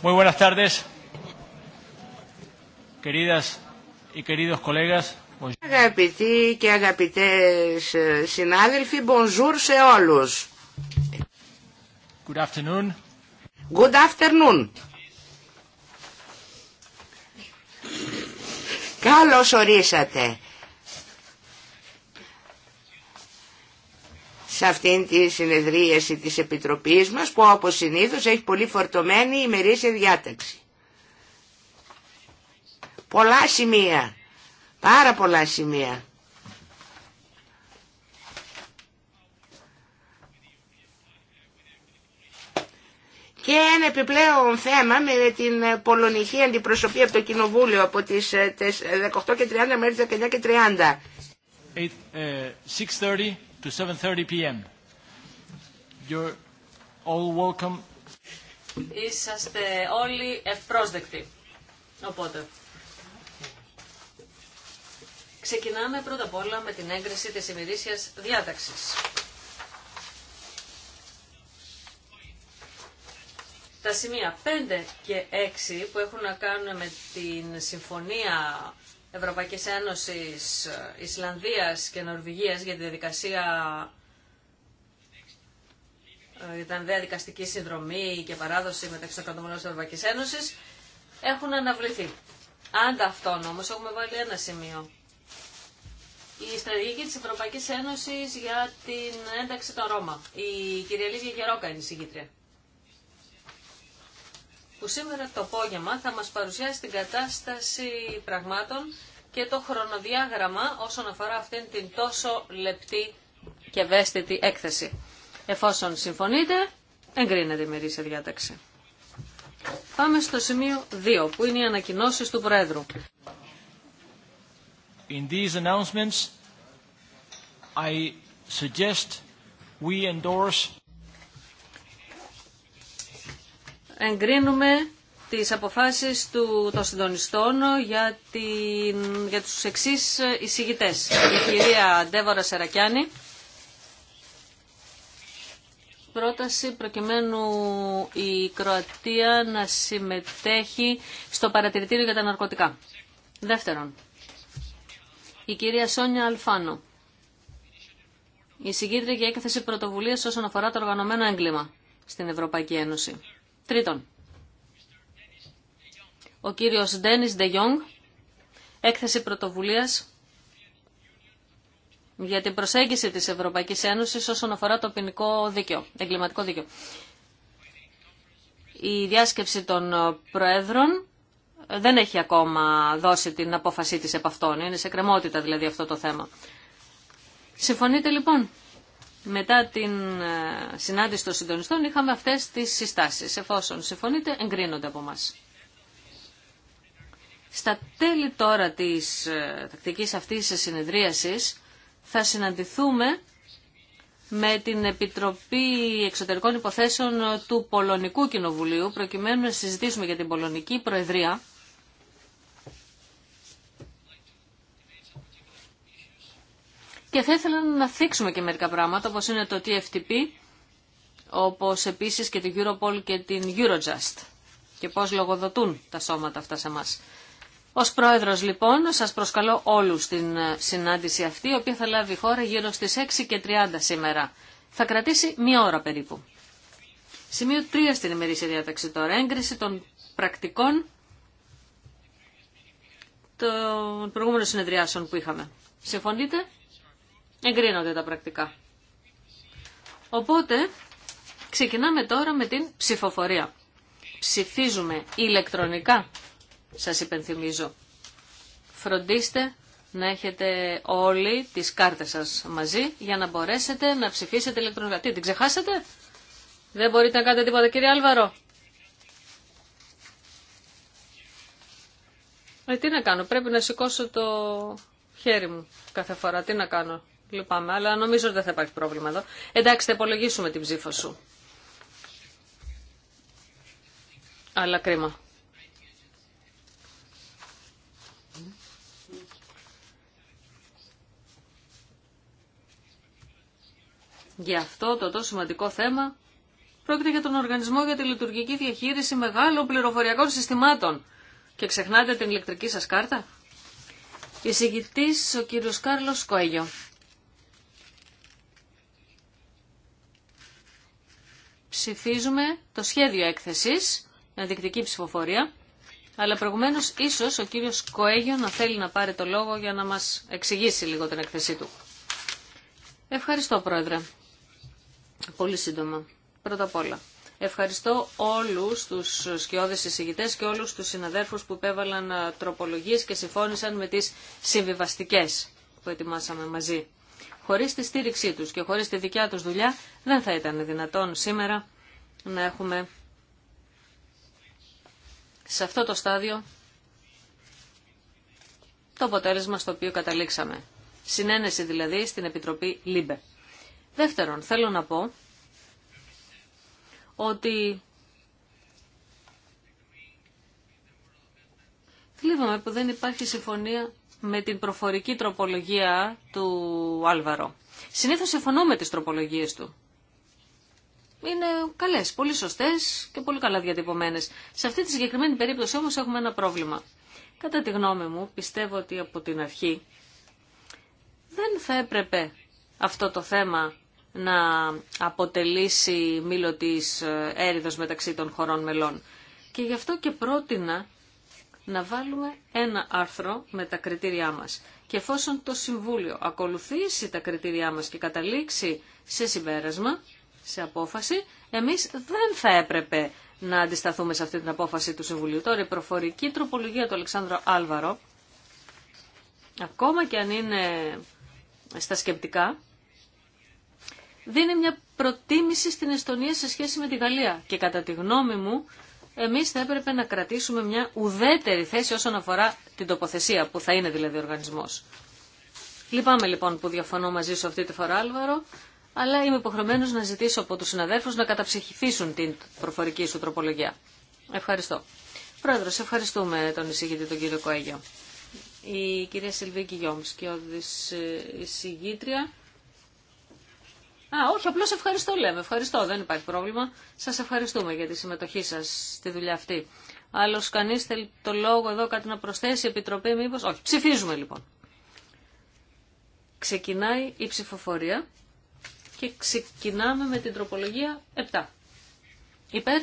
Muy buenas tardes, queridas y queridos colegas. Αγαπητοί και αγαπητές συνάδελφοι, bonjour σε όλους. Good afternoon. Good afternoon. Καλώς ορίσατε σε αυτήν τη συνεδρίαση της Επιτροπής μας που όπως συνήθως έχει πολύ φορτωμένη ημερήσια διάταξη. Πολλά σημεία, πάρα πολλά σημεία. Και ένα επιπλέον θέμα με την πολωνική αντιπροσωπή από το Κοινοβούλιο από τις 18.30 ε, ε, μέχρι τις 19.30. 6.30 Είσαστε όλοι ευπρόσδεκτοι. Οπότε, ξεκινάμε πρώτα απ' όλα με την έγκριση της ημερήσιας διάταξης. Τα σημεία 5 και 6 που έχουν να κάνουν με την συμφωνία Ευρωπαϊκής Ένωσης Ισλανδίας και Νορβηγίας για τη διαδικασία ε, την διαδικαστική συνδρομή και παράδοση μεταξύ των κρατών της Ευρωπαϊκής Ένωσης έχουν αναβληθεί. Αν αυτόν όμω, έχουμε βάλει ένα σημείο. Η στρατηγική της Ευρωπαϊκής Ένωσης για την ένταξη των Ρώμα. Η κυρία Λίδια Γερόκα είναι η συγκήτρια που σήμερα το απόγευμα θα μας παρουσιάσει την κατάσταση πραγμάτων και το χρονοδιάγραμμα όσον αφορά αυτήν την τόσο λεπτή και ευαίσθητη έκθεση. Εφόσον συμφωνείτε, εγκρίνεται η μερίσια διάταξη. Πάμε στο σημείο 2, που είναι οι ανακοινώσει του Πρόεδρου. In these announcements, I suggest we endorse εγκρίνουμε τις αποφάσεις του, των συντονιστών για, την, για τους εξής εισηγητές. Η κυρία Ντέβορα Σερακιάνη, πρόταση προκειμένου η Κροατία να συμμετέχει στο παρατηρητήριο για τα ναρκωτικά. Δεύτερον, η κυρία Σόνια Αλφάνο, η συγκίτρια για έκθεση πρωτοβουλίας όσον αφορά το οργανωμένο έγκλημα στην Ευρωπαϊκή Ένωση. Τρίτον, ο κύριος Ντένις Δε Γιόγκ, έκθεση πρωτοβουλίας για την προσέγγιση της Ευρωπαϊκής Ένωσης όσον αφορά το ποινικό δίκαιο, εγκληματικό δίκαιο. Η διάσκεψη των Προέδρων δεν έχει ακόμα δώσει την απόφασή της επ' αυτών. Είναι σε κρεμότητα δηλαδή αυτό το θέμα. Συμφωνείτε λοιπόν μετά την ε, συνάντηση των συντονιστών είχαμε αυτές τις συστάσεις. Εφόσον συμφωνείτε, εγκρίνονται από μας. Στα τέλη τώρα της ε, τακτικής αυτής της συνεδρίασης θα συναντηθούμε με την Επιτροπή Εξωτερικών Υποθέσεων του Πολωνικού Κοινοβουλίου προκειμένου να συζητήσουμε για την Πολωνική Προεδρία Και θα ήθελα να θίξουμε και μερικά πράγματα, όπως είναι το TFTP, όπως επίσης και την Europol και την Eurojust και πώς λογοδοτούν τα σώματα αυτά σε μας. Ως πρόεδρος λοιπόν σας προσκαλώ όλους στην συνάντηση αυτή, η οποία θα λάβει η χώρα γύρω στις 6 και 30 σήμερα. Θα κρατήσει μία ώρα περίπου. Σημείο 3 στην ημερήσια διάταξη τώρα, έγκριση των πρακτικών των προηγούμενων συνεδριάσεων που είχαμε. Συμφωνείτε? εγκρίνονται τα πρακτικά. Οπότε ξεκινάμε τώρα με την ψηφοφορία. Ψηφίζουμε ηλεκτρονικά, σας υπενθυμίζω. Φροντίστε να έχετε όλοι τις κάρτες σας μαζί για να μπορέσετε να ψηφίσετε ηλεκτρονικά. Τι, την ξεχάσατε? Δεν μπορείτε να κάνετε τίποτα κύριε Άλβαρο. Ε, τι να κάνω, πρέπει να σηκώσω το χέρι μου κάθε φορά. Τι να κάνω, Λυπάμαι, αλλά νομίζω ότι δεν θα υπάρχει πρόβλημα εδώ. Εντάξει, θα υπολογίσουμε την ψήφο σου. Αλλά κρίμα. Για αυτό το τόσο σημαντικό θέμα πρόκειται για τον Οργανισμό για τη Λειτουργική Διαχείριση Μεγάλων Πληροφοριακών Συστημάτων. Και ξεχνάτε την ηλεκτρική σας κάρτα. Εισηγητής ο κύριος Κάρλος Κόγιο. ψηφίζουμε το σχέδιο έκθεσης, ενδεικτική ψηφοφορία, αλλά προηγουμένως ίσως ο κύριος Κοέγιο να θέλει να πάρει το λόγο για να μας εξηγήσει λίγο την έκθεσή του. Ευχαριστώ Πρόεδρε. Πολύ σύντομα. Πρώτα απ' όλα. Ευχαριστώ όλους τους σκιώδες εισηγητέ και όλους τους συναδέρφους που υπέβαλαν ε, τροπολογίες και συμφώνησαν με τις συμβιβαστικές που ετοιμάσαμε μαζί. Χωρί τη στήριξή τους και χωρί τη δικιά τους δουλειά δεν θα ήταν δυνατόν σήμερα να έχουμε σε αυτό το στάδιο το αποτέλεσμα στο οποίο καταλήξαμε. Συνένεση δηλαδή στην Επιτροπή ΛΥΜΠΕ. Δεύτερον, θέλω να πω ότι θλίβομαι που δεν υπάρχει συμφωνία με την προφορική τροπολογία του Άλβαρο. Συνήθω συμφωνώ με τι τροπολογίε του. Είναι καλές, πολύ σωστές και πολύ καλά διατυπωμένες. Σε αυτή τη συγκεκριμένη περίπτωση όμως έχουμε ένα πρόβλημα. Κατά τη γνώμη μου, πιστεύω ότι από την αρχή δεν θα έπρεπε αυτό το θέμα να αποτελήσει μήλο της ε, έρηδος μεταξύ των χωρών μελών. Και γι' αυτό και πρότεινα να βάλουμε ένα άρθρο με τα κριτήριά μας. Και εφόσον το Συμβούλιο ακολουθήσει τα κριτήριά μας και καταλήξει σε συμπέρασμα, σε απόφαση, εμείς δεν θα έπρεπε να αντισταθούμε σε αυτή την απόφαση του Συμβουλίου. Τώρα η προφορική τροπολογία του Αλεξάνδρου Άλβαρο, ακόμα και αν είναι στα σκεπτικά, δίνει μια προτίμηση στην Εστονία σε σχέση με τη Γαλλία. Και κατά τη γνώμη μου εμείς θα έπρεπε να κρατήσουμε μια ουδέτερη θέση όσον αφορά την τοποθεσία που θα είναι δηλαδή ο οργανισμός. Λυπάμαι λοιπόν που διαφωνώ μαζί σου αυτή τη φορά Άλβαρο, αλλά είμαι υποχρεωμένο να ζητήσω από τους συναδέλφους να καταψυχηθήσουν την προφορική σου τροπολογία. Ευχαριστώ. Πρόεδρο, ευχαριστούμε τον εισηγητή τον κύριο Κοέγιο. Η κυρία Σιλβίκη Γιόμ, και ο ε, εισηγήτρια Α, όχι, απλώς ευχαριστώ λέμε. Ευχαριστώ, δεν υπάρχει πρόβλημα. Σας ευχαριστούμε για τη συμμετοχή σας στη δουλειά αυτή. Άλλος κανείς θέλει το λόγο εδώ κάτι να προσθέσει, η Επιτροπή μήπως. Όχι, ψηφίζουμε λοιπόν. Ξεκινάει η ψηφοφορία και ξεκινάμε με την τροπολογία 7. Υπέρ.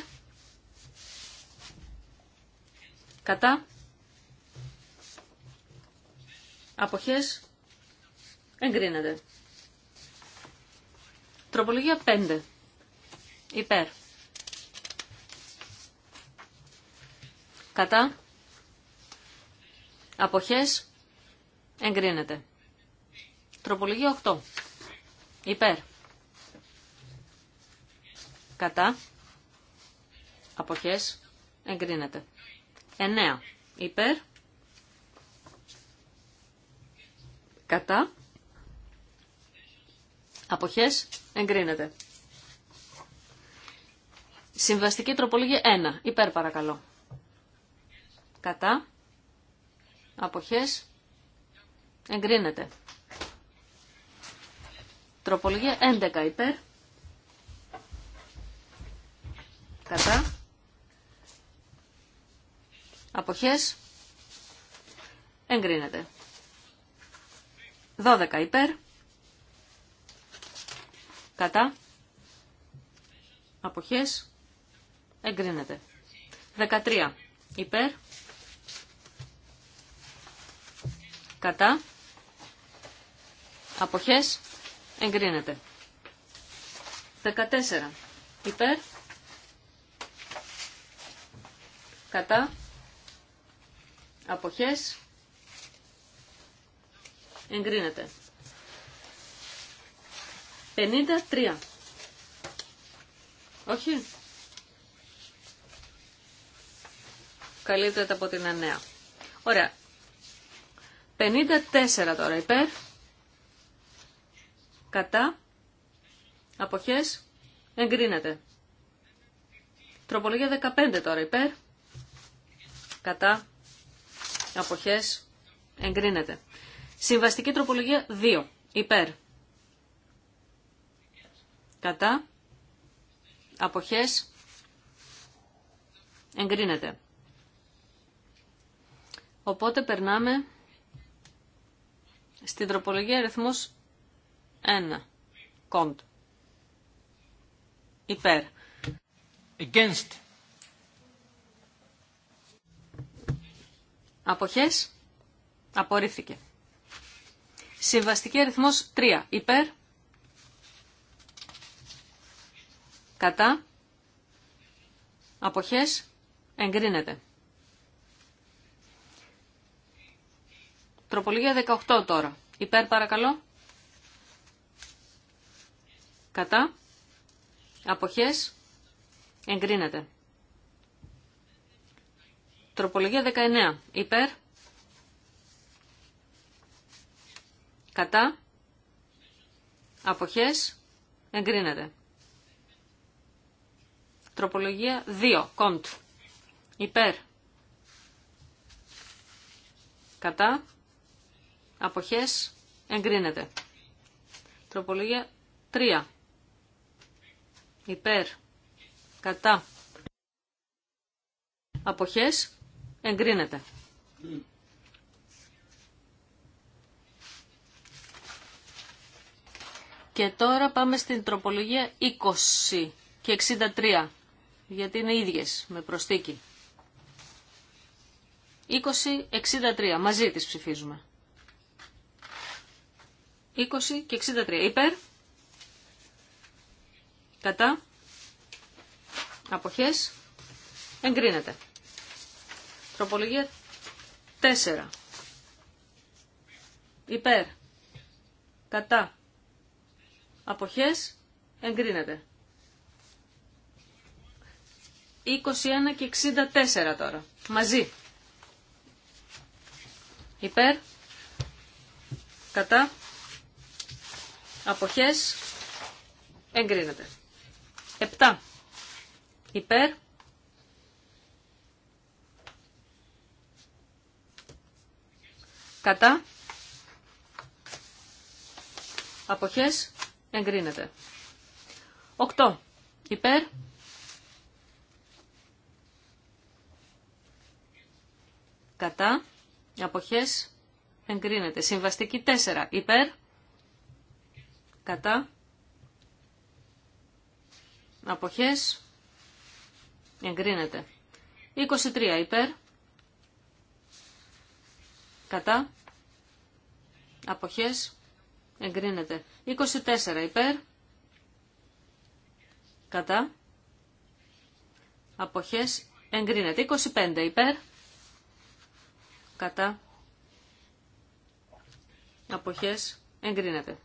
Κατά. Αποχές. Εγκρίνεται. Τροπολογία 5. Υπέρ. Κατά. Αποχές. Εγκρίνεται. Τροπολογία 8. Υπέρ. Κατά. Αποχές. Εγκρίνεται. 9. Υπέρ. Κατά. Αποχές εγκρίνεται. Συμβαστική τροπολογία 1. Υπέρ παρακαλώ. Κατά. Αποχές εγκρίνεται. Τροπολογία 11 υπέρ. Κατά. Αποχές εγκρίνεται. 12 υπέρ. Κατά. Αποχές. Εγκρίνεται. 13. Υπέρ. Κατά. Αποχές. Εγκρίνεται. 14. Υπέρ. Κατά. Αποχές. Εγκρίνεται. 53. Όχι. καλύτερα από την ανέα. Ωραία. 54 τώρα υπέρ. Κατά. Αποχές. Εγκρίνεται. Τροπολογία 15 τώρα υπέρ. Κατά. Αποχές. Εγκρίνεται. Συμβαστική τροπολογία 2. Υπέρ κατά, αποχές, εγκρίνεται. Οπότε περνάμε στην τροπολογία αριθμός 1, κοντ, υπέρ. Against. Αποχές, απορρίφθηκε. Συμβαστική αριθμός 3, υπέρ κατά, αποχές, εγκρίνεται. Τροπολογία 18 τώρα. Υπέρ παρακαλώ. Κατά. Αποχές. Εγκρίνεται. Τροπολογία 19. Υπέρ. Κατά. Αποχές. Εγκρίνεται. Τροπολογία 2. Κοντ. Υπέρ. Κατά. Αποχές. Εγκρίνεται. Τροπολογία 3. Υπέρ. Κατά. Αποχές. Εγκρίνεται. Και τώρα πάμε στην τροπολογία 20 και 63 γιατί είναι ίδιες με προστίκη. 20-63, μαζί τις ψηφίζουμε. 20 και 63, υπέρ, κατά, αποχές, εγκρίνεται. Τροπολογία 4. Υπέρ, κατά, αποχές, εγκρίνεται. 21 και 64 τώρα. Μαζί. Υπέρ. Κατά. Αποχές. Εγκρίνεται. 7. Υπέρ. Κατά. Αποχές. Εγκρίνεται. 8. Υπέρ. κατά, αποχές, εγκρίνεται. Συμβαστική 4, υπέρ, κατά, αποχές, εγκρίνεται. 23, υπέρ, κατά, αποχές, εγκρίνεται. 24, υπέρ, κατά, αποχές, εγκρίνεται. 25, υπέρ, κατά αποχές εγκρίνεται.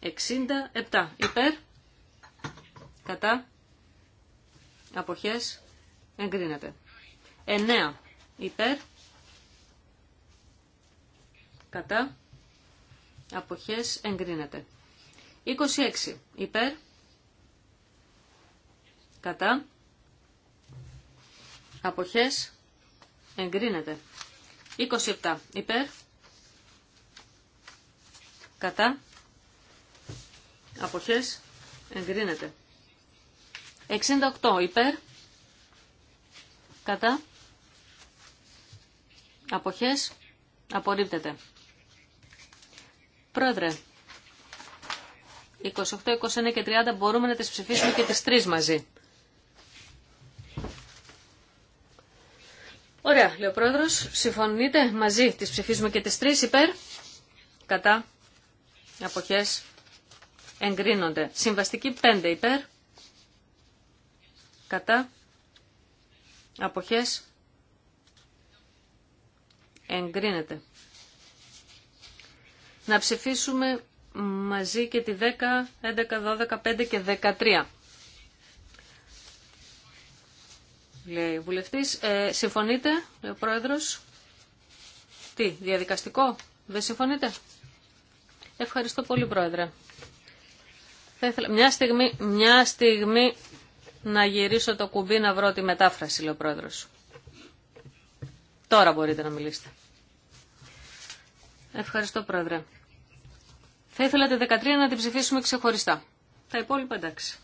67 υπέρ κατά αποχές εγκρίνεται. 9 υπέρ κατά αποχές εγκρίνεται. 26 υπέρ κατά αποχές εγκρίνεται. 27 υπέρ. Κατά. Αποχές. Εγκρίνεται. 68 υπέρ. Κατά. Αποχές. Απορρίπτεται. Πρόεδρε, 28, 29 και 30 μπορούμε να τις ψηφίσουμε και τις τρεις μαζί. Ωραία, λέει ο πρόεδρο. Συμφωνείτε μαζί. Τις ψηφίζουμε και τι τρει υπέρ. Κατά. απόχέ. Εγκρίνονται. Συμβαστική 5 υπέρ. Κατά. Αποχές. Εγκρίνεται. Να ψηφίσουμε μαζί και τη 10, 11, 12, 5 και 13. λέει ο βουλευτής. Ε, συμφωνείτε, λέει ο πρόεδρος. Τι, διαδικαστικό, δεν συμφωνείτε. Ευχαριστώ πολύ, πρόεδρε. μια, στιγμή, μια στιγμή να γυρίσω το κουμπί να βρω τη μετάφραση, λέει ο πρόεδρος. Τώρα μπορείτε να μιλήσετε. Ευχαριστώ, πρόεδρε. Θα ήθελα τη 13 να την ψηφίσουμε ξεχωριστά. Τα υπόλοιπα εντάξει.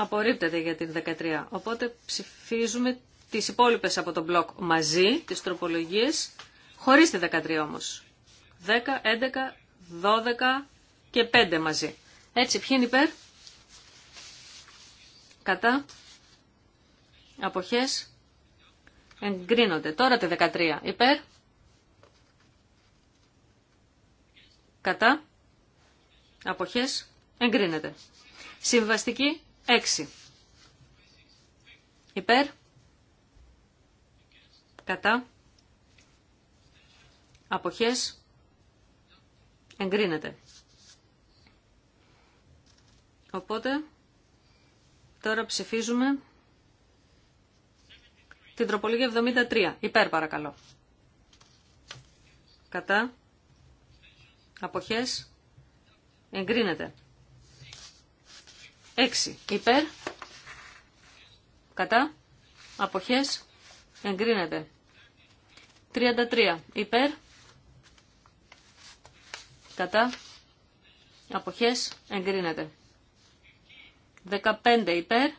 απορρίπτεται για την 13. Οπότε ψηφίζουμε τις υπόλοιπες από τον μπλοκ μαζί, τις τροπολογίες, χωρίς τη 13 όμως. 10, 11, 12 και 5 μαζί. Έτσι, ποιοι είναι υπέρ, κατά, αποχές, εγκρίνονται. Τώρα τη 13 υπέρ, κατά, αποχές, εγκρίνεται. Συμβαστική 6. Υπέρ. Κατά. Αποχές. Εγκρίνεται. Οπότε, τώρα ψηφίζουμε την τροπολογία 73. Υπέρ παρακαλώ. Κατά. Αποχές. Εγκρίνεται. 6 υπέρ, κατά, αποχές, εγκρίνεται. 33 υπέρ, κατά, αποχές, εγκρίνεται. 15 υπέρ,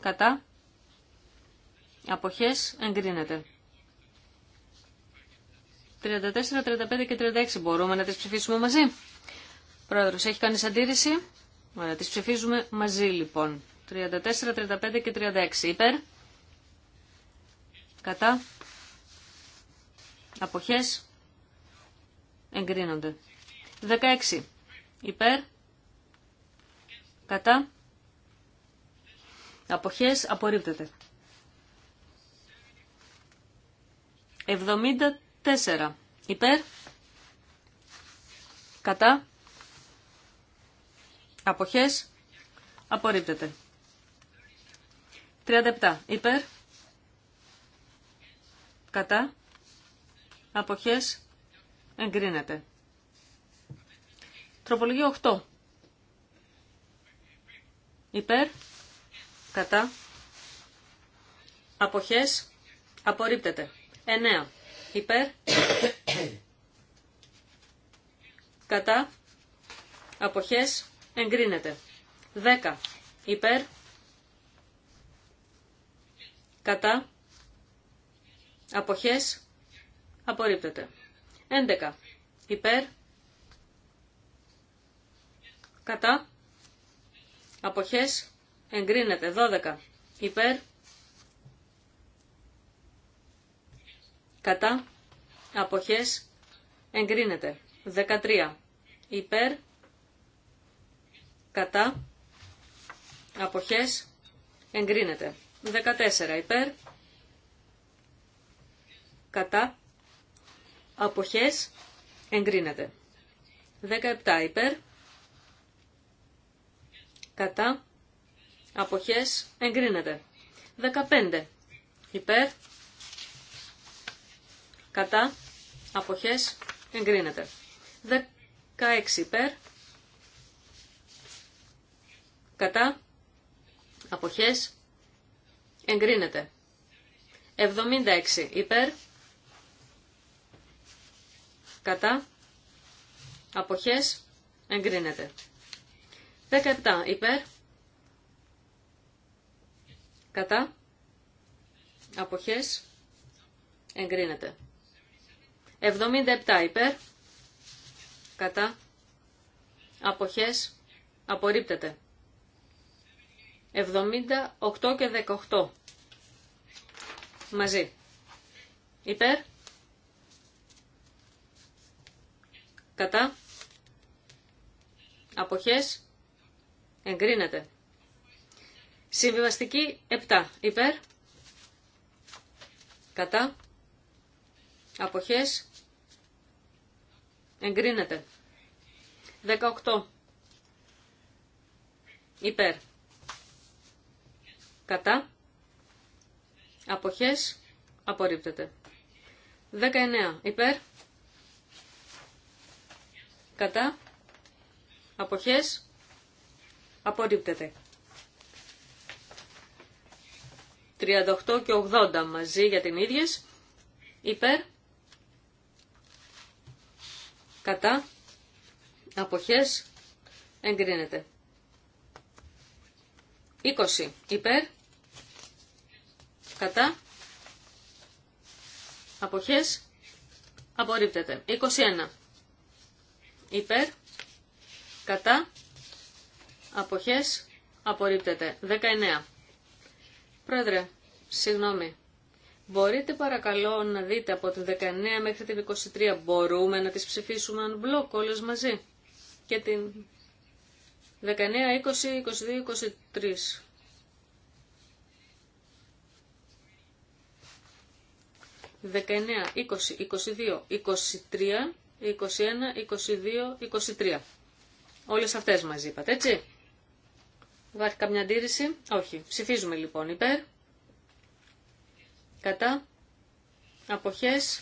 κατά, αποχές, εγκρίνεται. 34, 35 και 36 μπορούμε να τις ψηφίσουμε μαζί. Πρόεδρο έχει κάνει αντίρρηση. Ωραία, ε, τι ψηφίζουμε μαζί λοιπόν. 34, 35 και 36. Υπέρ. Κατά. Αποχέ. Εγκρίνονται. 16. Υπέρ. Κατά. Αποχέ, Απορρίπτεται. 74. Υπέρ. Κατά. Αποχές. Απορρίπτεται. 37. Υπέρ. Κατά. Αποχές. Εγκρίνεται. Τροπολογία 8. Υπέρ. Κατά. Αποχές. Απορρίπτεται. 9. Υπέρ. Κατά. Αποχές εγκρίνεται. 10 υπέρ, κατά, αποχές, απορρίπτεται. 11 υπέρ, κατά, αποχές, εγκρίνεται. 12 υπέρ, κατά, αποχές, εγκρίνεται. 13 υπέρ, κατά, αποχές, εγκρίνεται. 14 υπέρ, κατά, αποχές, εγκρίνεται. 17 υπέρ, κατά, αποχές, εγκρίνεται. 15 υπέρ, κατά, αποχές, εγκρίνεται. 16 υπέρ, κατά, αποχές, εγκρίνεται. 76 υπέρ, κατά, αποχές, εγκρίνεται. 17 υπέρ, κατά, αποχές, εγκρίνεται. 77 υπέρ, κατά, αποχές, απορρίπτεται. 78 και 18 μαζί. Υπέρ. Κατά. Αποχές. Εγκρίνεται. Συμβιβαστική 7. Υπέρ. Κατά. Αποχές. Εγκρίνεται. 18. Υπέρ κατά, αποχές, απορρίπτεται. 19 υπέρ, κατά, αποχές, απορρίπτεται. 38 και 80 μαζί για την ίδιες, υπέρ, κατά, αποχές, εγκρίνεται. 20 υπέρ, Κατά. Αποχές. Απορρίπτεται. 21. Υπέρ. Κατά. Αποχές. Απορρίπτεται. 19. Πρόεδρε, συγγνώμη. Μπορείτε παρακαλώ να δείτε από την 19 μέχρι την 23. Μπορούμε να τις ψηφίσουμε αν μπλοκ όλες μαζί. Και την 19, 20, 22, 23. 19, 20, 22, 23, 21, 22, 23. Όλες αυτές μαζί είπατε, έτσι. Υπάρχει καμιά αντίρρηση. Όχι. Ψηφίζουμε λοιπόν υπέρ. Κατά. Αποχές.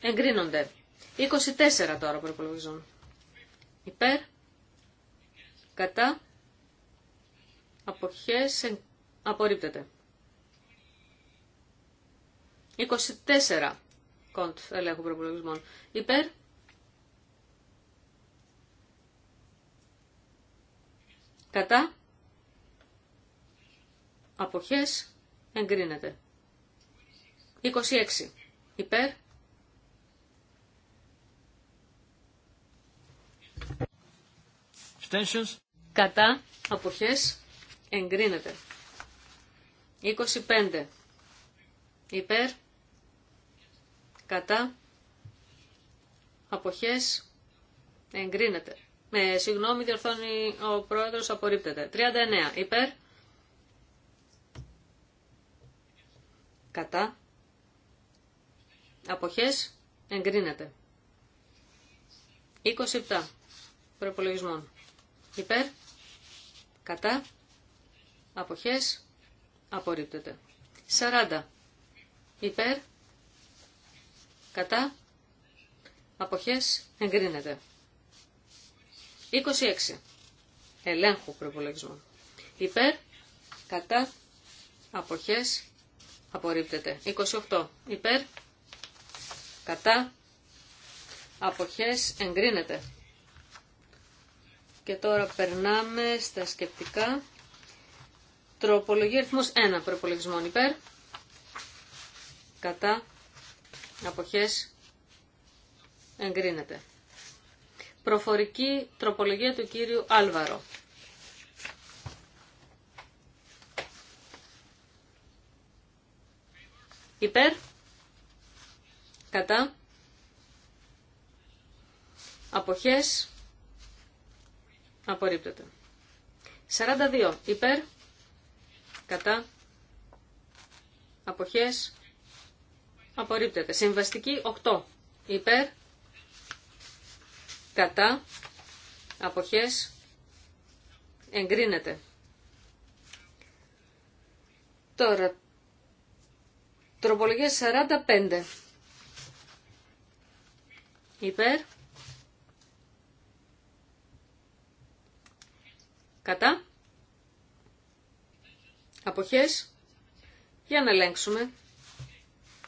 Εγκρίνονται. 24 τώρα προπολογίζουν. Υπέρ. Κατά. Αποχές. Απορρίπτεται. 24 κοντ ελέγχου προπολογισμών. Υπέρ. Κατά. Αποχές. Εγκρίνεται. 26. Υπέρ. Extensions. Κατά. Αποχές. Εγκρίνεται. 25. Υπέρ κατά, αποχές, εγκρίνεται. Με συγγνώμη, διορθώνει ο πρόεδρος, απορρίπτεται. 39. Υπέρ. Κατά. Αποχές. Εγκρίνεται. 27. Προπολογισμών. Υπέρ. Κατά. Αποχές. Απορρίπτεται. 40. Υπέρ κατά, αποχές, εγκρίνεται. 26. Ελέγχου προπολογισμού. Υπέρ, κατά, αποχές, απορρίπτεται. 28. Υπέρ, κατά, αποχές, εγκρίνεται. Και τώρα περνάμε στα σκεπτικά. Τροπολογία αριθμός 1 προπολογισμών υπέρ, κατά, αποχές εγκρίνεται. Προφορική τροπολογία του κύριου Άλβαρο. Υπέρ, κατά, αποχές, απορρίπτεται. 42. Υπέρ, κατά, αποχές, Απορρίπτεται. Συμβαστική 8. Υπέρ. Κατά. Αποχές. Εγκρίνεται. Τώρα. Τροπολογία 45. Υπέρ. Κατά. Αποχές. Για να ελέγξουμε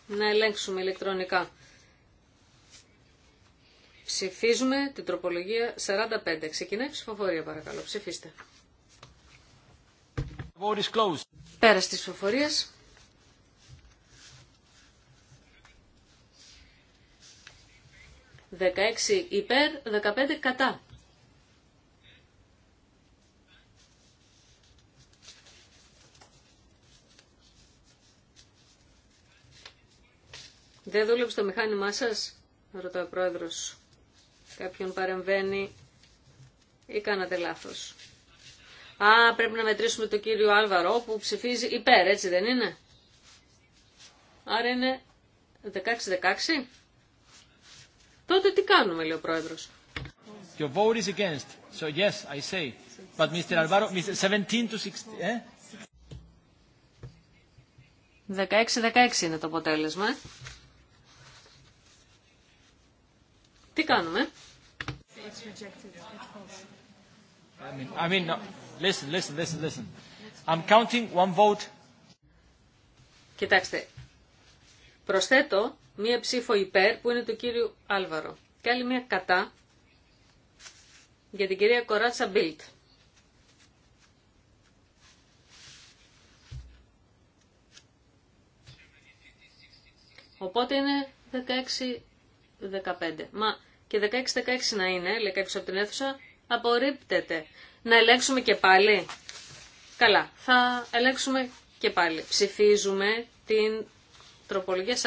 να ελέγξουμε ηλεκτρονικά. Ψηφίζουμε την τροπολογία 45. Ξεκινάει η ψηφοφορία παρακαλώ. Ψηφίστε. Πέρα στις ψηφοφορίες. 16 υπέρ, 15 κατά. Δεν δούλεψε το μηχάνημά σας, ρωτάει ο πρόεδρος. Κάποιον παρεμβαίνει ή κάνατε λάθος. Α, πρέπει να μετρήσουμε τον κύριο Άλβαρο που ψηφίζει υπέρ, έτσι δεν είναι. Άρα είναι 16-16. Τότε τι κάνουμε, λέει ο πρόεδρος. Your vote is against. So yes, I say. But Mr. Alvaro, Mr. 17 to 16, eh? 16-16 είναι το αποτέλεσμα. Ε. Τι κάνουμε? Κοιτάξτε, προσθέτω μία ψήφο υπέρ που είναι του κύριου Άλβαρο και άλλη μία κατά για την κυρία Κοράτσα Μπίλτ. Οπότε είναι 16-15. Μα και 16-16 να είναι, λέει κάποιο από την αίθουσα, απορρίπτεται. Να ελέγξουμε και πάλι. Καλά, θα ελέγξουμε και πάλι. Ψηφίζουμε την τροπολογία 45.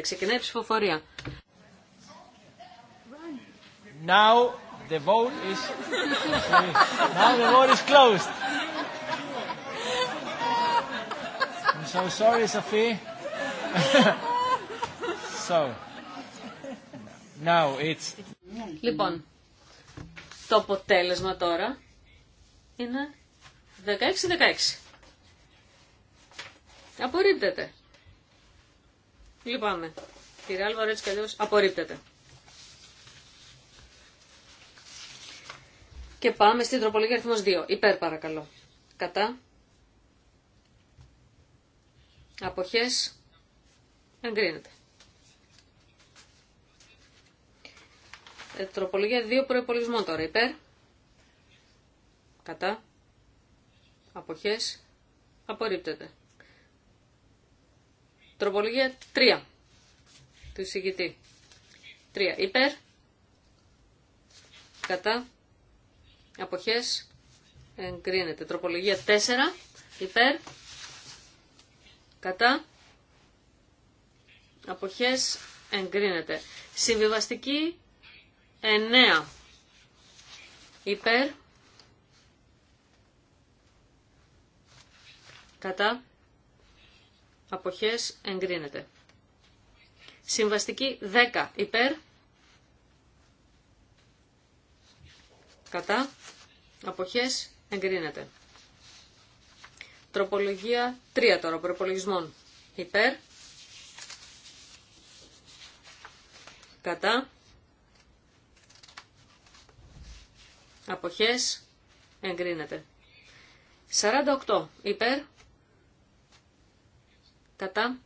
Ξεκινάει η ψηφοφορία. Now the vote is, Now the vote is closed. I'm so sorry, Sophie. so, now it's Λοιπόν, το αποτέλεσμα τώρα είναι 16-16. Απορρίπτεται. Λυπάμαι. Κύριε Άλβαρο, έτσι απορρίπτεται. Και πάμε στην τροπολογία αριθμός 2. Υπέρ παρακαλώ. Κατά. Αποχές. Εγκρίνεται. Ε, τροπολογία 2 προϋπολογισμών τώρα. Υπέρ. Κατά. Αποχές. Απορρίπτεται. Τροπολογία 3 του εισηγητή. 3. Υπέρ. Κατά. Αποχές. Εγκρίνεται. Τροπολογία 4. Υπέρ. Κατά. Αποχές. Εγκρίνεται. Συμβιβαστική 9 υπέρ κατά αποχές εγκρίνεται. Συμβαστική 10 υπέρ κατά αποχές εγκρίνεται. Τροπολογία 3 τώρα προπολογισμών υπέρ κατά Αποχές. Εγκρίνεται. 48. Υπέρ. Κατά.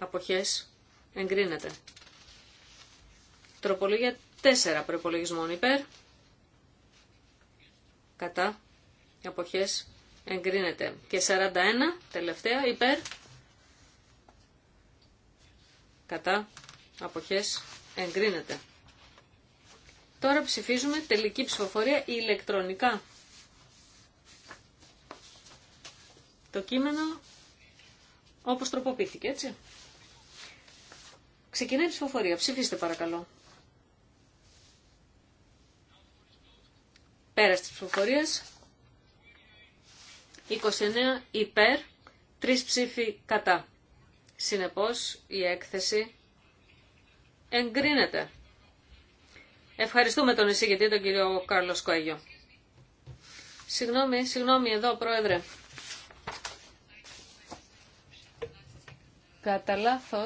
Αποχές. Εγκρίνεται. Τροπολογία 4 προπολογισμών υπέρ. Κατά. Αποχές. Εγκρίνεται. Και 41. Τελευταία υπέρ. Κατά. Αποχές. Εγκρίνεται. Τώρα ψηφίζουμε τελική ψηφοφορία ηλεκτρονικά. Το κείμενο όπως τροποποιήθηκε, έτσι. Ξεκινάει η ψηφοφορία. Ψηφίστε παρακαλώ. Πέρα της ψηφοφορίας 29 υπέρ, 3 ψήφοι κατά. Συνεπώς η έκθεση εγκρίνεται. Ευχαριστούμε τον εισηγητή, τον κύριο Κάρλος Κοέγιο. Συγγνώμη, συγγνώμη εδώ, πρόεδρε. Κατά λάθο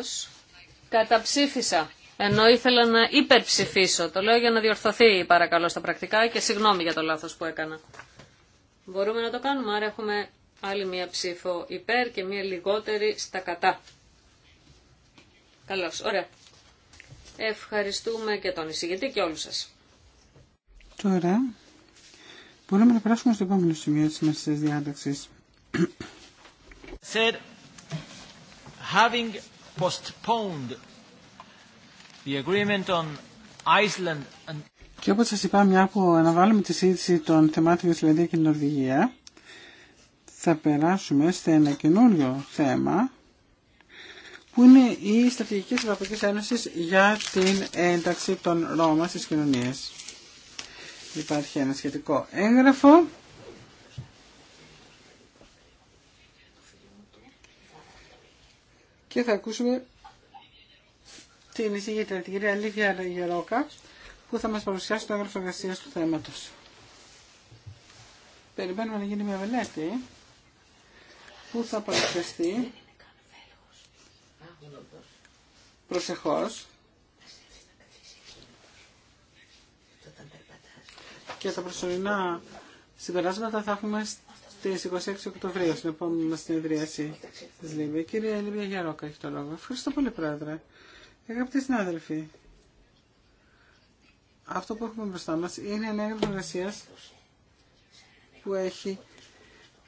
καταψήφισα, ενώ ήθελα να υπερψηφίσω. Το λέω για να διορθωθεί παρακαλώ στα πρακτικά και συγγνώμη για το λάθος που έκανα. Μπορούμε να το κάνουμε, άρα έχουμε άλλη μία ψήφο υπέρ και μία λιγότερη στα κατά. Καλώς, ωραία. Ευχαριστούμε και τον εισηγητή και όλους σας. Τώρα μπορούμε να περάσουμε στο επόμενο σημείο της μεσής διάταξης. Said, having postponed the agreement on Iceland and... Και όπως σας είπα, μια που αναβάλουμε τη συζήτηση των θεμάτων της και Νορβηγία, θα περάσουμε σε ένα καινούριο θέμα που είναι η της Ευρωπαϊκή Ένωση για την ένταξη των Ρώμα στις κοινωνίες. Υπάρχει ένα σχετικό έγγραφο. Και θα ακούσουμε την εισηγήτρια, την κυρία Λίβια Γερόκα, που θα μας παρουσιάσει το έγγραφο εργασία του θέματος. Περιμένουμε να γίνει μια βελέτη, που θα παρουσιαστεί προσεχώς. Και τα προσωρινά συμπεράσματα θα έχουμε στις 26 Οκτωβρίου, στην επόμενη μας συνεδρίαση της Λίμπη. Κύριε Λίβια Γιαρόκα έχει το λόγο. Ευχαριστώ πολύ, Πρόεδρε. Αγαπητοί συνάδελφοι, αυτό που έχουμε μπροστά μας είναι ένα έργο εργασία που, έχει,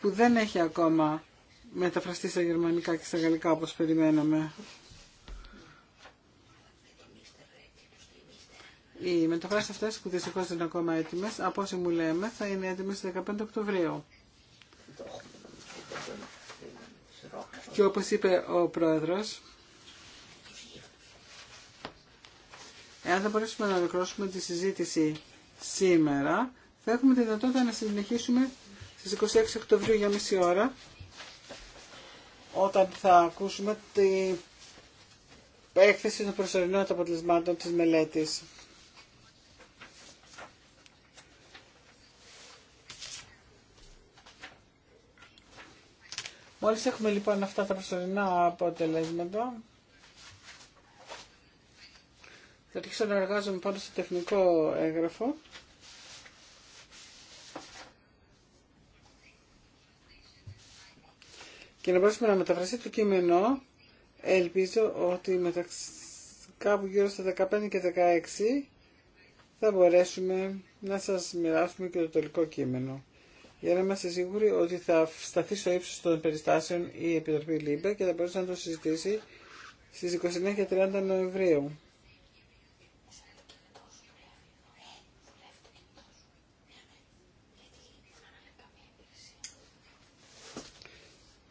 που δεν έχει ακόμα μεταφραστεί στα γερμανικά και στα γαλλικά όπως περιμέναμε. Οι μεταφράσει αυτέ που δυστυχώ δεν είναι ακόμα έτοιμε, από όσοι μου λέμε, θα είναι έτοιμε στι 15 Οκτωβρίου. Και όπως είπε ο Πρόεδρος, εάν δεν μπορέσουμε να ολοκληρώσουμε τη συζήτηση σήμερα, θα έχουμε τη δυνατότητα να συνεχίσουμε στις 26 Οκτωβρίου για μισή ώρα, όταν θα ακούσουμε την έκθεση των προσωρινών αποτελεσμάτων της μελέτης. Μόλις έχουμε λοιπόν αυτά τα προσωρινά αποτελέσματα, θα αρχίσω να εργάζομαι πάνω στο τεχνικό έγγραφο. Και να μπορέσουμε να μεταφραστεί το κείμενο, ελπίζω ότι μεταξύ κάπου γύρω στα 15 και 16 θα μπορέσουμε να σας μοιράσουμε και το τελικό κείμενο για να είμαστε σίγουροι ότι θα σταθεί στο ύψος των περιστάσεων η Επιτροπή ΛΥΜΠΕ και θα μπορέσει να το συζητήσει στις 29 και 30 Νοεμβρίου.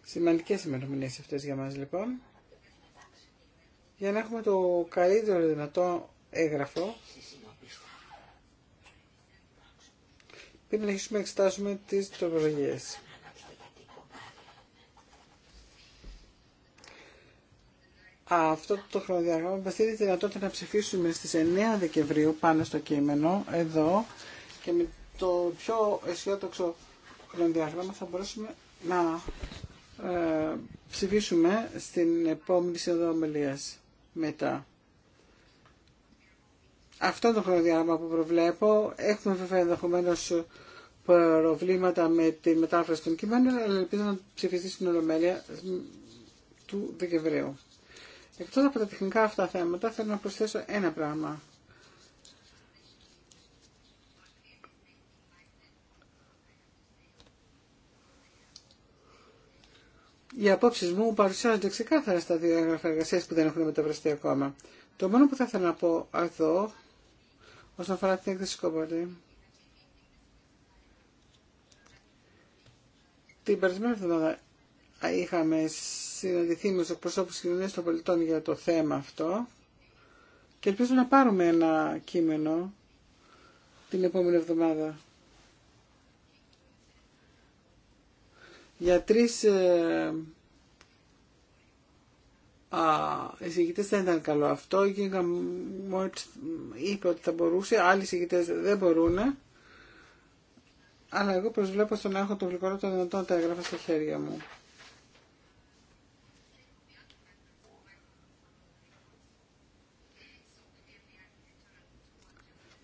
Σημαντικέ ημερομηνίε αυτές για μα, λοιπόν. Για να έχουμε το καλύτερο δυνατό έγγραφο πριν αρχίσουμε να εξετάσουμε τις τροπολογίες. Αυτό το χρονοδιάγραμμα μας δίνει τη δυνατότητα να ψηφίσουμε στις 9 Δεκεμβρίου πάνω στο κείμενο, εδώ, και με το πιο αισιόδοξο χρονοδιάγραμμα θα μπορέσουμε να ε, ψηφίσουμε στην επόμενη συνοδομελία μετά αυτό το χρονοδιάγραμμα που προβλέπω. Έχουμε βέβαια ενδεχομένω προβλήματα με τη μετάφραση των κειμένων, αλλά ελπίζω να ψηφιστεί στην Ολομέλεια του Δεκεμβρίου. Εκτός από τα τεχνικά αυτά θέματα, θέλω να προσθέσω ένα πράγμα. Οι απόψει μου παρουσιάζονται ξεκάθαρα στα δύο έγγραφα εργασία που δεν έχουν μεταφραστεί ακόμα. Το μόνο που θα ήθελα να πω εδώ όσον αφορά την έκθεση Κόμπολη. Την περασμένη εβδομάδα είχαμε συναντηθεί με του εκπροσώπου τη κοινωνία των πολιτών για το θέμα αυτό και ελπίζω να πάρουμε ένα κείμενο την επόμενη εβδομάδα. Για τρεις ε, εισηγητές δεν ήταν καλό αυτό. Η μόλις, είπε ότι θα μπορούσε, άλλοι εισηγητές δεν μπορούν. Αλλά εγώ προσβλέπω στον άγχο των το των να τα έγραφα στα χέρια μου.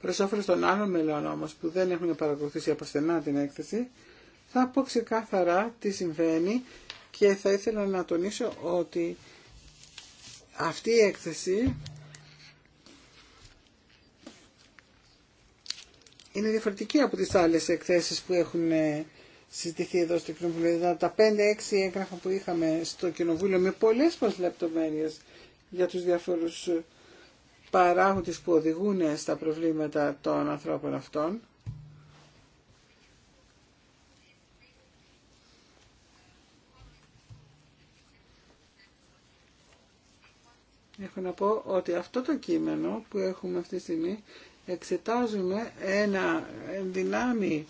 προς όφελος των άλλων μελών όμω που δεν έχουν παρακολουθήσει από στενά την έκθεση, θα πω ξεκάθαρα τι συμβαίνει και θα ήθελα να τονίσω ότι αυτή η έκθεση είναι διαφορετική από τις άλλες εκθέσεις που έχουν ε, συζητηθεί εδώ στο Κοινοβούλιο. Τα 5-6 έγγραφα που είχαμε στο Κοινοβούλιο με πολλές μας λεπτομέρειες για τους διάφορους ε, παράγοντες που οδηγούν στα προβλήματα των ανθρώπων αυτών. έχω να πω ότι αυτό το κείμενο που έχουμε αυτή τη στιγμή εξετάζουμε ένα δυνάμει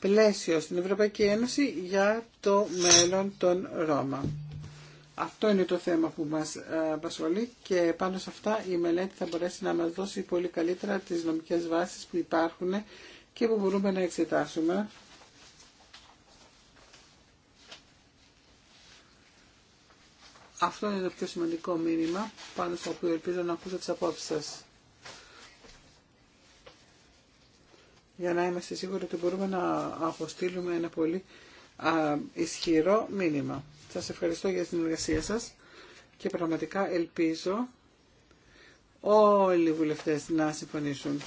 πλαίσιο στην Ευρωπαϊκή Ένωση για το μέλλον των Ρώμα. Αυτό είναι το θέμα που μας ε, απασχολεί και πάνω σε αυτά η μελέτη θα μπορέσει να μας δώσει πολύ καλύτερα τις νομικές βάσεις που υπάρχουν και που μπορούμε να εξετάσουμε Αυτό είναι το πιο σημαντικό μήνυμα πάνω στο οποίο ελπίζω να ακούσω τις απόψεις σας. Για να είμαστε σίγουροι ότι μπορούμε να αποστείλουμε ένα πολύ α, ισχυρό μήνυμα. Σας ευχαριστώ για την εργασία σας και πραγματικά ελπίζω όλοι οι βουλευτές να συμφωνήσουν.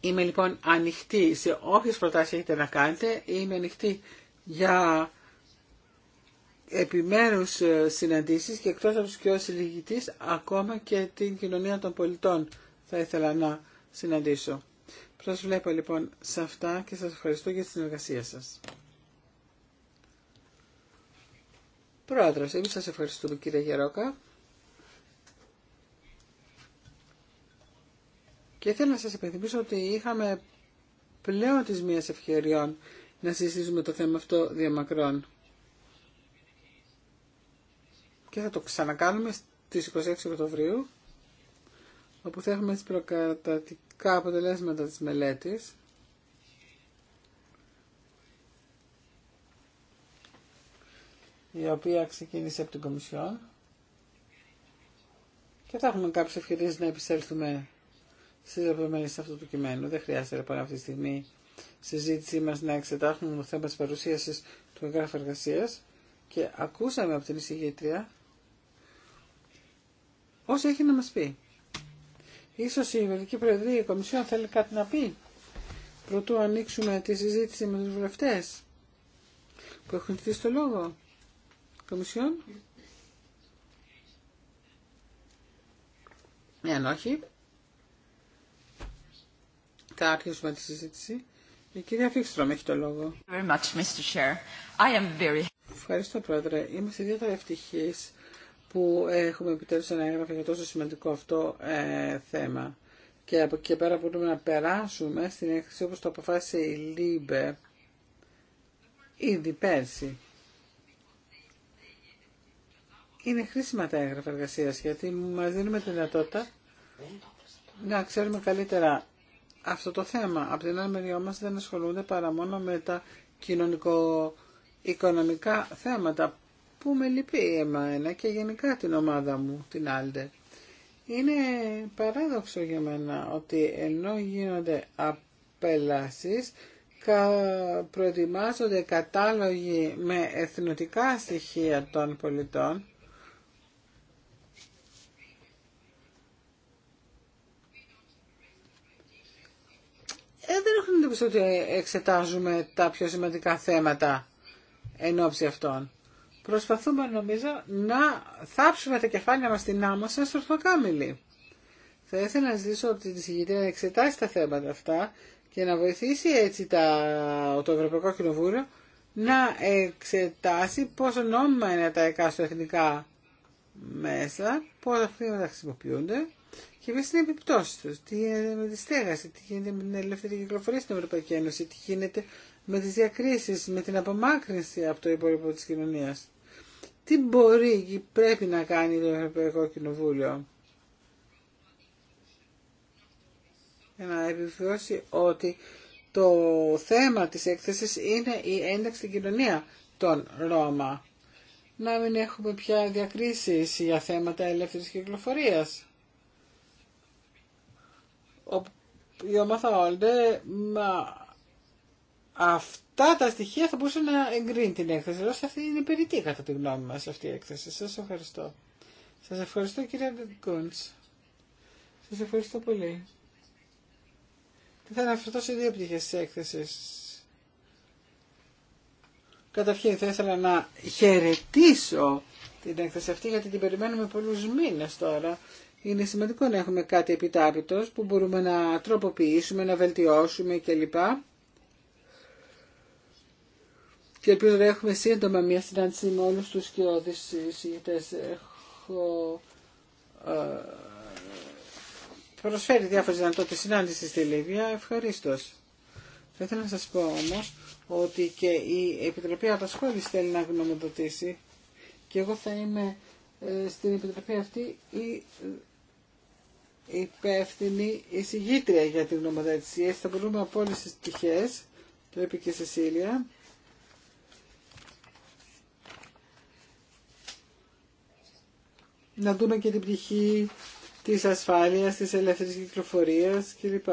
Είμαι λοιπόν ανοιχτή σε όποιες προτάσεις έχετε να κάνετε. Είμαι ανοιχτή για επιμέρους ε, συναντήσεις και εκτός από τους πιο συλληγητής ακόμα και την κοινωνία των πολιτών θα ήθελα να συναντήσω. Προσβλέπω λοιπόν σε αυτά και σας ευχαριστώ για τη συνεργασία σας. Πρόεδρος, εμείς σας ευχαριστούμε κύριε Γερόκα. Και θέλω να σας υπενθυμίσω ότι είχαμε πλέον τις μίας ευκαιριών να συζητήσουμε το θέμα αυτό διαμακρών. Και θα το ξανακάνουμε στις 26 Οκτωβρίου, όπου θα έχουμε τις προκατατικά αποτελέσματα της μελέτης. η οποία ξεκίνησε από την Κομισιόν και θα έχουμε κάποιες ευκαιρίες να επισέλθουμε στις σε αυτό το κείμενο. Δεν χρειάζεται λοιπόν αυτή τη στιγμή συζήτησή μας να εξετάσουμε το θέμα της παρουσίασης του εγγράφου εργασία και ακούσαμε από την εισηγήτρια όσα έχει να μας πει. Ίσως η Βελική Προεδρία, η Κομισιόν θέλει κάτι να πει πρωτού ανοίξουμε τη συζήτηση με τους βουλευτές που έχουν χτίσει το λόγο. Κομισιόν. Εάν όχι, θα αρχίσουμε τη συζήτηση. Η κυρία Φίξτρομ έχει το λόγο. Ευχαριστώ, Πρόεδρε. Είμαστε ιδιαίτερα ευτυχεί που έχουμε επιτέλου ένα έγγραφο για τόσο σημαντικό αυτό ε, θέμα. Και από εκεί και πέρα μπορούμε να περάσουμε στην έκθεση όπως το αποφάσισε η ΛΥΜΠΕ ήδη πέρσι. Είναι χρήσιμα τα έγγραφα εργασία γιατί μα δίνουμε τη δυνατότητα να ξέρουμε καλύτερα αυτό το θέμα. Από την άλλη μεριά όμως δεν ασχολούνται παρά μόνο με τα κοινωνικο-οικονομικά θέματα που με λυπεί εμένα και γενικά την ομάδα μου, την άλτε. Είναι παράδοξο για μένα ότι ενώ γίνονται απελάσεις, προετοιμάζονται κατάλογοι με εθνοτικά στοιχεία των πολιτών ε, δεν την εντύπωση ότι εξετάζουμε τα πιο σημαντικά θέματα εν ώψη αυτών. Προσπαθούμε νομίζω να θάψουμε τα κεφάλια μας στην άμμο σαν σορφοκάμιλη. Θα ήθελα να ζητήσω από την συγκεκριμένη να εξετάσει τα θέματα αυτά και να βοηθήσει έτσι τα, το Ευρωπαϊκό Κοινοβούλιο να εξετάσει πόσο νόμιμα είναι τα εκάστοτε εθνικά μέσα, πόσα αυτά τα χρησιμοποιούνται και ποιε είναι οι επιπτώσει του, τι γίνεται με τη στέγαση, τι γίνεται με την ελεύθερη κυκλοφορία στην Ευρωπαϊκή Ένωση, τι γίνεται με τι διακρίσει, με την απομάκρυνση από το υπόλοιπο τη κοινωνία. Τι μπορεί και πρέπει να κάνει το Ευρωπαϊκό Κοινοβούλιο για να επιβιώσει ότι το θέμα της έκθεσης είναι η ένταξη στην κοινωνία των Ρώμα. Να μην έχουμε πια διακρίσεις για θέματα ελεύθερης κυκλοφορίας η ομάδα Όλντε, μα αυτά τα στοιχεία θα μπορούσαν να εγκρίνει την έκθεση. Αλλά αυτή είναι περιττή κατά τη γνώμη μας αυτή η έκθεση. Σας ευχαριστώ. Σας ευχαριστώ κύριε Κούντς. Σας ευχαριστώ πολύ. Και θα αναφερθώ σε δύο πτυχές της έκθεσης. Καταρχήν θα ήθελα να χαιρετήσω την έκθεση αυτή γιατί την περιμένουμε πολλούς μήνες τώρα είναι σημαντικό να έχουμε κάτι επιτάπητος που μπορούμε να τροποποιήσουμε, να βελτιώσουμε κλπ. Και ελπίζω να έχουμε σύντομα μια συνάντηση με όλους τους κοιόδης συγητές. Έχω ε, προσφέρει διάφορες δυνατότητες συνάντησης στη Λίβια. Ευχαριστώ. Θα ήθελα να σας πω όμως ότι και η Επιτροπή Απασχόλησης θέλει να γνωμοδοτήσει και εγώ θα είμαι ε, στην Επιτροπή αυτή ή υπεύθυνη εισηγήτρια για την γνωμοδότηση. θα μπορούμε από όλες τις πτυχές, το είπε και η Σεσίλια, να δούμε και την πτυχή της ασφάλειας, της ελεύθερης κυκλοφορίας κλπ.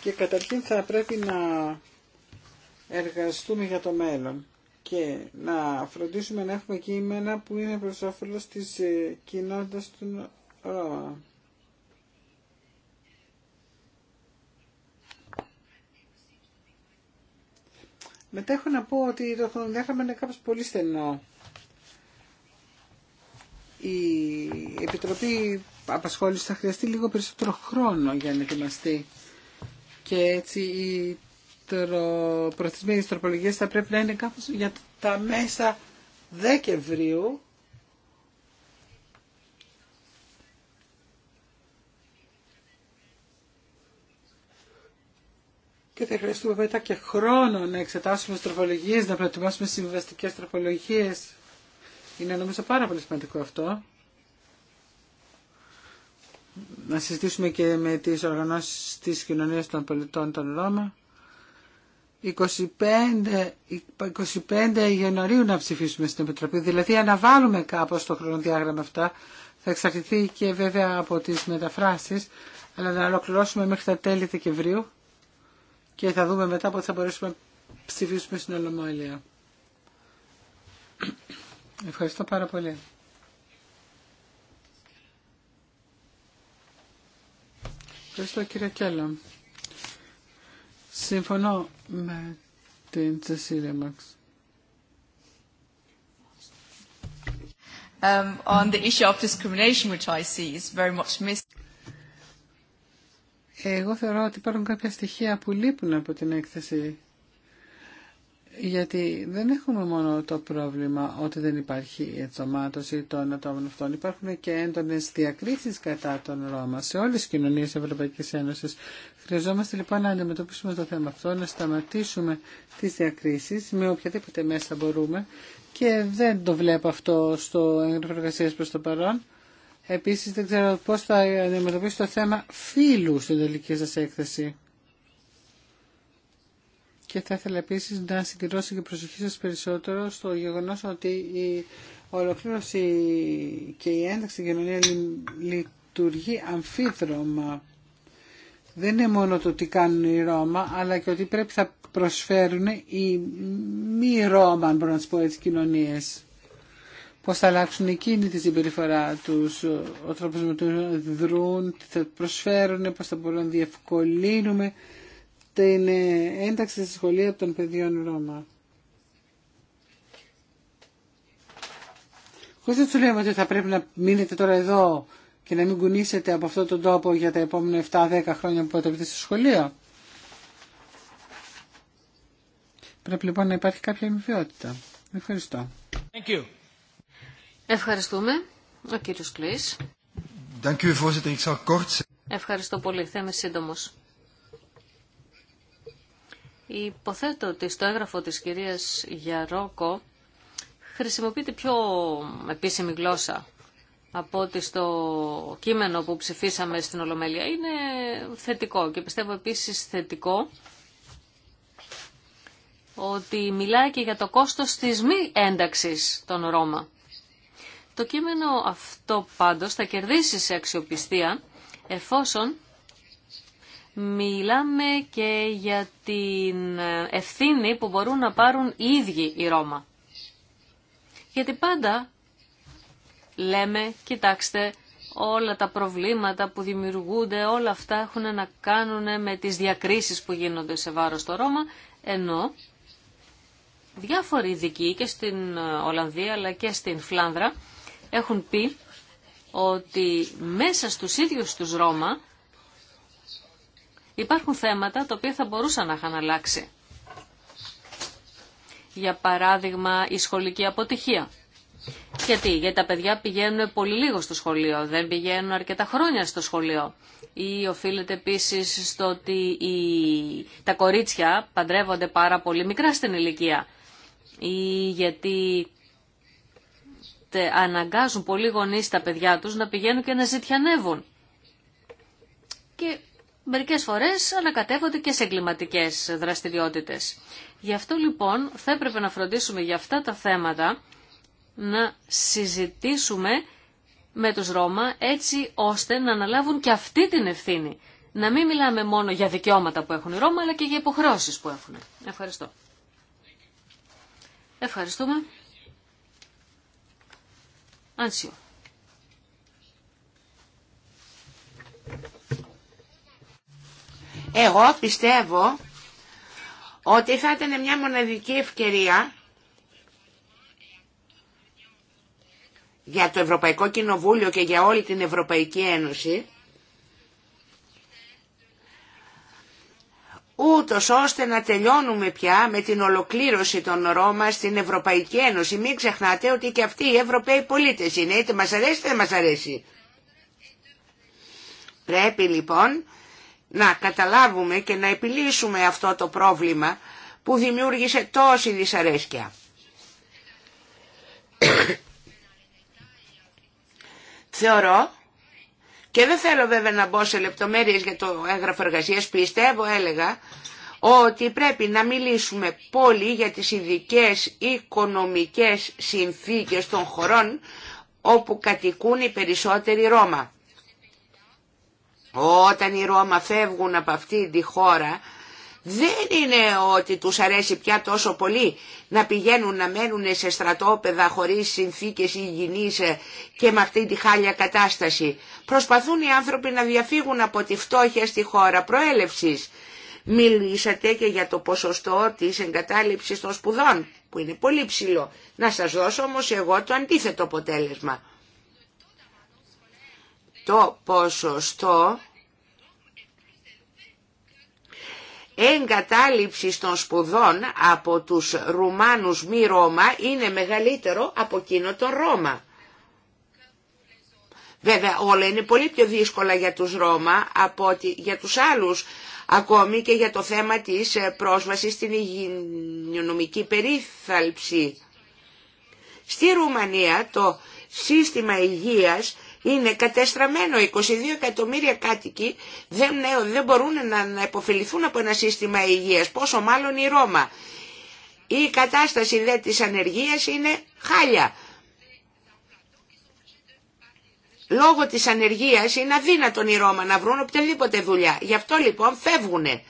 Και καταρχήν θα πρέπει να εργαστούμε για το μέλλον και να φροντίσουμε να έχουμε κείμενα που είναι προς όφελος της ε, κοινότητας του Ρώμα. Μετά έχω να πω ότι το χρονοδιάγραμμα είναι κάπως πολύ στενό. Η Επιτροπή Απασχόλησης θα χρειαστεί λίγο περισσότερο χρόνο για να ετοιμαστεί. Και έτσι η το προθεσμία της τροπολογίας θα πρέπει να είναι κάπως για τα μέσα Δεκεμβρίου και θα χρειαστούμε μετά και χρόνο να εξετάσουμε τροπολογίες, να προετοιμάσουμε συμβαστικές τροπολογίες. Είναι νομίζω πάρα πολύ σημαντικό αυτό. Να συζητήσουμε και με τις οργανώσεις της κοινωνίας των πολιτών των Ρώμα. 25, 25 ε, Ιανουαρίου να ψηφίσουμε στην Επιτροπή. Δηλαδή αναβάλουμε κάπως το χρονοδιάγραμμα αυτά. Θα εξαρτηθεί και βέβαια από τις μεταφράσεις. Αλλά να ολοκληρώσουμε μέχρι τα τέλη Δεκεμβρίου και θα δούμε μετά πότε θα μπορέσουμε να ψηφίσουμε στην ολομόλία. Ευχαριστώ πάρα πολύ. Ευχαριστώ κύριε Κέλλο. Συμφωνώ με την Τσεσίλια Μαξ. Um, on the issue of discrimination, which I see is very much missed. Εγώ θεωρώ ότι υπάρχουν κάποια στοιχεία που λείπουν από την έκθεση γιατί δεν έχουμε μόνο το πρόβλημα ότι δεν υπάρχει η ενσωμάτωση των ατόμων αυτών. Υπάρχουν και έντονε διακρίσει κατά τον Ρώμα σε όλε τι κοινωνίε τη Ευρωπαϊκή Ένωση. Χρειαζόμαστε λοιπόν να αντιμετωπίσουμε το θέμα αυτό, να σταματήσουμε τι διακρίσει με οποιαδήποτε μέσα μπορούμε και δεν το βλέπω αυτό στο έγγραφο εργασία προ το παρόν. Επίση δεν ξέρω πώ θα αντιμετωπίσει το θέμα φύλου στην τελική σα έκθεση. Και θα ήθελα επίση να συγκεντρώσω και προσοχή σα περισσότερο στο γεγονός ότι η ολοκλήρωση και η ένταξη στην κοινωνία λειτουργεί αμφίδρομα. Δεν είναι μόνο το τι κάνουν οι Ρώμα, αλλά και ότι πρέπει θα προσφέρουν οι μη Ρώμα, αν μπορώ να τι πω έτσι, κοινωνίες. Πώς θα αλλάξουν εκείνη τη συμπεριφορά τους, ο τρόπο με τον δρούν, τι θα προσφέρουν, πώ θα μπορούν να διευκολύνουμε την ε, ένταξη στη σχολεία των παιδιών Ρώμα. Χωρίς να σου λέμε ότι θα πρέπει να μείνετε τώρα εδώ και να μην κουνήσετε από αυτόν τον τόπο για τα επόμενα 7-10 χρόνια που θα στο σχολείο. Πρέπει λοιπόν να υπάρχει κάποια εμφιότητα. Ευχαριστώ. Thank you. Ευχαριστούμε. Ο κύριος Κλής. Ευχαριστώ πολύ. Θα είμαι σύντομος. Υποθέτω ότι στο έγγραφο της κυρίας Γιαρόκο χρησιμοποιείται πιο επίσημη γλώσσα από ότι στο κείμενο που ψηφίσαμε στην Ολομέλεια. Είναι θετικό και πιστεύω επίσης θετικό ότι μιλάει και για το κόστος της μη ένταξης των Ρώμα. Το κείμενο αυτό πάντως θα κερδίσει σε αξιοπιστία εφόσον Μιλάμε και για την ευθύνη που μπορούν να πάρουν οι ίδιοι οι Ρώμα. Γιατί πάντα λέμε, κοιτάξτε, όλα τα προβλήματα που δημιουργούνται, όλα αυτά έχουν να κάνουν με τις διακρίσεις που γίνονται σε βάρος το Ρώμα, ενώ διάφοροι ειδικοί και στην Ολλανδία αλλά και στην Φλάνδρα έχουν πει ότι μέσα στους ίδιους τους Ρώμα Υπάρχουν θέματα τα οποία θα μπορούσαν να είχαν αλλάξει. Για παράδειγμα, η σχολική αποτυχία. Γιατί, γιατί τα παιδιά πηγαίνουν πολύ λίγο στο σχολείο, δεν πηγαίνουν αρκετά χρόνια στο σχολείο. Ή οφείλεται επίση στο ότι η... τα κορίτσια παντρεύονται πάρα πολύ μικρά στην ηλικία. Ή γιατί αναγκάζουν πολλοί γονεί τα παιδιά τους να πηγαίνουν και να ζητιανεύουν. Και μερικές φορές ανακατεύονται και σε εγκληματικέ δραστηριότητες. Γι' αυτό λοιπόν θα έπρεπε να φροντίσουμε για αυτά τα θέματα να συζητήσουμε με τους Ρώμα έτσι ώστε να αναλάβουν και αυτή την ευθύνη. Να μην μιλάμε μόνο για δικαιώματα που έχουν οι Ρώμα αλλά και για υποχρεώσεις που έχουν. Ευχαριστώ. Ευχαριστούμε. Άνσιο. Εγώ πιστεύω ότι θα ήταν μια μοναδική ευκαιρία για το Ευρωπαϊκό Κοινοβούλιο και για όλη την Ευρωπαϊκή Ένωση ούτω ώστε να τελειώνουμε πια με την ολοκλήρωση των Ρώμα στην Ευρωπαϊκή Ένωση. Μην ξεχνάτε ότι και αυτοί οι Ευρωπαίοι πολίτες είναι, είτε μας αρέσει είτε δεν μας αρέσει. Πρέπει λοιπόν να καταλάβουμε και να επιλύσουμε αυτό το πρόβλημα που δημιούργησε τόση δυσαρέσκεια. Θεωρώ και δεν θέλω βέβαια να μπω σε λεπτομέρειες για το έγγραφο εργασία, πιστεύω έλεγα ότι πρέπει να μιλήσουμε πολύ για τις ειδικέ οικονομικές συνθήκες των χωρών όπου κατοικούν οι περισσότεροι Ρώμα. Όταν οι Ρώμα φεύγουν από αυτή τη χώρα, δεν είναι ότι τους αρέσει πια τόσο πολύ να πηγαίνουν να μένουν σε στρατόπεδα χωρίς συνθήκες υγιεινής και με αυτή τη χάλια κατάσταση. Προσπαθούν οι άνθρωποι να διαφύγουν από τη φτώχεια στη χώρα προέλευσης. Μιλήσατε και για το ποσοστό της εγκατάλειψης των σπουδών, που είναι πολύ ψηλό. Να σας δώσω όμως εγώ το αντίθετο αποτέλεσμα το ποσοστό εγκατάλειψης των σπουδών από τους Ρουμάνους μη Ρώμα είναι μεγαλύτερο από εκείνο το Ρώμα. Βέβαια όλα είναι πολύ πιο δύσκολα για τους Ρώμα από ότι για τους άλλους, ακόμη και για το θέμα της ε, πρόσβασης στην υγειονομική περίθαλψη. Στη Ρουμανία το σύστημα υγείας είναι κατεστραμμένο. 22 εκατομμύρια κάτοικοι δεν, ναι, δεν μπορούν να, να υποφεληθούν από ένα σύστημα υγείας, πόσο μάλλον η Ρώμα. Η κατάσταση δε της ανεργίας είναι χάλια. Λόγω της ανεργίας είναι αδύνατον η Ρώμα να βρουν οποιαδήποτε δουλειά. Γι' αυτό λοιπόν φεύγουνε.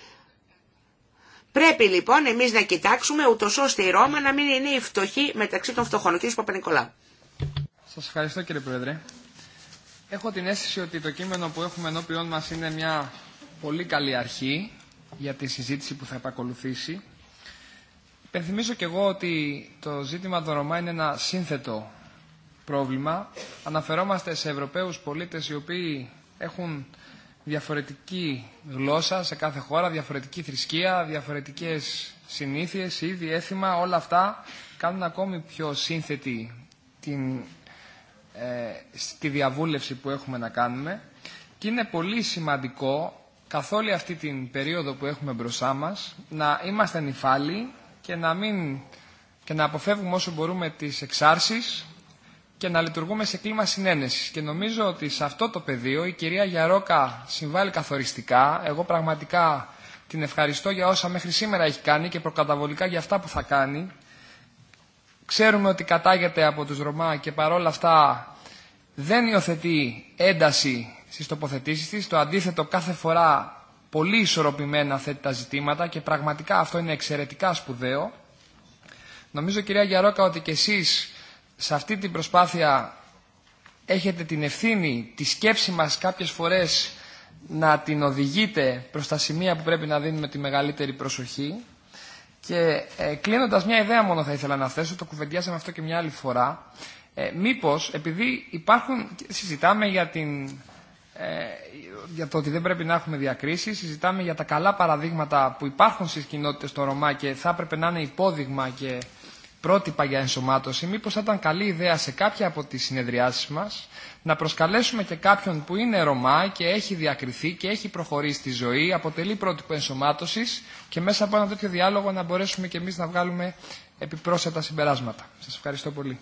Πρέπει λοιπόν εμείς να κοιτάξουμε ούτω ώστε η Ρώμα να μην είναι η φτωχή μεταξύ των φτωχών. Ο κ. Παπα-Νικολάου. Σας ευχαριστώ κύριε Πρόεδρε. Έχω την αίσθηση ότι το κείμενο που έχουμε ενώπιόν μας είναι μια πολύ καλή αρχή για τη συζήτηση που θα επακολουθήσει. Υπενθυμίζω και εγώ ότι το ζήτημα των Ρωμά είναι ένα σύνθετο πρόβλημα. Αναφερόμαστε σε Ευρωπαίους πολίτες οι οποίοι έχουν διαφορετική γλώσσα σε κάθε χώρα, διαφορετική θρησκεία, διαφορετικές συνήθειες, ήδη έθιμα, όλα αυτά κάνουν ακόμη πιο σύνθετη την ε, στη διαβούλευση που έχουμε να κάνουμε και είναι πολύ σημαντικό καθ' όλη αυτή την περίοδο που έχουμε μπροστά μας να είμαστε νυφάλοι και να, μην, και να αποφεύγουμε όσο μπορούμε τις εξάρσεις και να λειτουργούμε σε κλίμα συνένεσης. Και νομίζω ότι σε αυτό το πεδίο η κυρία Γιαρόκα συμβάλλει καθοριστικά. Εγώ πραγματικά την ευχαριστώ για όσα μέχρι σήμερα έχει κάνει και προκαταβολικά για αυτά που θα κάνει Ξέρουμε ότι κατάγεται από τους Ρωμά και παρόλα αυτά δεν υιοθετεί ένταση στις τοποθετήσεις της. Το αντίθετο κάθε φορά πολύ ισορροπημένα θέτει τα ζητήματα και πραγματικά αυτό είναι εξαιρετικά σπουδαίο. Νομίζω κυρία Γιαρόκα ότι και εσείς σε αυτή την προσπάθεια έχετε την ευθύνη, τη σκέψη μας κάποιες φορές να την οδηγείτε προς τα σημεία που πρέπει να δίνουμε τη μεγαλύτερη προσοχή. Και ε, κλείνοντας μια ιδέα μόνο θα ήθελα να θέσω, το κουβεντιάσαμε αυτό και μια άλλη φορά. Ε, μήπως, επειδή υπάρχουν, συζητάμε για, την, ε, για το ότι δεν πρέπει να έχουμε διακρίσει, συζητάμε για τα καλά παραδείγματα που υπάρχουν στι κοινότητε στο Ρωμά και θα έπρεπε να είναι υπόδειγμα και πρότυπα για ενσωμάτωση, μήπως θα ήταν καλή ιδέα σε κάποια από τις συνεδριάσεις μας να προσκαλέσουμε και κάποιον που είναι Ρωμά και έχει διακριθεί και έχει προχωρήσει τη ζωή, αποτελεί πρότυπο ενσωμάτωσης και μέσα από ένα τέτοιο διάλογο να μπορέσουμε και εμείς να βγάλουμε επιπρόσθετα συμπεράσματα. Σας ευχαριστώ πολύ.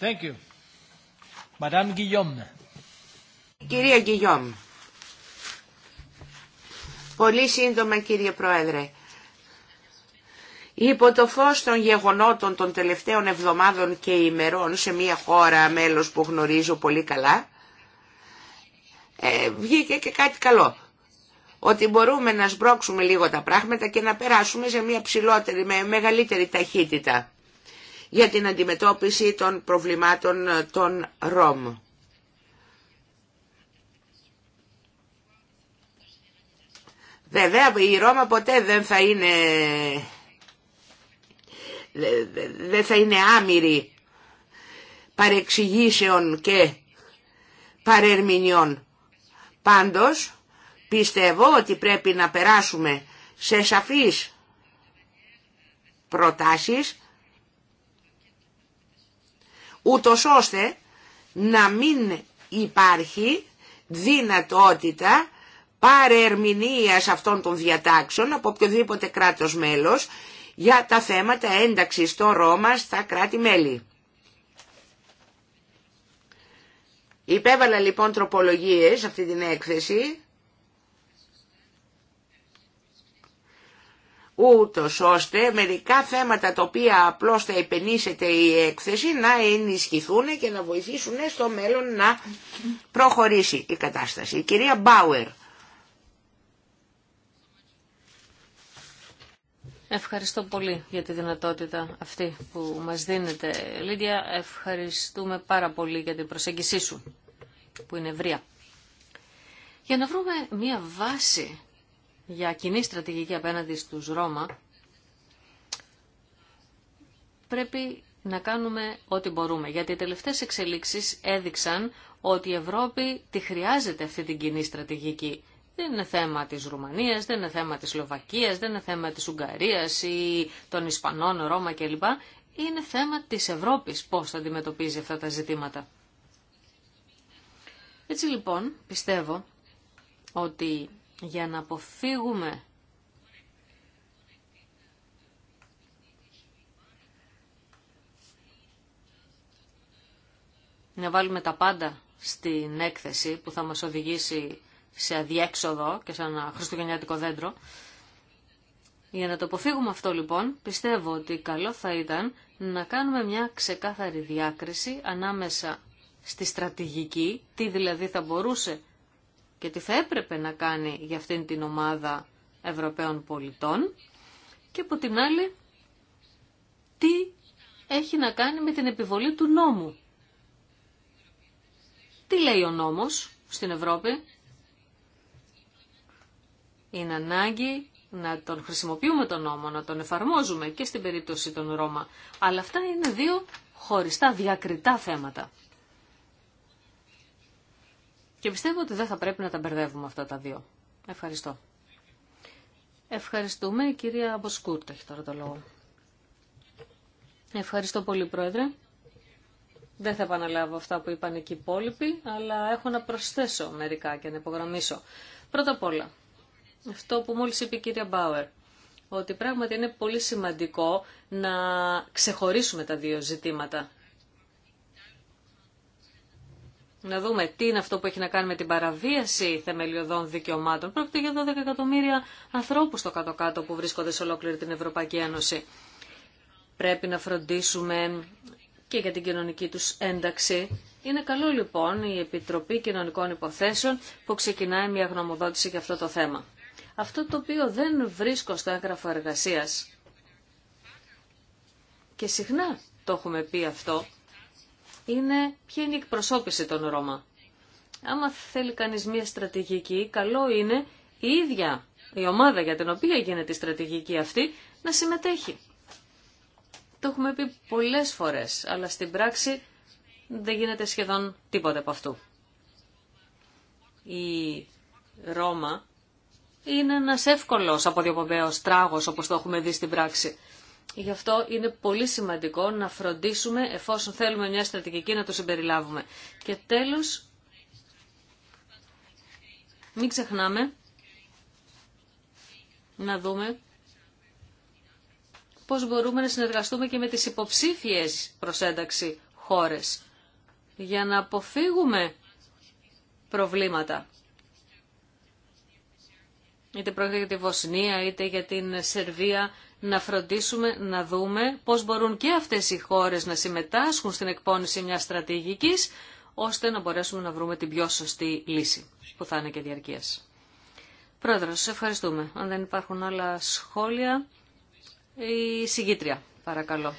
Thank you. Κυρία Πολύ σύντομα κύριε Πρόεδρε. Υπό το φως των γεγονότων των τελευταίων εβδομάδων και ημερών σε μια χώρα μέλος που γνωρίζω πολύ καλά, ε, βγήκε και κάτι καλό. Ότι μπορούμε να σμπρώξουμε λίγο τα πράγματα και να περάσουμε σε μια ψηλότερη, με μεγαλύτερη ταχύτητα για την αντιμετώπιση των προβλημάτων των ΡΟΜ. Βέβαια η Ρώμα ποτέ δεν θα είναι, δεν θα είναι άμυρη παρεξηγήσεων και παρερμηνιών. Πάντως πιστεύω ότι πρέπει να περάσουμε σε σαφείς προτάσεις ούτως ώστε να μην υπάρχει δυνατότητα παρερμηνίας αυτών των διατάξεων από οποιοδήποτε κράτος μέλος για τα θέματα ένταξης στο Ρώμα στα κράτη-μέλη. Υπέβαλα λοιπόν τροπολογίες αυτή την έκθεση, ούτω ώστε μερικά θέματα τα οποία απλώς θα επενήσεται η έκθεση να ενισχυθούν και να βοηθήσουν στο μέλλον να προχωρήσει η κατάσταση. Η κυρία Μπάουερ. Ευχαριστώ πολύ για τη δυνατότητα αυτή που μας δίνετε, Λίδια. Ευχαριστούμε πάρα πολύ για την προσέγγισή σου, που είναι ευρεία. Για να βρούμε μία βάση για κοινή στρατηγική απέναντι στους Ρώμα, πρέπει να κάνουμε ό,τι μπορούμε. Γιατί οι τελευταίες εξελίξεις έδειξαν ότι η Ευρώπη τη χρειάζεται αυτή την κοινή στρατηγική. Δεν είναι θέμα της Ρουμανίας, δεν είναι θέμα της Σλοβακίας, δεν είναι θέμα της Ουγγαρίας ή των Ισπανών, Ρώμα κλπ. Είναι θέμα της Ευρώπης πώς θα αντιμετωπίζει αυτά τα ζητήματα. Έτσι λοιπόν πιστεύω ότι για να αποφύγουμε να βάλουμε τα πάντα στην έκθεση που θα μας οδηγήσει σε αδιέξοδο και σαν ένα χριστουγεννιάτικο δέντρο. Για να το αποφύγουμε αυτό λοιπόν, πιστεύω ότι καλό θα ήταν να κάνουμε μια ξεκάθαρη διάκριση ανάμεσα στη στρατηγική, τι δηλαδή θα μπορούσε και τι θα έπρεπε να κάνει για αυτήν την ομάδα Ευρωπαίων πολιτών και από την άλλη τι έχει να κάνει με την επιβολή του νόμου. Τι λέει ο νόμος στην Ευρώπη, είναι ανάγκη να τον χρησιμοποιούμε τον νόμο, να τον εφαρμόζουμε και στην περίπτωση των Ρώμα. Αλλά αυτά είναι δύο χωριστά, διακριτά θέματα. Και πιστεύω ότι δεν θα πρέπει να τα μπερδεύουμε αυτά τα δύο. Ευχαριστώ. Ευχαριστούμε. Η κυρία Μποσκούρτ έχει τώρα το λόγο. Ευχαριστώ πολύ, Πρόεδρε. Δεν θα επαναλάβω αυτά που είπαν εκεί οι υπόλοιποι, αλλά έχω να προσθέσω μερικά και να υπογραμμίσω. Πρώτα απ' όλα, αυτό που μόλις είπε η κυρία Μπάουερ, ότι πράγματι είναι πολύ σημαντικό να ξεχωρίσουμε τα δύο ζητήματα. Να δούμε τι είναι αυτό που έχει να κάνει με την παραβίαση θεμελιωδών δικαιωμάτων. Πρόκειται για 12 εκατομμύρια ανθρώπου στο κάτω-κάτω που βρίσκονται σε ολόκληρη την Ευρωπαϊκή Ένωση. Πρέπει να φροντίσουμε και για την κοινωνική τους ένταξη. Είναι καλό λοιπόν η Επιτροπή Κοινωνικών Υποθέσεων που ξεκινάει μια γνωμοδότηση για αυτό το θέμα αυτό το οποίο δεν βρίσκω στο έγγραφο εργασίας. Και συχνά το έχουμε πει αυτό, είναι ποια είναι η εκπροσώπηση των Ρώμα. Άμα θέλει κανείς μια στρατηγική, καλό είναι η ίδια η ομάδα για την οποία γίνεται η στρατηγική αυτή να συμμετέχει. Το έχουμε πει πολλές φορές, αλλά στην πράξη δεν γίνεται σχεδόν τίποτα από αυτού. Η Ρώμα είναι ένας εύκολος αποδιοπομπαίο τράγος όπως το έχουμε δει στην πράξη. Γι' αυτό είναι πολύ σημαντικό να φροντίσουμε εφόσον θέλουμε μια στρατηγική να το συμπεριλάβουμε. Και τέλος, μην ξεχνάμε να δούμε πώς μπορούμε να συνεργαστούμε και με τις υποψήφιες προσένταξη χώρες για να αποφύγουμε προβλήματα είτε πρόκειται για τη Βοσνία, είτε για την Σερβία, να φροντίσουμε να δούμε πώς μπορούν και αυτές οι χώρες να συμμετάσχουν στην εκπόνηση μιας στρατηγικής, ώστε να μπορέσουμε να βρούμε την πιο σωστή λύση, που θα είναι και διαρκείας. Πρόεδρος, σε ευχαριστούμε. Αν δεν υπάρχουν άλλα σχόλια, η συγκήτρια, παρακαλώ.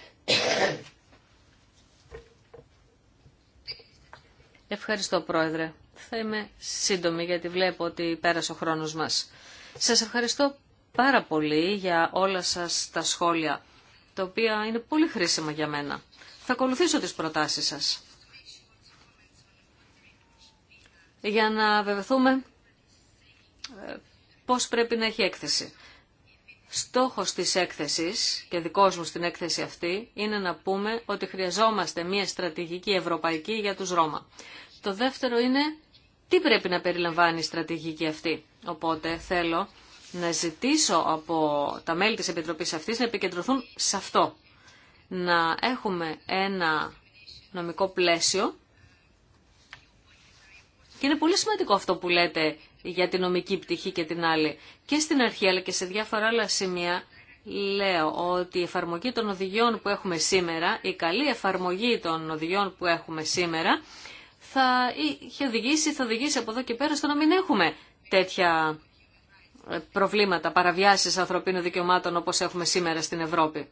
Ευχαριστώ, Πρόεδρε. Θα είμαι σύντομη, γιατί βλέπω ότι πέρασε ο χρόνος μας. Σας ευχαριστώ πάρα πολύ για όλα σας τα σχόλια, τα οποία είναι πολύ χρήσιμα για μένα. Θα ακολουθήσω τις προτάσεις σας. Για να βεβαιωθούμε ε, πώς πρέπει να έχει έκθεση. Στόχος της έκθεσης και δικός μου στην έκθεση αυτή είναι να πούμε ότι χρειαζόμαστε μια στρατηγική ευρωπαϊκή για τους Ρώμα. Το δεύτερο είναι τι πρέπει να περιλαμβάνει η στρατηγική αυτή. Οπότε θέλω να ζητήσω από τα μέλη της Επιτροπής αυτής να επικεντρωθούν σε αυτό. Να έχουμε ένα νομικό πλαίσιο και είναι πολύ σημαντικό αυτό που λέτε για την νομική πτυχή και την άλλη. Και στην αρχή αλλά και σε διάφορα άλλα σημεία λέω ότι η εφαρμογή των οδηγιών που έχουμε σήμερα, η καλή εφαρμογή των οδηγιών που έχουμε σήμερα θα είχε οδηγήσει, θα οδηγήσει από εδώ και πέρα στο να μην έχουμε τέτοια ε, προβλήματα, παραβιάσεις ανθρωπίνων δικαιωμάτων όπως έχουμε σήμερα στην Ευρώπη.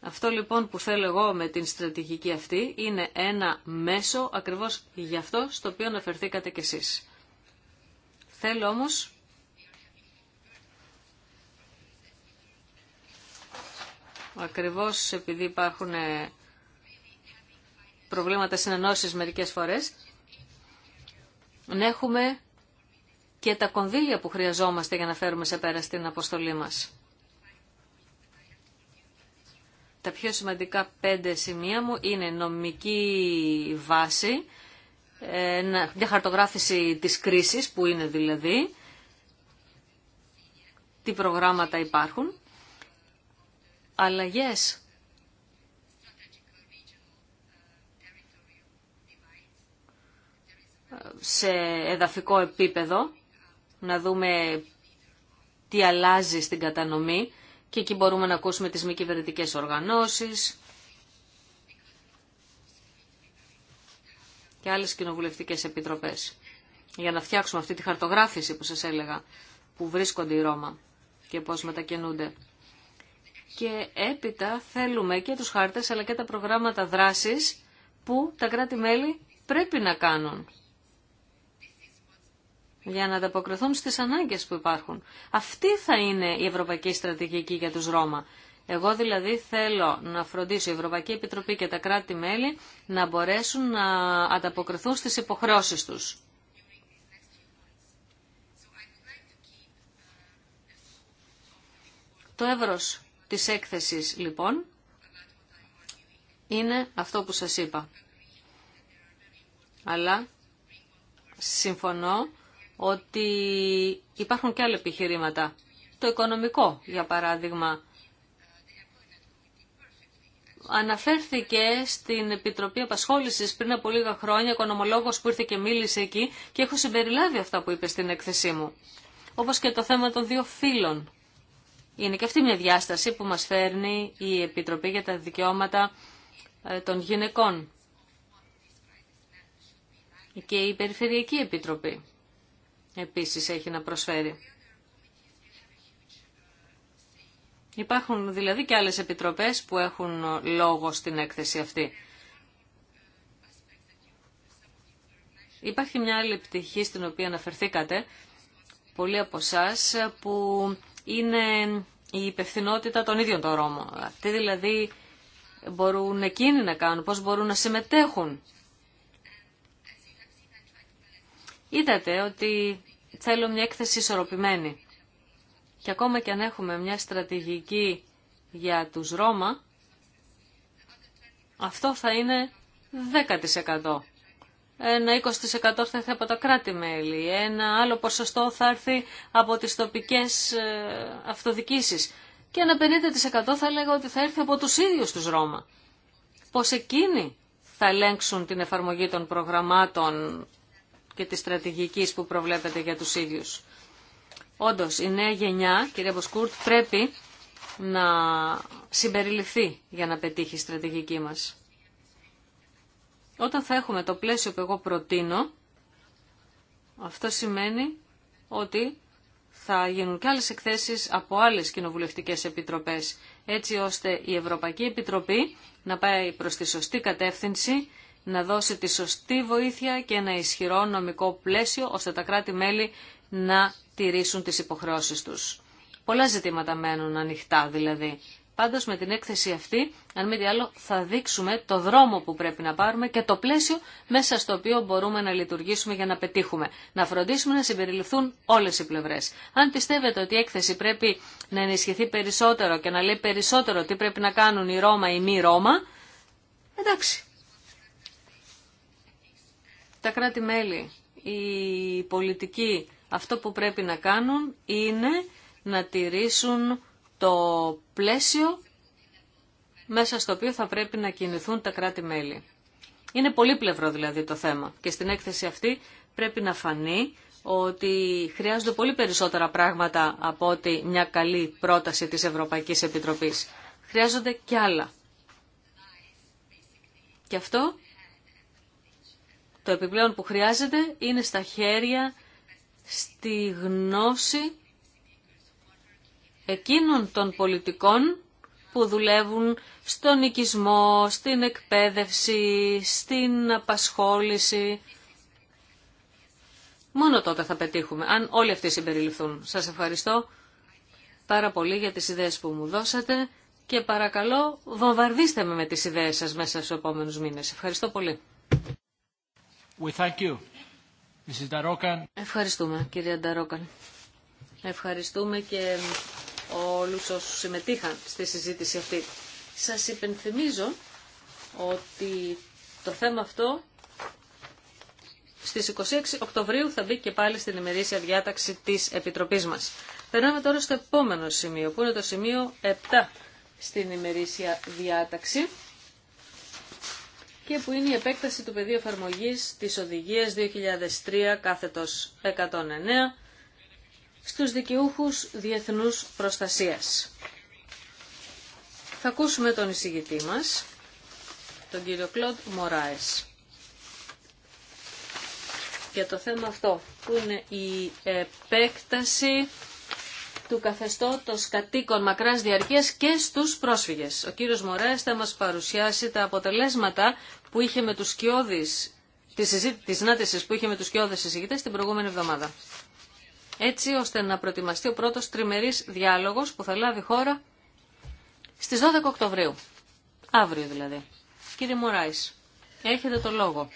Αυτό λοιπόν που θέλω εγώ με την στρατηγική αυτή είναι ένα μέσο ακριβώς γι' αυτό στο οποίο αναφερθήκατε κι εσείς. Θέλω όμως ακριβώς επειδή υπάρχουν ε, προβλήματα συνενώσεις μερικές φορές, να έχουμε και τα κονδύλια που χρειαζόμαστε για να φέρουμε σε πέρα στην αποστολή μας. Τα πιο σημαντικά πέντε σημεία μου είναι νομική βάση, μια χαρτογράφηση της κρίσης που είναι δηλαδή, τι προγράμματα υπάρχουν, αλλαγές σε εδαφικό επίπεδο, να δούμε τι αλλάζει στην κατανομή και εκεί μπορούμε να ακούσουμε τις μη κυβερνητικέ οργανώσεις και άλλες κοινοβουλευτικές επιτροπές για να φτιάξουμε αυτή τη χαρτογράφηση που σας έλεγα που βρίσκονται οι Ρώμα και πώς μετακινούνται. Και έπειτα θέλουμε και τους χάρτες αλλά και τα προγράμματα δράσης που τα κράτη-μέλη πρέπει να κάνουν για να ανταποκριθούν στις ανάγκες που υπάρχουν. Αυτή θα είναι η ευρωπαϊκή στρατηγική για τους Ρώμα. Εγώ δηλαδή θέλω να φροντίσω η Ευρωπαϊκή Επιτροπή και τα κράτη-μέλη να μπορέσουν να ανταποκριθούν στις υποχρεώσεις τους. Το εύρος της έκθεσης λοιπόν είναι αυτό που σας είπα. Αλλά συμφωνώ ότι υπάρχουν και άλλα επιχειρήματα. Το οικονομικό, για παράδειγμα, αναφέρθηκε στην Επιτροπή Απασχόλησης πριν από λίγα χρόνια, οικονομολόγος που ήρθε και μίλησε εκεί και έχω συμπεριλάβει αυτά που είπε στην έκθεσή μου. Όπως και το θέμα των δύο φύλων. Είναι και αυτή μια διάσταση που μας φέρνει η Επιτροπή για τα Δικαιώματα ε, των Γυναικών και η Περιφερειακή Επιτροπή επίσης έχει να προσφέρει. Υπάρχουν δηλαδή και άλλες επιτροπές που έχουν λόγο στην έκθεση αυτή. Υπάρχει μια άλλη πτυχή στην οποία αναφερθήκατε, πολλοί από εσά που είναι η υπευθυνότητα των ίδιων των Ρώμων. Τι, δηλαδή μπορούν εκείνοι να κάνουν, πώς μπορούν να συμμετέχουν Είδατε ότι θέλω μια έκθεση ισορροπημένη. Και ακόμα και αν έχουμε μια στρατηγική για τους Ρώμα, αυτό θα είναι 10%. Ένα 20% θα έρθει από τα κράτη-μέλη, ένα άλλο ποσοστό θα έρθει από τις τοπικές ε, αυτοδικήσεις και ένα 50% θα λέγω ότι θα έρθει από τους ίδιους τους Ρώμα. Πως εκείνοι θα ελέγξουν την εφαρμογή των προγραμμάτων και της στρατηγικής που προβλέπετε για τους ίδιους. Όντως, η νέα γενιά, κυρία Μποσκούρτ, πρέπει να συμπεριληφθεί για να πετύχει η στρατηγική μας. Όταν θα έχουμε το πλαίσιο που εγώ προτείνω, αυτό σημαίνει ότι θα γίνουν και άλλες εκθέσεις από άλλες κοινοβουλευτικές επιτροπές, έτσι ώστε η Ευρωπαϊκή Επιτροπή να πάει προς τη σωστή κατεύθυνση να δώσει τη σωστή βοήθεια και ένα ισχυρό νομικό πλαίσιο ώστε τα κράτη-μέλη να τηρήσουν τις υποχρεώσεις τους. Πολλά ζητήματα μένουν ανοιχτά δηλαδή. Πάντως με την έκθεση αυτή, αν μη τι άλλο, θα δείξουμε το δρόμο που πρέπει να πάρουμε και το πλαίσιο μέσα στο οποίο μπορούμε να λειτουργήσουμε για να πετύχουμε. Να φροντίσουμε να συμπεριληφθούν όλες οι πλευρές. Αν πιστεύετε ότι η έκθεση πρέπει να ενισχυθεί περισσότερο και να λέει περισσότερο τι πρέπει να κάνουν οι Ρώμα ή μη Ρώμα, εντάξει, τα κράτη-μέλη, οι πολιτικοί, αυτό που πρέπει να κάνουν είναι να τηρήσουν το πλαίσιο μέσα στο οποίο θα πρέπει να κινηθούν τα κράτη-μέλη. Είναι πολύπλευρο δηλαδή το θέμα και στην έκθεση αυτή πρέπει να φανεί ότι χρειάζονται πολύ περισσότερα πράγματα από ότι μια καλή πρόταση της Ευρωπαϊκής Επιτροπής. Χρειάζονται και άλλα. Και αυτό το επιπλέον που χρειάζεται είναι στα χέρια, στη γνώση εκείνων των πολιτικών που δουλεύουν στον οικισμό, στην εκπαίδευση, στην απασχόληση. Μόνο τότε θα πετύχουμε, αν όλοι αυτοί συμπεριληφθούν. Σας ευχαριστώ πάρα πολύ για τις ιδέες που μου δώσατε και παρακαλώ βομβαρδίστε με με τις ιδέες σας μέσα στους επόμενους μήνες. Ευχαριστώ πολύ. Ευχαριστούμε κυρία Νταρόκαν. Ευχαριστούμε και όλους όσους συμμετείχαν στη συζήτηση αυτή. Σας υπενθυμίζω ότι το θέμα αυτό στις 26 Οκτωβρίου θα μπει και πάλι στην ημερήσια διάταξη της Επιτροπής μας. Περνάμε τώρα στο επόμενο σημείο, που είναι το σημείο 7 στην ημερήσια διάταξη και που είναι η επέκταση του πεδίου εφαρμογή της οδηγίας 2003 κάθετο 109 στους δικαιούχους διεθνούς προστασίας. Θα ακούσουμε τον εισηγητή μας, τον κύριο Κλοντ Μωράε. για το θέμα αυτό, που είναι η επέκταση του καθεστώτος κατοίκων μακράς διαρκείας και στους πρόσφυγες. Ο κύριος Μωρέας θα μας παρουσιάσει τα αποτελέσματα που είχε με τους σκιώδεις, της που είχε με τους σκιώδες συζητητές την προηγούμενη εβδομάδα. Έτσι ώστε να προετοιμαστεί ο πρώτος τριμερής διάλογος που θα λάβει χώρα στις 12 Οκτωβρίου. Αύριο δηλαδή. Κύριε Μωράης, έχετε το λόγο.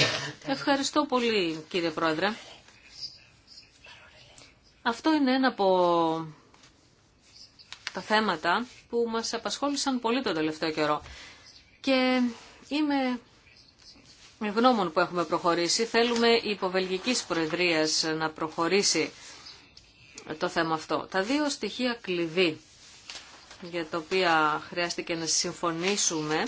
Ευχαριστώ πολύ κύριε Πρόεδρε. Αυτό είναι ένα από τα θέματα που μας απασχόλησαν πολύ τον τελευταίο καιρό. Και είμαι γνώμων που έχουμε προχωρήσει. Θέλουμε η υποβελγικής προεδρίας να προχωρήσει το θέμα αυτό. Τα δύο στοιχεία κλειδί για τα οποία χρειάστηκε να συμφωνήσουμε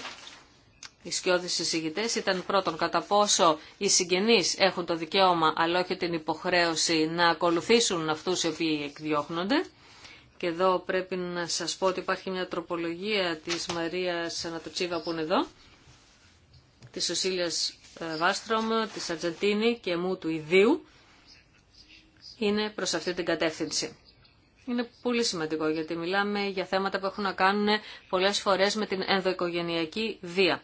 οι σκιώδεις εισηγητές ήταν πρώτον κατά πόσο οι συγγενείς έχουν το δικαίωμα αλλά όχι την υποχρέωση να ακολουθήσουν αυτούς οι οποίοι εκδιώχνονται. Και εδώ πρέπει να σας πω ότι υπάρχει μια τροπολογία της Μαρίας Ανατοτσίβα που είναι εδώ, της Οσίλιας ε, Βάστρομ, της Αρτζεντίνη και μου του Ιδίου. Είναι προς αυτή την κατεύθυνση. Είναι πολύ σημαντικό γιατί μιλάμε για θέματα που έχουν να κάνουν πολλές φορές με την ενδοοικογενειακή βία.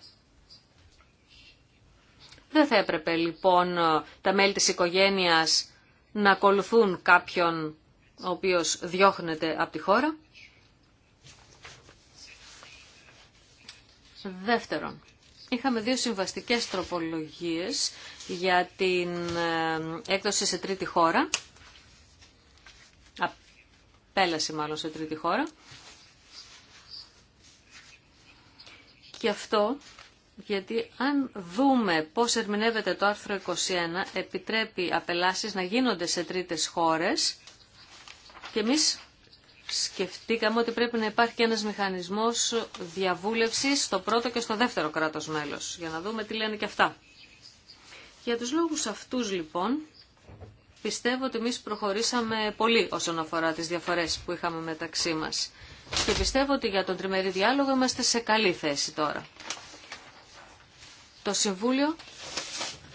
Δεν θα έπρεπε λοιπόν ε, τα μέλη της οικογένειας να ακολουθούν κάποιον ο οποίος διώχνεται από τη χώρα. Δεύτερον, είχαμε δύο συμβαστικές τροπολογίες για την ε, έκδοση σε τρίτη χώρα, απέλαση μάλλον σε τρίτη χώρα, και αυτό γιατί αν δούμε πώς ερμηνεύεται το άρθρο 21, επιτρέπει απελάσεις να γίνονται σε τρίτες χώρες και εμείς σκεφτήκαμε ότι πρέπει να υπάρχει και ένας μηχανισμός διαβούλευσης στο πρώτο και στο δεύτερο κράτος μέλος, για να δούμε τι λένε και αυτά. Για τους λόγους αυτούς λοιπόν, πιστεύω ότι εμείς προχωρήσαμε πολύ όσον αφορά τις διαφορές που είχαμε μεταξύ μας. Και πιστεύω ότι για τον τριμερή διάλογο είμαστε σε καλή θέση τώρα. Το Συμβούλιο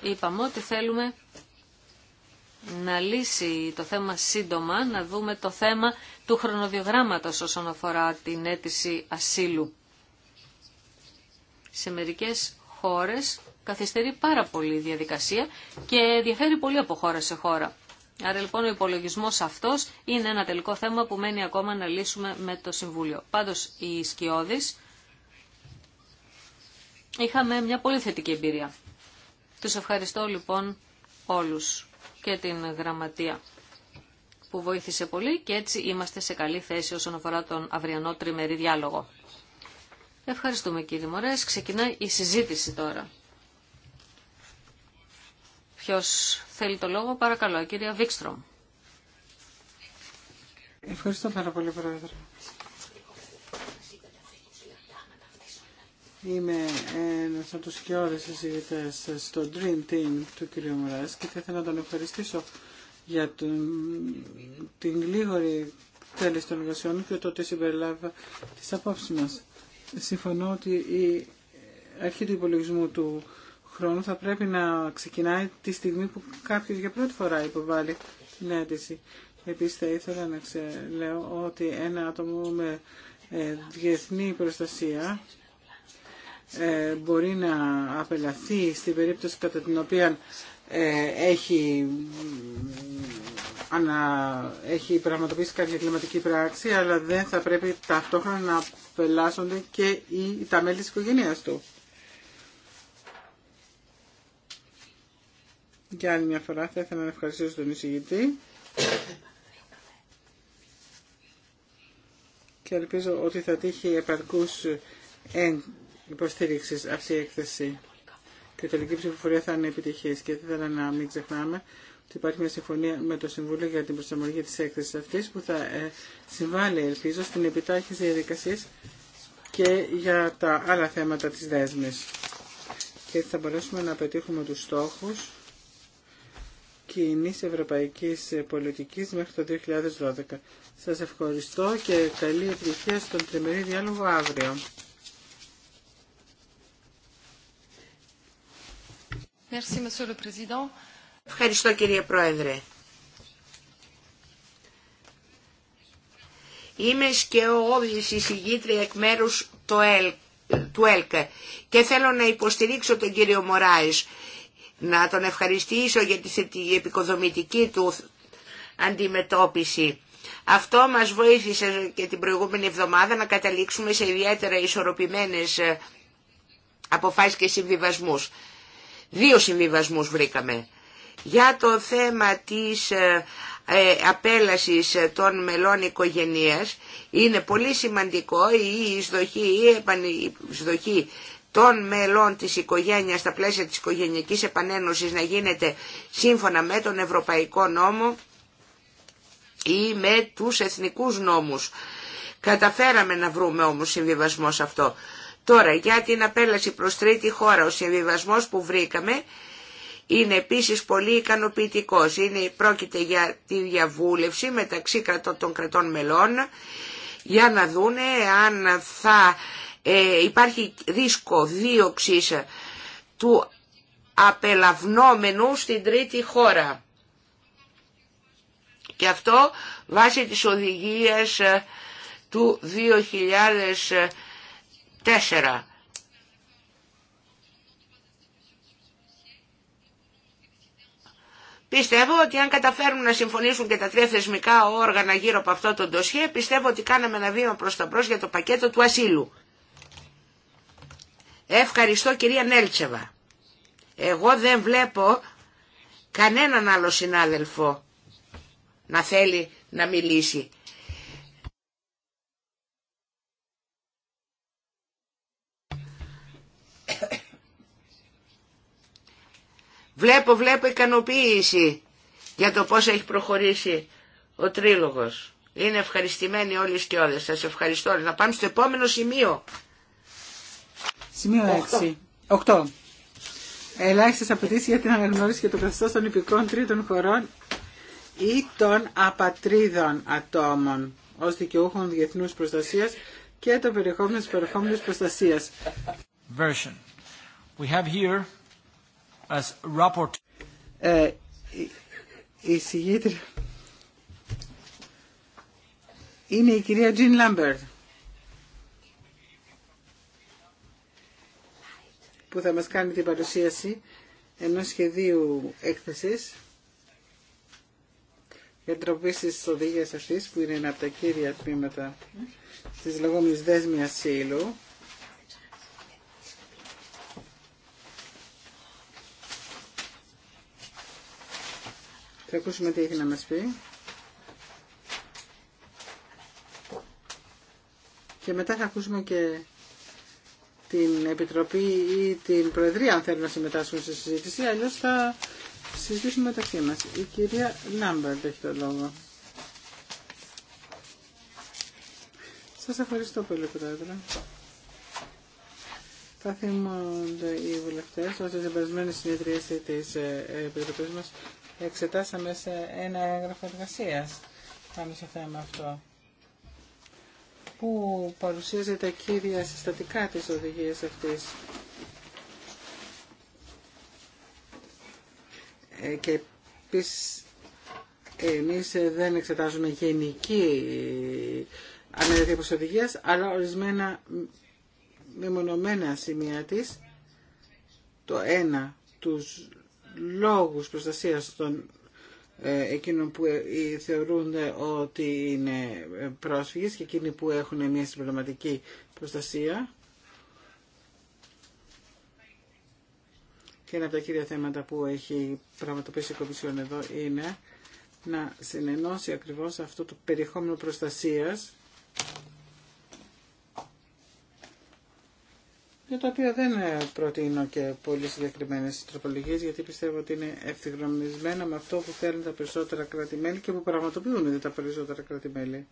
είπαμε ότι θέλουμε να λύσει το θέμα σύντομα, να δούμε το θέμα του χρονοδιογράμματος όσον αφορά την αίτηση ασύλου. Σε μερικές χώρες καθυστερεί πάρα πολύ η διαδικασία και διαφέρει πολύ από χώρα σε χώρα. Άρα λοιπόν ο υπολογισμός αυτός είναι ένα τελικό θέμα που μένει ακόμα να λύσουμε με το Συμβούλιο. Πάντως οι σκιώδεις είχαμε μια πολύ θετική εμπειρία. Τους ευχαριστώ λοιπόν όλους και την γραμματεία που βοήθησε πολύ και έτσι είμαστε σε καλή θέση όσον αφορά τον αυριανό τριμερή διάλογο. Ευχαριστούμε κύριε Μωρές. Ξεκινάει η συζήτηση τώρα. Ποιος θέλει το λόγο, παρακαλώ, κυρία Βίξτρομ. Ευχαριστώ πάρα πολύ, Πρόεδρε. Είμαι ένα από του σκιώδες συζητητέ στο Dream Team του κ. Μουράς και θα ήθελα να τον ευχαριστήσω για την γλίγορη τέλεση των εργασιών και το ότι συμπεριλάβα τι απόψει μας. Συμφωνώ ότι η αρχή του υπολογισμού του χρόνου θα πρέπει να ξεκινάει τη στιγμή που κάποιο για πρώτη φορά υποβάλλει την αίτηση. Επίση, θα ήθελα να ξελέω ότι ένα άτομο με ε, διεθνή προστασία ε, μπορεί να απελαθεί στην περίπτωση κατά την οποία ε, έχει, ανα, έχει πραγματοποιήσει κάποια κλιματική πράξη, αλλά δεν θα πρέπει ταυτόχρονα να απελάσσονται και οι, τα μέλη της οικογένειας του. Για άλλη μια φορά θα ήθελα να ευχαριστήσω τον εισηγητή. Και ελπίζω ότι θα τύχει επαρκούς εν, υποστήριξη αυτή η έκθεση και η τελική ψηφοφορία θα είναι επιτυχής και θα ήθελα να μην ξεχνάμε ότι υπάρχει μια συμφωνία με το Συμβούλιο για την προσαρμογή τη έκθεση αυτή που θα ε, συμβάλλει ελπίζω στην επιτάχυνση διαδικασία και για τα άλλα θέματα της δέσμη. Και έτσι θα μπορέσουμε να πετύχουμε τους στόχους κοινή ευρωπαϊκής πολιτικής μέχρι το 2012. Σας ευχαριστώ και καλή επιτυχία στον τριμερή διάλογο αύριο. Ευχαριστώ κύριε Πρόεδρε. Είμαι σκεώδης εισηγήτρια εκ μέρους του ΕΛΚ και θέλω να υποστηρίξω τον κύριο Μωράης, να τον ευχαριστήσω για τη επικοδομητική του αντιμετώπιση. Αυτό μας βοήθησε και την προηγούμενη εβδομάδα να καταλήξουμε σε ιδιαίτερα ισορροπημένες ε, αποφάσεις και συμβιβασμούς. Δύο συμβιβασμούς βρήκαμε. Για το θέμα της ε, ε, απέλασης των μελών οικογενείας είναι πολύ σημαντικό η εισδοχή, η επανεισδοχή των μελών της οικογένειας στα πλαίσια της οικογενειακής επανένωσης να γίνεται σύμφωνα με τον Ευρωπαϊκό Νόμο ή με τους εθνικούς νόμους. Καταφέραμε να βρούμε όμως συμβιβασμό σε αυτό. Τώρα, για την απέλαση προς τρίτη χώρα, ο συμβιβασμός που βρήκαμε είναι επίσης πολύ ικανοποιητικός. Είναι, πρόκειται για τη διαβούλευση μεταξύ των κρατών μελών για να δούνε αν θα ε, υπάρχει ρίσκο δίωξης του απελαυνόμενου στην τρίτη χώρα. Και αυτό βάσει της οδηγίας ε, του 2000 Τέσσερα. Πιστεύω ότι αν καταφέρουν να συμφωνήσουν και τα τρία θεσμικά όργανα γύρω από αυτό το ντοσιέ, πιστεύω ότι κάναμε ένα βήμα προς τα μπρος για το πακέτο του ασύλου. Ευχαριστώ κυρία Νέλτσεβα. Εγώ δεν βλέπω κανέναν άλλο συνάδελφο να θέλει να μιλήσει. Βλέπω, βλέπω ικανοποίηση για το πώς έχει προχωρήσει ο Τρίλογος. Είναι ευχαριστημένοι όλοι και όλες. Σας ευχαριστώ. Να πάμε στο επόμενο σημείο. Σημείο 6. 8. 8. Ελάχιστε απαιτήσει για την αναγνώριση και το καθεστώ των υπηκών τρίτων χωρών ή των απατρίδων ατόμων ω δικαιούχων διεθνούς προστασίας και το περιεχόμενο τη have προστασία. Ε, η, συγγήτρια είναι η κυρία Τζιν Λάμπερτ που θα μας κάνει την παρουσίαση ενός σχεδίου έκθεσης για τροπή στις οδηγίες αυτής που είναι ένα από τα κύρια τμήματα της λεγόμενης δέσμιας σύλλου Θα ακούσουμε τι έχει να μας πει. Και μετά θα ακούσουμε και την Επιτροπή ή την Προεδρία αν θέλουν να συμμετάσχουν στη συζήτηση, αλλιώς θα συζητήσουμε μεταξύ μας. Η κυρία Λάμπερτ έχει το λόγο. Σας ευχαριστώ πολύ, Πρόεδρε. Θα θυμούνται οι βουλευτέ ότι οι περασμένη συνεδρίαση τη Επιτροπή μα εξετάσαμε σε ένα έγγραφο εργασία πάνω στο θέμα αυτό που παρουσίαζεται τα κύρια συστατικά της οδηγίας αυτής. Ε, και επίσης εμείς δεν εξετάζουμε γενική προς οδηγίας, αλλά ορισμένα μεμονωμένα σημεία της, το ένα τους λόγους προστασίας των ε, εκείνων που ε, θεωρούνται ότι είναι ε, πρόσφυγες και εκείνοι που έχουν μια συμπληρωματική προστασία. Και ένα από τα κύρια θέματα που έχει πραγματοποιήσει η Κομισιόν εδώ είναι να συνενώσει ακριβώς αυτό το περιεχόμενο προστασίας για τα οποία δεν ε, προτείνω και πολύ συγκεκριμένε τροπολογίε, γιατί πιστεύω ότι είναι ευθυγραμμισμένα με αυτό που θέλουν τα περισσότερα κράτη-μέλη και που πραγματοποιούν τα περισσότερα κράτη-μέλη.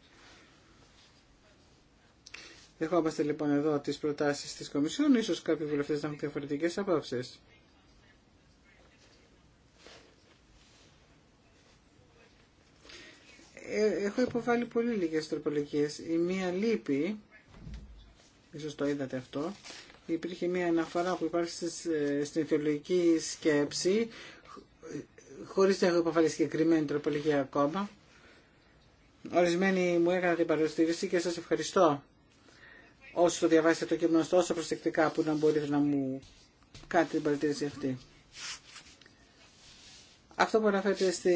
Δεχόμαστε λοιπόν εδώ τι προτάσει τη Κομισιόν, ίσω κάποιοι βουλευτέ να έχουν διαφορετικέ απόψει. Ε, έχω υποβάλει πολύ λίγες τροπολογίες. Η μία λύπη, ίσως το είδατε αυτό, υπήρχε μια αναφορά που υπάρχει ε, στην θεολογική σκέψη χωρίς να έχω υποφέρει συγκεκριμένη τροπολογία ακόμα. Ορισμένοι μου έκαναν την παρουσίαση και σας ευχαριστώ Όσο το διαβάσετε το κείμενο τόσο προσεκτικά που να μπορείτε να μου κάνετε την παρατήρηση αυτή. Αυτό που αναφέρεται στη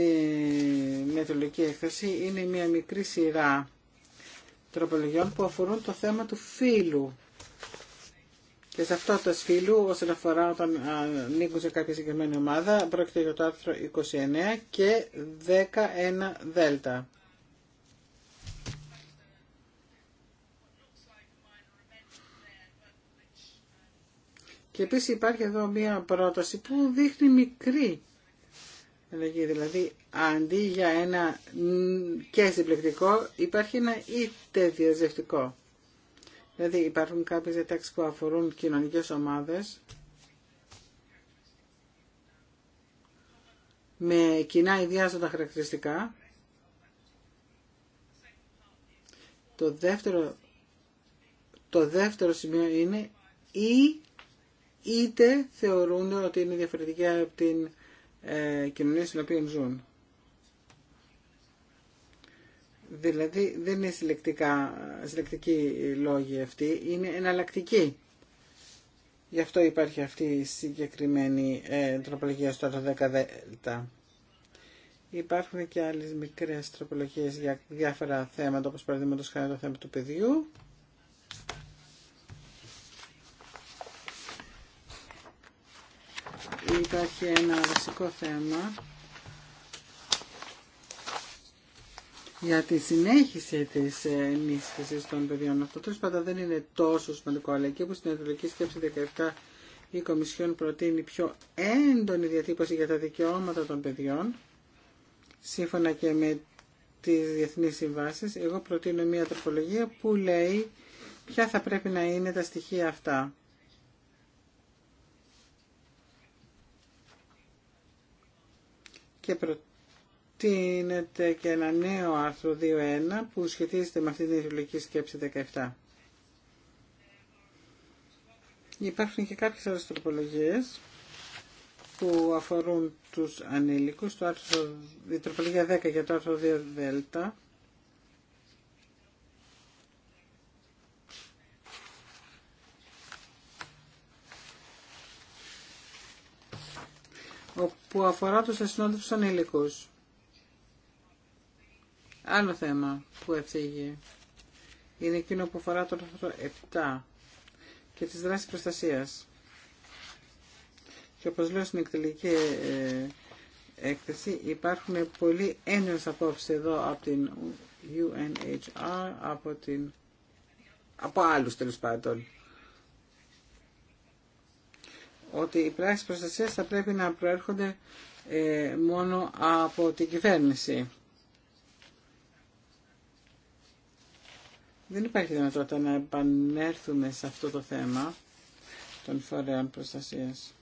μεθολογική έκθεση είναι μια μικρή σειρά τροπολογιών που αφορούν το θέμα του φύλου και σε αυτό το σφύλου όσον αφορά όταν ανήκουν σε κάποια συγκεκριμένη ομάδα πρόκειται για το άρθρο 29 και 11 δέλτα. Και επίση υπάρχει εδώ μία πρόταση που δείχνει μικρή αλλαγή. Δηλαδή αντί για ένα και συμπληκτικό υπάρχει ένα είτε διαζευτικό. Δηλαδή υπάρχουν κάποιες διατάξεις που αφορούν κοινωνικές ομάδες με κοινά ιδιάζοντα χαρακτηριστικά. Το δεύτερο, το δεύτερο σημείο είναι ή είτε θεωρούν ότι είναι διαφορετικά από την ε, κοινωνία στην οποία ζουν. Δηλαδή δεν είναι συλλεκτικά, συλλεκτική λόγη αυτοί, είναι εναλλακτικοί. Γι' αυτό υπάρχει αυτή η συγκεκριμένη ε, τροπολογία στο 10 ΔΕΛΤΑ. Υπάρχουν και άλλες μικρές τροπολογίες για διάφορα θέματα, όπως παραδείγματος χάρη το θέμα του παιδιού. Υπάρχει ένα βασικό θέμα για τη συνέχιση της ενίσχυση των παιδιών. Αυτό τέλος πάντων δεν είναι τόσο σημαντικό, αλλά εκεί που στην Ευρωπαϊκή Σκέψη 17 η Κομισιόν προτείνει πιο έντονη διατύπωση για τα δικαιώματα των παιδιών, σύμφωνα και με τις διεθνείς συμβάσεις, εγώ προτείνω μια τροπολογία που λέει ποια θα πρέπει να είναι τα στοιχεία αυτά. Και προτείνω προτείνεται και ένα νέο άρθρο 2.1 που σχετίζεται με αυτή την ιδεολογική σκέψη 17. Υπάρχουν και κάποιες άλλες τροπολογίες που αφορούν τους ανήλικους, το άρθρο, η τροπολογία 10 για το άρθρο 2 δέλτα. Όπου αφορά τους ασυνόδευτους ανήλικους. Άλλο θέμα που ευθύγει είναι εκείνο που αφορά το άρθρο 7 και τις δράσεις προστασίας. Και όπως λέω στην εκτελική ε, έκθεση υπάρχουν πολύ έννοιες απόψεις εδώ από την UNHR, από, την... από άλλους τέλος πάντων ότι οι πράξεις προστασίας θα πρέπει να προέρχονται ε, μόνο από την κυβέρνηση. Δεν υπάρχει δυνατότητα να επανέλθουμε σε αυτό το θέμα των φορέων προστασίας.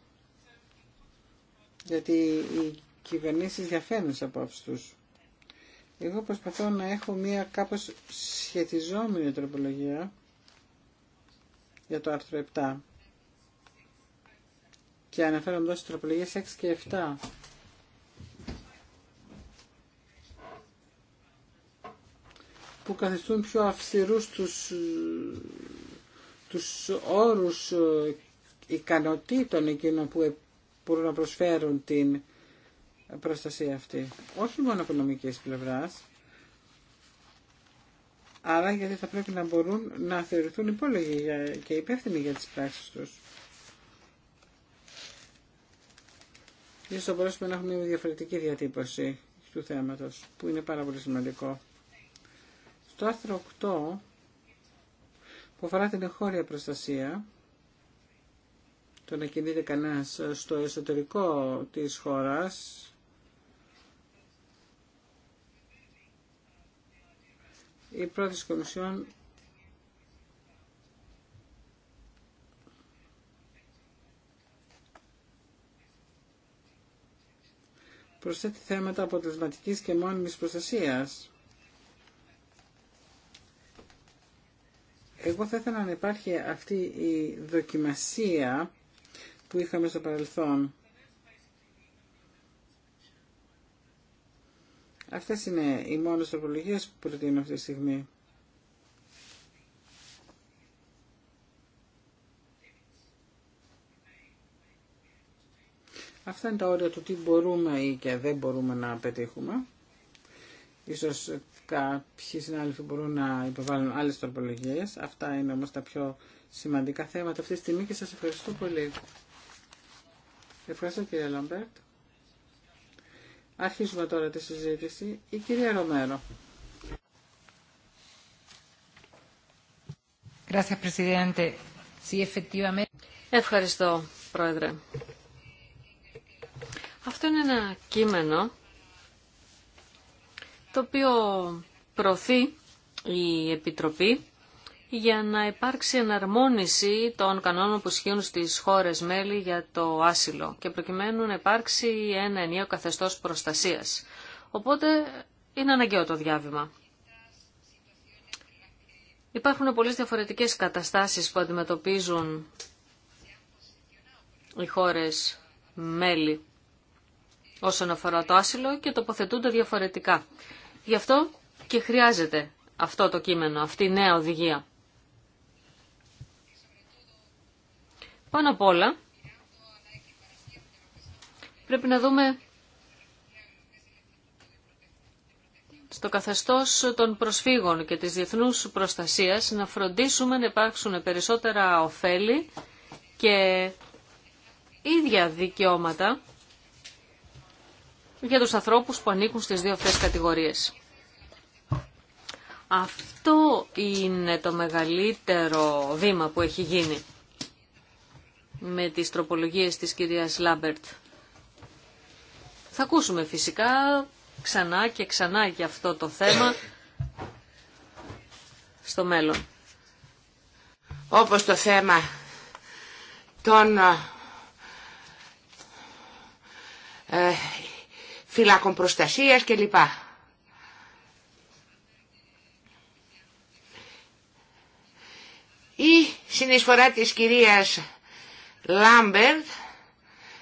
Γιατί οι κυβερνήσεις διαφέρουν σε απόψεις τους. Εγώ προσπαθώ να έχω μία κάπως σχετιζόμενη τροπολογία για το άρθρο 7. Και αναφέρομαι εδώ στις τροπολογίες 6 και 7 που καθιστούν πιο αυστηρούς τους, τους όρους ε, ικανοτήτων εκείνων που ε, μπορούν να προσφέρουν την προστασία αυτή. Όχι μόνο από πλευράς, αλλά γιατί θα πρέπει να μπορούν να θεωρηθούν υπόλογοι και υπεύθυνοι για τις πράξεις τους. Ίσως θα μπορέσουμε να έχουμε μια διαφορετική διατύπωση του θέματος, που είναι πάρα πολύ σημαντικό. Το άρθρο 8 που αφορά την εγχώρια προστασία, το να κινείται κανένας στο εσωτερικό της χώρας, η πρώτη Κομισιόν προσθέτει θέματα αποτελεσματικής και μόνιμης προστασίας. Εγώ θα ήθελα να υπάρχει αυτή η δοκιμασία που είχαμε στο παρελθόν. Αυτές είναι οι μόνες τροπολογίες που προτείνω αυτή τη στιγμή. Αυτά είναι τα όρια του τι μπορούμε ή και δεν μπορούμε να πετύχουμε. Ίσως κάποιοι συνάδελφοι μπορούν να υποβάλουν άλλες τροπολογίες. Αυτά είναι όμως τα πιο σημαντικά θέματα αυτή τη στιγμή και σας ευχαριστώ πολύ. Ευχαριστώ κύριε Λαμπέρτ. Αρχίζουμε τώρα τη συζήτηση. Η κυρία Ρομέρο. Ευχαριστώ, Πρόεδρε. Αυτό είναι ένα κείμενο το οποίο προωθεί η Επιτροπή για να υπάρξει εναρμόνιση των κανόνων που ισχύουν στις χώρες μέλη για το άσυλο και προκειμένου να υπάρξει ένα ενίο καθεστώς προστασίας. Οπότε είναι αναγκαίο το διάβημα. Υπάρχουν πολλές διαφορετικές καταστάσεις που αντιμετωπίζουν οι χώρες μέλη όσον αφορά το άσυλο και τοποθετούνται διαφορετικά. Γι' αυτό και χρειάζεται αυτό το κείμενο, αυτή η νέα οδηγία. Πάνω απ' όλα, πρέπει να δούμε στο καθεστώς των προσφύγων και της διεθνούς προστασίας να φροντίσουμε να υπάρξουν περισσότερα ωφέλη και ίδια δικαιώματα για τους ανθρώπους που ανήκουν στις δύο αυτές κατηγορίες. Αυτό είναι το μεγαλύτερο βήμα που έχει γίνει με τις τροπολογίες της κυρίας Λάμπερτ. Θα ακούσουμε φυσικά ξανά και ξανά για αυτό το θέμα στο μέλλον. Όπως το θέμα των ε, ε, φυλάκων προστασίας κλπ. Η συνεισφορά της κυρίας Λάμπερτ,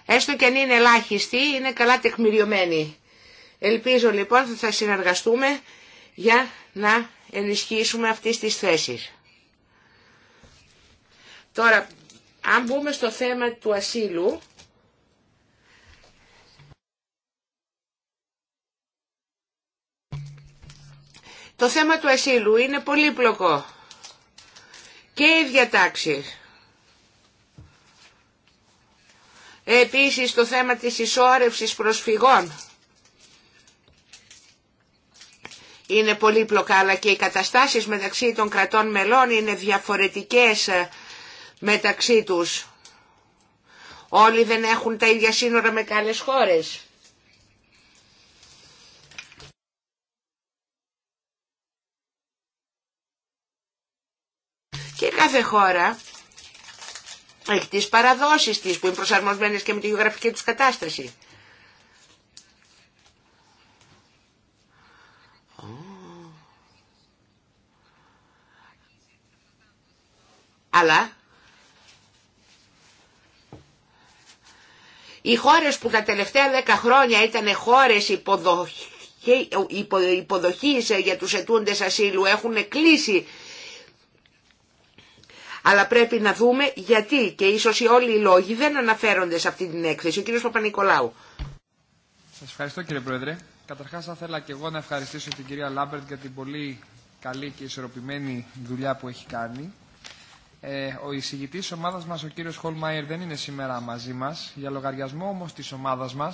έστω και αν είναι ελάχιστη, είναι καλά τεκμηριωμένη. Ελπίζω λοιπόν ότι θα συνεργαστούμε για να ενισχύσουμε αυτές τις θέσεις. Τώρα, αν μπούμε στο θέμα του ασύλου, το θέμα του ασύλου είναι πολύπλοκο και οι διατάξεις. Επίσης το θέμα της ισόρευσης προσφυγών είναι πολύπλοκα αλλά και οι καταστάσεις μεταξύ των κρατών μελών είναι διαφορετικές ε, μεταξύ τους. Όλοι δεν έχουν τα ίδια σύνορα με καλές χώρες. Και κάθε χώρα έχει τις παραδόσεις της που είναι προσαρμοσμένες και με τη γεωγραφική τους κατάσταση. Αλλά οι χώρες που τα τελευταία δέκα χρόνια ήταν χώρες υποδοχής για τους ετούντες ασύλου έχουν κλείσει αλλά πρέπει να δούμε γιατί και ίσως οι όλοι οι λόγοι δεν αναφέρονται σε αυτή την έκθεση. Ο κύριος Παπα-Νικολάου. Σας ευχαριστώ κύριε Πρόεδρε. Καταρχάς θα ήθελα και εγώ να ευχαριστήσω την κυρία Λάμπερτ για την πολύ καλή και ισορροπημένη δουλειά που έχει κάνει. Ε, ο εισηγητή τη ομάδα μα, ο κύριο Χολμάιερ, δεν είναι σήμερα μαζί μα. Για λογαριασμό όμω τη ομάδα μα,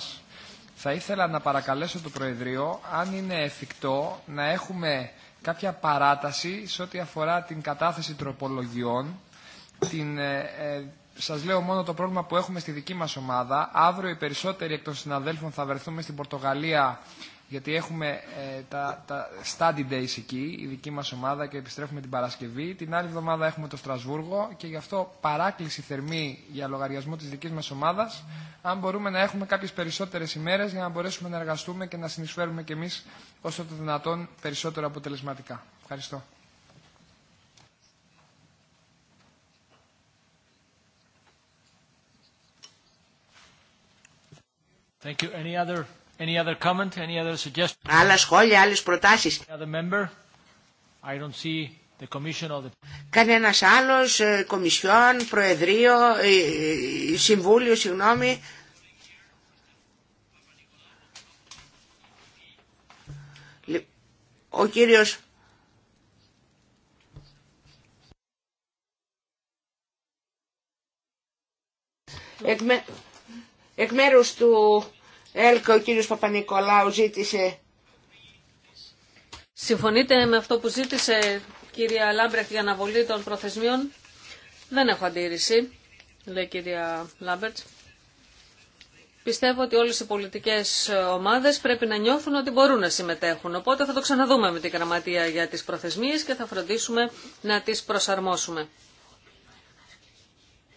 θα ήθελα να παρακαλέσω το Προεδρείο, αν είναι εφικτό, να έχουμε κάποια παράταση σε ό,τι αφορά την κατάθεση τροπολογιών την, ε, ε, σας λέω μόνο το πρόβλημα που έχουμε στη δική μας ομάδα. Αύριο οι περισσότεροι εκ των συναδέλφων θα βρεθούμε στην Πορτογαλία γιατί έχουμε ε, τα, τα study days εκεί, η δική μας ομάδα και επιστρέφουμε την Παρασκευή. Την άλλη εβδομάδα έχουμε το Στρασβούργο και γι' αυτό παράκληση θερμή για λογαριασμό της δικής μας ομάδας αν μπορούμε να έχουμε κάποιες περισσότερες ημέρες για να μπορέσουμε να εργαστούμε και να συνεισφέρουμε κι εμείς όσο το δυνατόν περισσότερο αποτελεσματικά. Ευχαριστώ. Thank you. Άλλα σχόλια, άλλες προτάσεις. Κανένας άλλος, ε, κομισιόν, προεδρείο, ε, ε, συμβούλιο, συγγνώμη. Ο κύριος εκ, με... εκ μέρους του Έλκα ο κύριος Παπα-Νικολάου ζήτησε. Συμφωνείτε με αυτό που ζήτησε κυρία Λάμπρεχτ για αναβολή των προθεσμιών. Δεν έχω αντίρρηση, λέει κυρία Λάμπερτ. Πιστεύω ότι όλες οι πολιτικές ομάδες πρέπει να νιώθουν ότι μπορούν να συμμετέχουν. Οπότε θα το ξαναδούμε με την γραμματεία για τις προθεσμίες και θα φροντίσουμε να τις προσαρμόσουμε.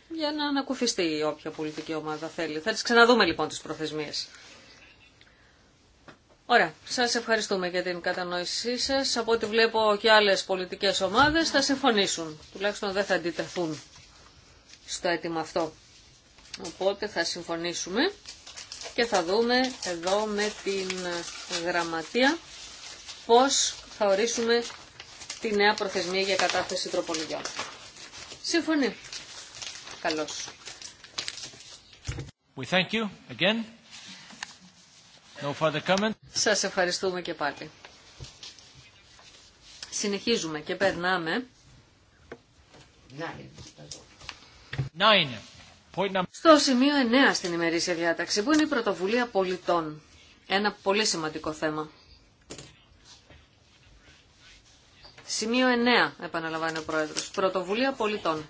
Για να ανακουφιστεί όποια πολιτική ομάδα θέλει. Θα τις ξαναδούμε λοιπόν τις προθεσμίες. Ωραία, σας ευχαριστούμε για την κατανόησή σας. Από ό,τι βλέπω και άλλες πολιτικές ομάδες θα συμφωνήσουν. Τουλάχιστον δεν θα αντιτεθούν στο αίτημα αυτό. Οπότε θα συμφωνήσουμε και θα δούμε εδώ με την γραμματεία πώς θα ορίσουμε τη νέα προθεσμία για κατάθεση τροπολογιών. Σύμφωνοι. Καλώς. We thank you again. No further σας ευχαριστούμε και πάλι. Συνεχίζουμε και περνάμε. Στο σημείο 9 στην ημερήσια διάταξη, που είναι η πρωτοβουλία πολιτών. Ένα πολύ σημαντικό θέμα. Σημείο 9, επαναλαμβάνει ο Πρόεδρος. Πρωτοβουλία πολιτών.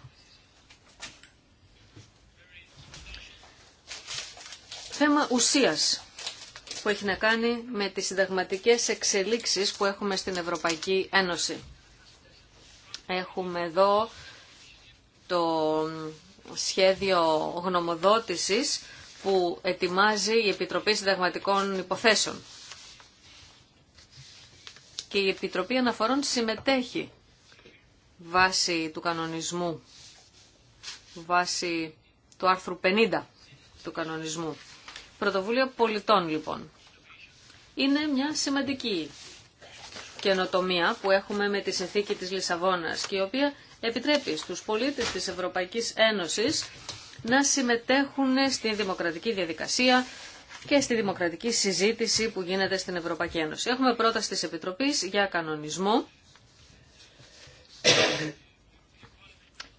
Θέμα ουσίας που έχει να κάνει με τις συνταγματικές εξελίξεις που έχουμε στην Ευρωπαϊκή Ένωση. Έχουμε εδώ το σχέδιο γνωμοδότησης που ετοιμάζει η Επιτροπή Συνταγματικών Υποθέσεων. Και η Επιτροπή Αναφορών συμμετέχει βάσει του κανονισμού, βάσει του άρθρου 50 του κανονισμού. Πρωτοβουλία πολιτών λοιπόν. Είναι μια σημαντική καινοτομία που έχουμε με τη συνθήκη της Λισαβόνας και η οποία επιτρέπει στους πολίτες της Ευρωπαϊκής Ένωσης να συμμετέχουν στη δημοκρατική διαδικασία και στη δημοκρατική συζήτηση που γίνεται στην Ευρωπαϊκή Ένωση. Έχουμε πρόταση της Επιτροπής για κανονισμό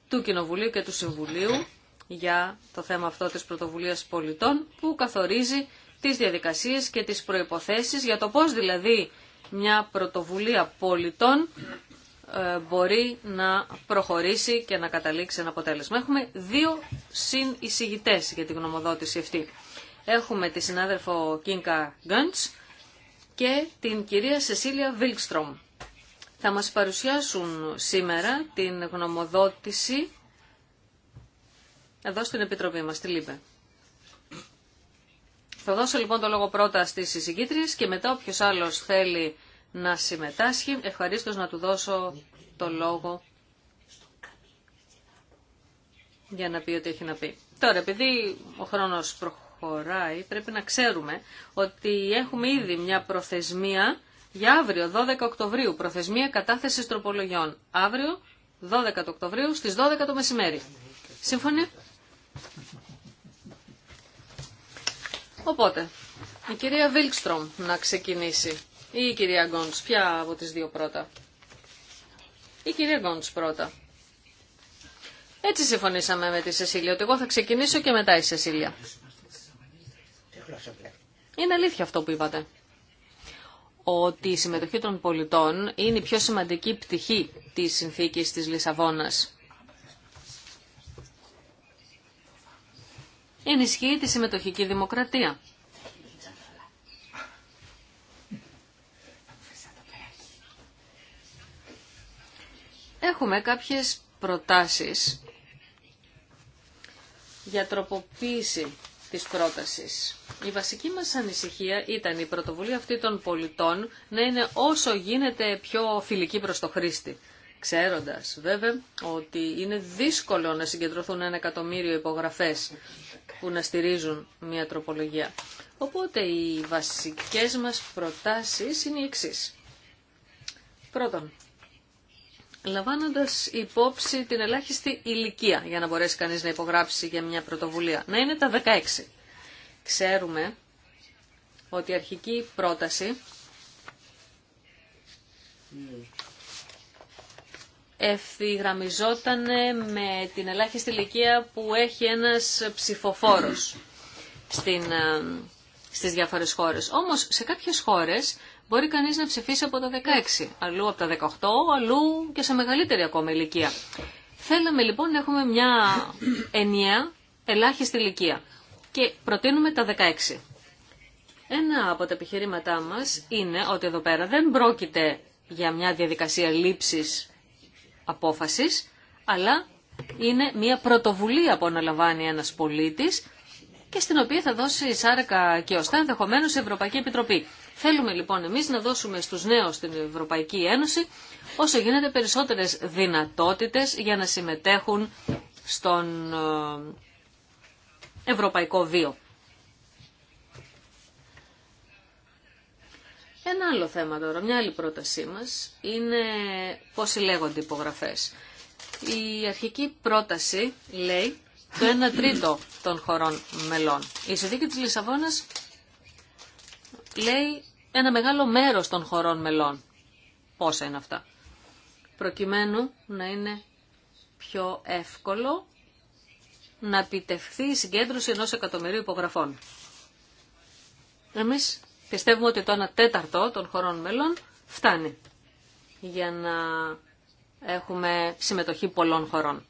του Κοινοβουλίου και του Συμβουλίου για το θέμα αυτό της πρωτοβουλίας πολιτών που καθορίζει τις διαδικασίες και τις προϋποθέσεις για το πώς δηλαδή μια πρωτοβουλία πολιτών ε, μπορεί να προχωρήσει και να καταλήξει ένα αποτέλεσμα. Έχουμε δύο συνεισηγητές για την γνωμοδότηση αυτή. Έχουμε τη συνάδελφο Κίνκα Γκάντς και την κυρία Σεσίλια Βίλκστρομ. Θα μας παρουσιάσουν σήμερα την γνωμοδότηση εδώ στην Επιτροπή μας, Τι ΛΥΠΕ. Θα δώσω λοιπόν το λόγο πρώτα στη συζητήτριες και μετά όποιος άλλος θέλει να συμμετάσχει, Ευχαριστώ να του δώσω το λόγο για να πει ό,τι έχει να πει. Τώρα, επειδή ο χρόνος προχωράει, πρέπει να ξέρουμε ότι έχουμε ήδη μια προθεσμία για αύριο, 12 Οκτωβρίου, προθεσμία κατάθεση τροπολογιών. Αύριο, 12 Οκτωβρίου, στι 12 το μεσημέρι. Σύμφωνοι? Οπότε, η κυρία Βίλκστρομ να ξεκινήσει ή η κυρία Γκόντς, ποια από τις δύο πρώτα. Η κυρία Γκόντς πρώτα. Έτσι συμφωνήσαμε με τη Σεσίλια, ότι εγώ θα ξεκινήσω και μετά η Σεσίλια. Είναι αλήθεια αυτό που είπατε. Ότι η συμμετοχή των πολιτών είναι η πιο σημαντική πτυχή της συνθήκης της Λισαβόνας. ενισχύει τη συμμετοχική δημοκρατία. Έχουμε κάποιες προτάσεις για τροποποίηση της πρότασης. Η βασική μας ανησυχία ήταν η πρωτοβουλία αυτή των πολιτών να είναι όσο γίνεται πιο φιλική προς το χρήστη. Ξέροντας βέβαια ότι είναι δύσκολο να συγκεντρωθούν ένα εκατομμύριο υπογραφές που να στηρίζουν μια τροπολογία. Οπότε οι βασικές μας προτάσεις είναι οι εξής. Πρώτον, λαμβάνοντας υπόψη την ελάχιστη ηλικία για να μπορέσει κανείς να υπογράψει για μια πρωτοβουλία, να είναι τα 16. Ξέρουμε ότι η αρχική πρόταση ευθυγραμμιζόταν με την ελάχιστη ηλικία που έχει ένας ψηφοφόρος στην, ε, στις διάφορες χώρες. Όμως σε κάποιες χώρες μπορεί κανείς να ψηφίσει από τα 16, αλλού από τα 18, αλλού και σε μεγαλύτερη ακόμα ηλικία. Θέλαμε λοιπόν να έχουμε μια ενιαία ελάχιστη ηλικία και προτείνουμε τα 16. Ένα από τα επιχειρήματά μας είναι ότι εδώ πέρα δεν πρόκειται για μια διαδικασία λήψης απόφασης, αλλά είναι μια πρωτοβουλία που αναλαμβάνει ένας πολίτης και στην οποία θα δώσει σάρκα και ωστά ενδεχομένω η Ευρωπαϊκή Επιτροπή. Θέλουμε λοιπόν εμείς να δώσουμε στους νέους στην Ευρωπαϊκή Ένωση όσο γίνεται περισσότερες δυνατότητες για να συμμετέχουν στον ε, ευρωπαϊκό βίο. Ένα άλλο θέμα τώρα, μια άλλη πρότασή μας, είναι πώς συλλέγονται οι υπογραφές. Η αρχική πρόταση λέει το 1 τρίτο των χωρών μελών. Η εισοδίκη της Λισαβόνας λέει ένα μεγάλο μέρος των χωρών μελών. Πόσα είναι αυτά. Προκειμένου να είναι πιο εύκολο να επιτευχθεί η συγκέντρωση ενός εκατομμυρίου υπογραφών. Εμείς Πιστεύουμε ότι το 1 τέταρτο των χωρών μελών φτάνει για να έχουμε συμμετοχή πολλών χωρών.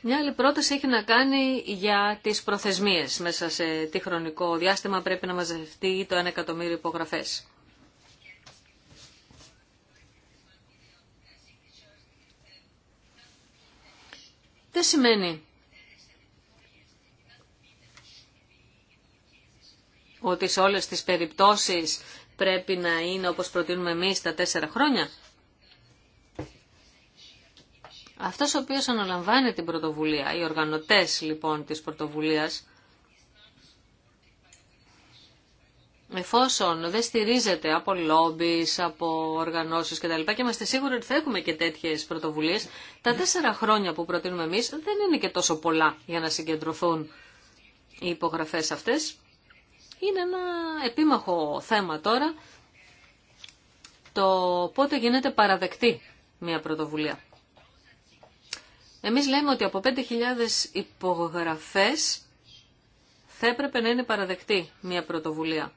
Μια άλλη πρόταση έχει να κάνει για τις προθεσμίες. Μέσα σε τι χρονικό διάστημα πρέπει να μαζευτεί το 1 εκατομμύριο υπογραφές. Δεν σημαίνει ότι σε όλες τις περιπτώσεις πρέπει να είναι όπως προτείνουμε εμείς τα τέσσερα χρόνια. Αυτός ο οποίος αναλαμβάνει την πρωτοβουλία, οι οργανωτές λοιπόν της πρωτοβουλίας, εφόσον δεν στηρίζεται από λόμπις, από οργανώσεις κτλ. και είμαστε σίγουροι ότι θα έχουμε και τέτοιες πρωτοβουλίες, τα τέσσερα χρόνια που προτείνουμε εμείς δεν είναι και τόσο πολλά για να συγκεντρωθούν οι υπογραφές αυτές. Είναι ένα επίμαχο θέμα τώρα το πότε γίνεται παραδεκτή μια πρωτοβουλία. Εμείς λέμε ότι από 5.000 υπογραφές θα έπρεπε να είναι παραδεκτή μια πρωτοβουλία.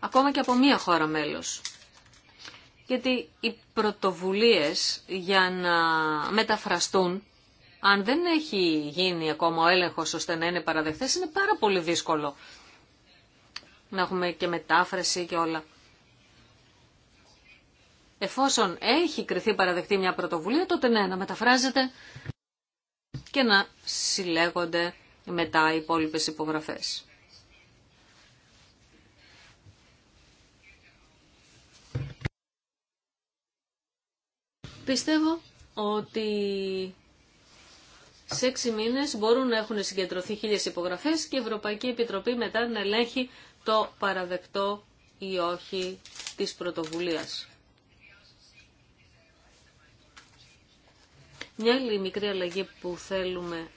Ακόμα και από μία χώρα μέλος γιατί οι πρωτοβουλίες για να μεταφραστούν, αν δεν έχει γίνει ακόμα ο έλεγχος ώστε να είναι παραδεχτές, είναι πάρα πολύ δύσκολο να έχουμε και μετάφραση και όλα. Εφόσον έχει κριθεί παραδεχτή μια πρωτοβουλία, τότε ναι, να μεταφράζεται και να συλλέγονται μετά οι υπόλοιπε υπογραφές. Πιστεύω ότι σε έξι μήνες μπορούν να έχουν συγκεντρωθεί χίλιες υπογραφές και η Ευρωπαϊκή Επιτροπή μετά να ελέγχει το παραδεκτό ή όχι της πρωτοβουλίας. Μια άλλη μικρή αλλαγή που θέλουμε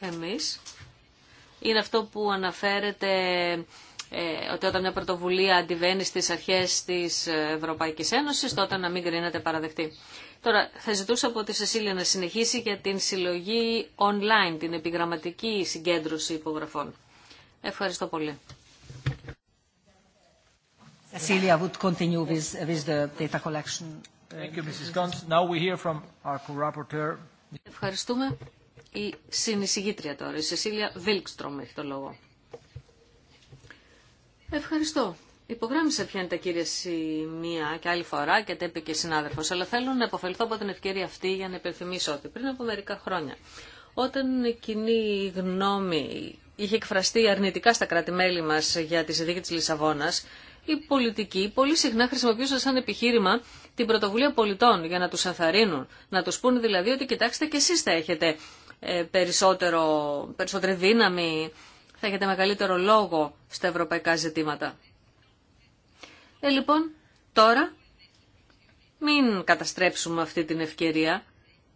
εμείς είναι αυτό που αναφέρεται ε, ότι όταν μια πρωτοβουλία αντιβαίνει στις αρχές της Ευρωπαϊκής Ένωσης, τότε να μην κρίνεται παραδεκτή. Τώρα, θα ζητούσα από τη Σεσίλια να συνεχίσει για την συλλογή online, την επιγραμματική συγκέντρωση υπογραφών. Ευχαριστώ πολύ. Cecilia would continue with, with the data collection. Uh, Thank you, Mrs. Gons. Now we hear from our co Ευχαριστούμε. Η συνεισηγήτρια τώρα, η Σεσίλια Βίλκστρομ, έχει το λόγο. Ευχαριστώ. Υπογράμμισα ποια είναι τα κύρια σημεία και άλλη φορά και τα είπε και συνάδελφος, αλλά θέλω να αποφελθώ από την ευκαιρία αυτή για να υπενθυμίσω ότι πριν από μερικά χρόνια, όταν κοινή γνώμη είχε εκφραστεί αρνητικά στα κράτη-μέλη μας για τη συνθήκη της Λισαβόνας, οι πολιτικοί πολύ συχνά χρησιμοποιούσαν σαν επιχείρημα την πρωτοβουλία πολιτών για να τους ενθαρρύνουν, να τους πούν δηλαδή ότι κοιτάξτε και εσείς θα έχετε ε, περισσότερο, περισσότερη δύναμη, θα έχετε μεγαλύτερο λόγο στα ευρωπαϊκά ζητήματα. Ε, λοιπόν, τώρα μην καταστρέψουμε αυτή την ευκαιρία,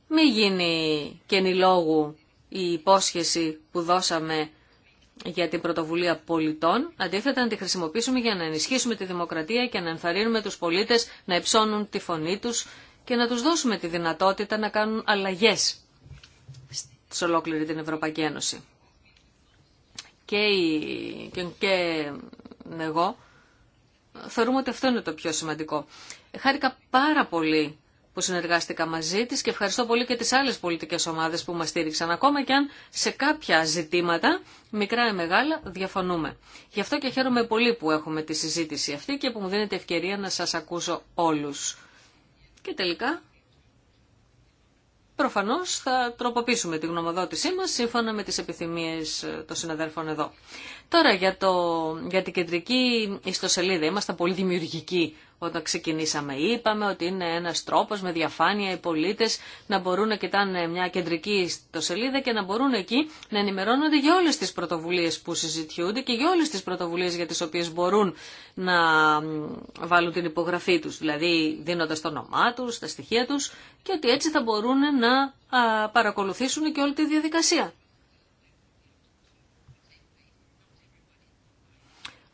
μην γίνει καινή λόγου η υπόσχεση που δώσαμε για την πρωτοβουλία πολιτών, αντίθετα να τη χρησιμοποιήσουμε για να ενισχύσουμε τη δημοκρατία και να ενθαρρύνουμε τους πολίτες να υψώνουν τη φωνή τους και να τους δώσουμε τη δυνατότητα να κάνουν αλλαγές σε ολόκληρη την Ευρωπαϊκή Ένωση και, η, και, και εγώ θεωρούμε ότι αυτό είναι το πιο σημαντικό. Χάρηκα πάρα πολύ που συνεργάστηκα μαζί της και ευχαριστώ πολύ και τις άλλες πολιτικές ομάδες που μας στήριξαν, ακόμα και αν σε κάποια ζητήματα, μικρά ή μεγάλα, διαφωνούμε. Γι' αυτό και χαίρομαι πολύ που έχουμε τη συζήτηση αυτή και που μου δίνετε ευκαιρία να σας ακούσω όλους. Και τελικά προφανώς θα τροποποιήσουμε τη γνωμοδότησή μας σύμφωνα με τις επιθυμίες ε, των συναδέλφων εδώ. Τώρα για, το, για την κεντρική ιστοσελίδα. Είμαστε πολύ δημιουργικοί όταν ξεκινήσαμε είπαμε ότι είναι ένας τρόπος με διαφάνεια οι πολίτες να μπορούν να κοιτάνε μια κεντρική στο σελίδα και να μπορούν εκεί να ενημερώνονται για όλες τις πρωτοβουλίες που συζητιούνται και για όλες τις πρωτοβουλίες για τις οποίες μπορούν να βάλουν την υπογραφή τους, δηλαδή δίνοντας το όνομά τους, τα στοιχεία τους και ότι έτσι θα μπορούν να παρακολουθήσουν και όλη τη διαδικασία.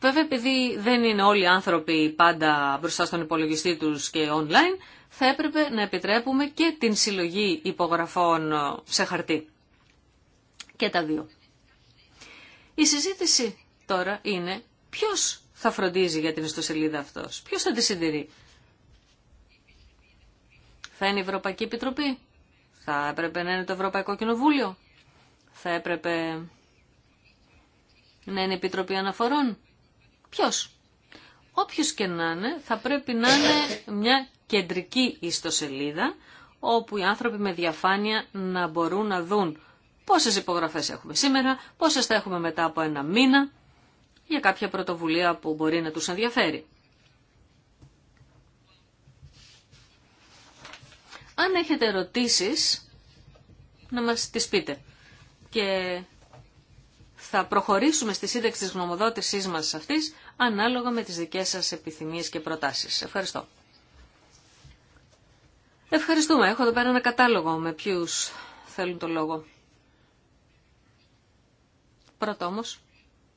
Βέβαια, επειδή δεν είναι όλοι οι άνθρωποι πάντα μπροστά στον υπολογιστή τους και online, θα έπρεπε να επιτρέπουμε και την συλλογή υπογραφών σε χαρτί. Και τα δύο. Η συζήτηση τώρα είναι ποιος θα φροντίζει για την ιστοσελίδα αυτός, ποιος θα τη συντηρεί. Θα είναι η Ευρωπαϊκή Επιτροπή, θα έπρεπε να είναι το Ευρωπαϊκό Κοινοβούλιο, θα έπρεπε να είναι η Επιτροπή Αναφορών, Ποιο, Όποιος και να είναι, θα πρέπει να είναι μια κεντρική ιστοσελίδα, όπου οι άνθρωποι με διαφάνεια να μπορούν να δουν πόσε υπογραφές έχουμε σήμερα, πόσε θα έχουμε μετά από ένα μήνα, για κάποια πρωτοβουλία που μπορεί να τους ενδιαφέρει. Αν έχετε ερωτήσεις, να μας τις πείτε. Και θα προχωρήσουμε στη σύνταξη της γνωμοδότησής μας αυτής ανάλογα με τις δικές σας επιθυμίες και προτάσεις. Ευχαριστώ. Ευχαριστούμε. Έχω εδώ πέρα ένα κατάλογο με ποιους θέλουν το λόγο. Πρώτο όμως,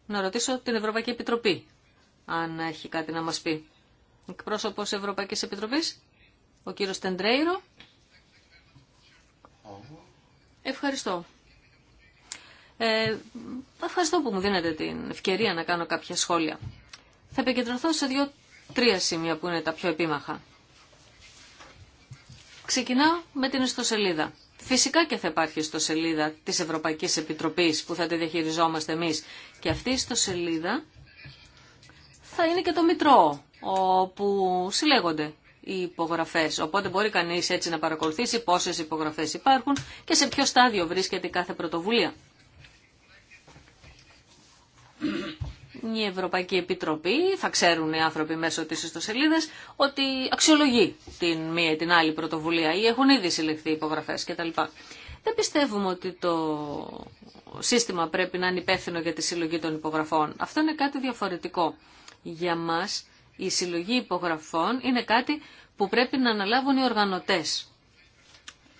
να ρωτήσω την Ευρωπαϊκή Επιτροπή, αν έχει κάτι να μας πει. Εκπρόσωπος Ευρωπαϊκής Επιτροπής, ο κύριος Τεντρέιρο. Ευχαριστώ. Ε, ευχαριστώ που μου δίνετε την ευκαιρία να κάνω κάποια σχόλια. Θα επικεντρωθώ σε δύο-τρία σημεία που είναι τα πιο επίμαχα. Ξεκινάω με την ιστοσελίδα. Φυσικά και θα υπάρχει ιστοσελίδα της Ευρωπαϊκής Επιτροπής που θα τη διαχειριζόμαστε εμείς. Και αυτή η ιστοσελίδα θα είναι και το Μητρό όπου συλλέγονται οι υπογραφές. Οπότε μπορεί κανείς έτσι να παρακολουθήσει πόσες υπογραφές υπάρχουν και σε ποιο στάδιο βρίσκεται κάθε πρωτοβουλία η Ευρωπαϊκή Επιτροπή, θα ξέρουν οι άνθρωποι μέσω της ιστοσελίδας, ότι αξιολογεί την μία ή την άλλη πρωτοβουλία ή έχουν ήδη συλλεχθεί υπογραφές κτλ. Δεν πιστεύουμε ότι το σύστημα πρέπει να είναι υπεύθυνο για τη συλλογή των υπογραφών. Αυτό είναι κάτι διαφορετικό. Για μας η συλλογή υπογραφών είναι κάτι που πρέπει να αναλάβουν οι οργανωτές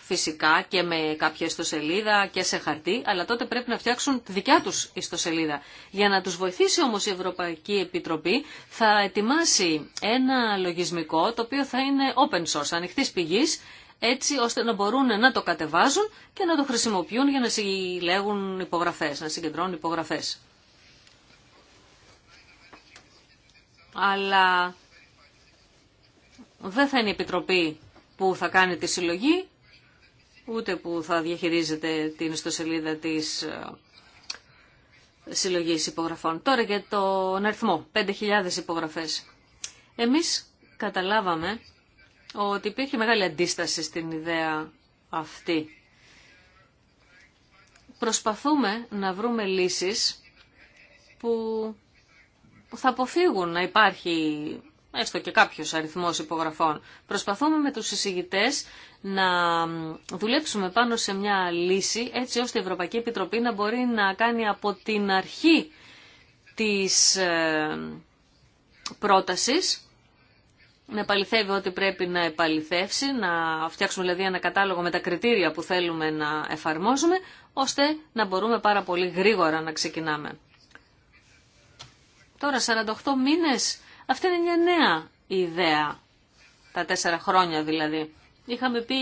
φυσικά και με κάποια ιστοσελίδα και σε χαρτί, αλλά τότε πρέπει να φτιάξουν τη δικιά τους ιστοσελίδα. Για να τους βοηθήσει όμως η Ευρωπαϊκή Επιτροπή θα ετοιμάσει ένα λογισμικό το οποίο θα είναι open source, ανοιχτής πηγής, έτσι ώστε να μπορούν να το κατεβάζουν και να το χρησιμοποιούν για να συλλέγουν υπογραφές, να συγκεντρώνουν υπογραφές. Αλλά δεν θα είναι η Επιτροπή που θα κάνει τη συλλογή, ούτε που θα διαχειρίζεται την ιστοσελίδα της ε, συλλογής υπογραφών. Τώρα για τον αριθμό, 5.000 υπογραφές. Εμείς καταλάβαμε ότι υπήρχε μεγάλη αντίσταση στην ιδέα αυτή. Προσπαθούμε να βρούμε λύσεις που θα αποφύγουν να υπάρχει έστω και κάποιος αριθμός υπογραφών. Προσπαθούμε με τους εισηγητές να δουλέψουμε πάνω σε μια λύση έτσι ώστε η Ευρωπαϊκή Επιτροπή να μπορεί να κάνει από την αρχή της ε, πρότασης να επαληθεύει ό,τι πρέπει να επαληθεύσει, να φτιάξουμε δηλαδή ένα κατάλογο με τα κριτήρια που θέλουμε να εφαρμόζουμε, ώστε να μπορούμε πάρα πολύ γρήγορα να ξεκινάμε. Τώρα 48 μήνες αυτή είναι μια νέα ιδέα, τα τέσσερα χρόνια δηλαδή. Είχαμε πει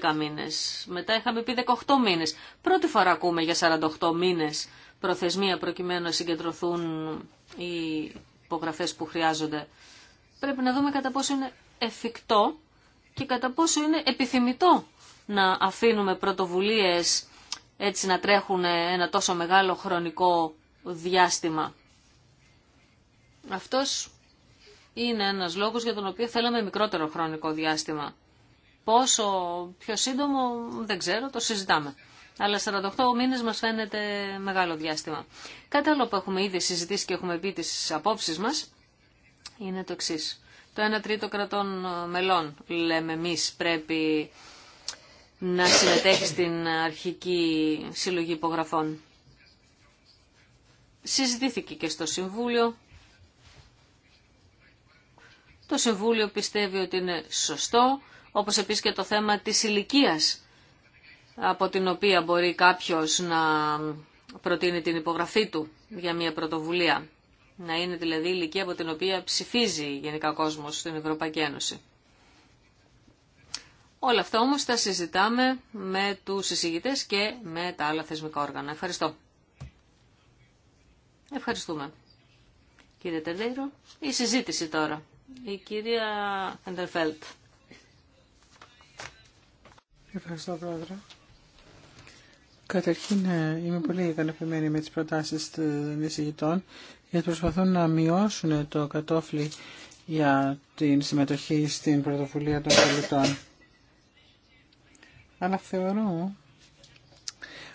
12 μήνες, μετά είχαμε πει 18 μήνες. Πρώτη φορά ακούμε για 48 μήνες προθεσμία προκειμένου να συγκεντρωθούν οι υπογραφές που χρειάζονται. Πρέπει να δούμε κατά πόσο είναι εφικτό και κατά πόσο είναι επιθυμητό να αφήνουμε πρωτοβουλίες έτσι να τρέχουν ένα τόσο μεγάλο χρονικό διάστημα. Αυτός είναι ένας λόγος για τον οποίο θέλαμε μικρότερο χρονικό διάστημα. Πόσο πιο σύντομο δεν ξέρω, το συζητάμε. Αλλά 48 μήνες μας φαίνεται μεγάλο διάστημα. Κάτι άλλο που έχουμε ήδη συζητήσει και έχουμε πει τις απόψεις μας είναι το εξής. Το 1 τρίτο κρατών μελών, λέμε εμείς, πρέπει να συμμετέχει στην αρχική συλλογή υπογραφών. Συζητήθηκε και στο Συμβούλιο το Συμβούλιο πιστεύει ότι είναι σωστό, όπως επίσης και το θέμα της ηλικία από την οποία μπορεί κάποιος να προτείνει την υπογραφή του για μια πρωτοβουλία. Να είναι δηλαδή η ηλικία από την οποία ψηφίζει γενικά ο κόσμος στην Ευρωπαϊκή Ένωση. Όλα αυτά όμως τα συζητάμε με τους συζητητές και με τα άλλα θεσμικά όργανα. Ευχαριστώ. Ευχαριστούμε. Κύριε Τελέιρο, η συζήτηση τώρα. Η κυρία Εντερφέλτ. Ευχαριστώ, Πρόεδρε. Καταρχήν, ε, είμαι πολύ ικανοποιημένη με τις προτάσεις των εισηγητών, γιατί προσπαθούν να μειώσουν το κατόφλι για την συμμετοχή στην πρωτοβουλία των πολιτών. Αλλά θεωρώ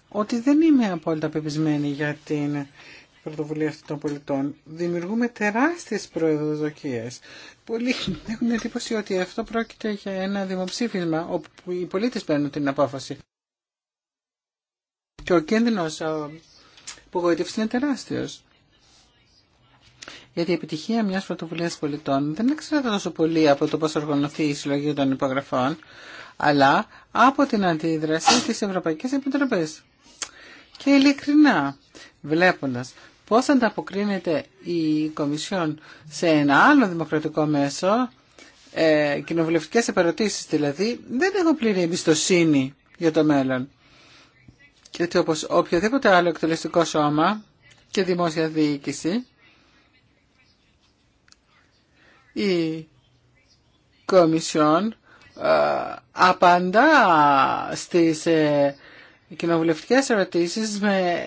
ότι δεν είμαι απόλυτα πεπισμένη για την πρωτοβουλία αυτών των πολιτών, δημιουργούμε τεράστιε προεδοδοκίε. Πολλοί έχουν εντύπωση ότι αυτό πρόκειται για ένα δημοψήφισμα όπου οι πολίτε παίρνουν την απόφαση. Και ο που γοητεύσει είναι τεράστιο. Γιατί η επιτυχία μια πρωτοβουλία πολιτών δεν εξαρτάται τόσο πολύ από το πώ οργανωθεί η συλλογή των υπογραφών, αλλά από την αντίδραση τη Ευρωπαϊκή Επιτροπή. Και ειλικρινά, βλέποντα Πώς ανταποκρίνεται η Κομισιόν σε ένα άλλο δημοκρατικό μέσο, ε, κοινοβουλευτικές δηλαδή, δεν έχω πλήρη εμπιστοσύνη για το μέλλον. Και ότι όπως οποιοδήποτε άλλο εκτελεστικό σώμα και δημόσια διοίκηση, η Κομισιόν ε, απαντά στις ε, κοινοβουλευτικές ερωτήσεις με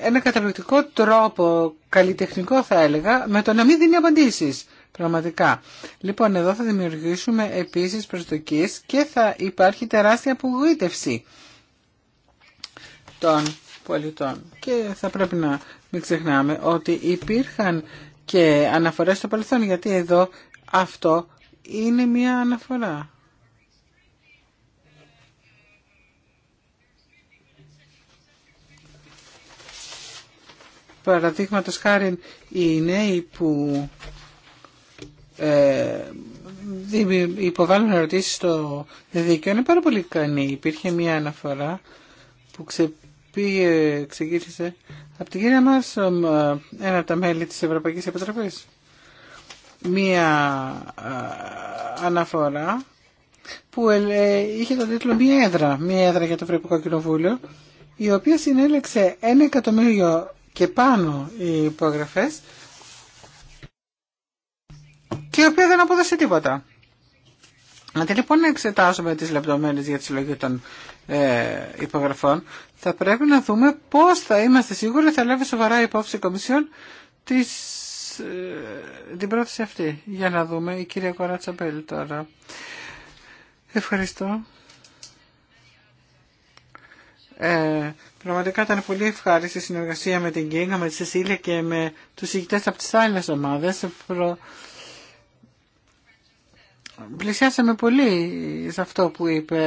ένα καταπληκτικό τρόπο, καλλιτεχνικό θα έλεγα, με το να μην δίνει απαντήσεις. Πραγματικά. Λοιπόν, εδώ θα δημιουργήσουμε επίσης προσδοκίες και θα υπάρχει τεράστια απογοήτευση των πολιτών. Και θα πρέπει να μην ξεχνάμε ότι υπήρχαν και αναφορές στο παρελθόν, γιατί εδώ αυτό είναι μια αναφορά. Παραδείγματο χάρη οι νέοι που ε, υποβάλλουν ερωτήσει στο δίκαιο είναι πάρα πολύ ικανοί. Υπήρχε μια αναφορά που ε, ξεκίνησε από την κυρία μας, ε, ένα από τα μέλη της Ευρωπαϊκής Επιτροπής. Μία ε, αναφορά που είχε τον τίτλο «Μία έδρα», μία έδρα για το Ευρωπαϊκό Κοινοβούλιο, η οποία συνέλεξε ένα εκατομμύριο και πάνω οι υπογραφές και η οποία δεν αποδώσει τίποτα. Αντί λοιπόν να εξετάσουμε τις λεπτομέρειες για τη συλλογή των ε, υπογραφών, θα πρέπει να δούμε πώς θα είμαστε σίγουροι θα λάβει σοβαρά υπόψη η Κομισιόν της, ε, την πρόταση αυτή. Για να δούμε η κυρία Κορατσαπέλη τώρα. Ευχαριστώ. Ε, Πραγματικά ήταν πολύ ευχάριστη η συνεργασία με την Κίγκα, με τη Σεσίλια και με τους ηγητές από τις άλλες ομάδες. Πλησιάσαμε πολύ σε αυτό που είπε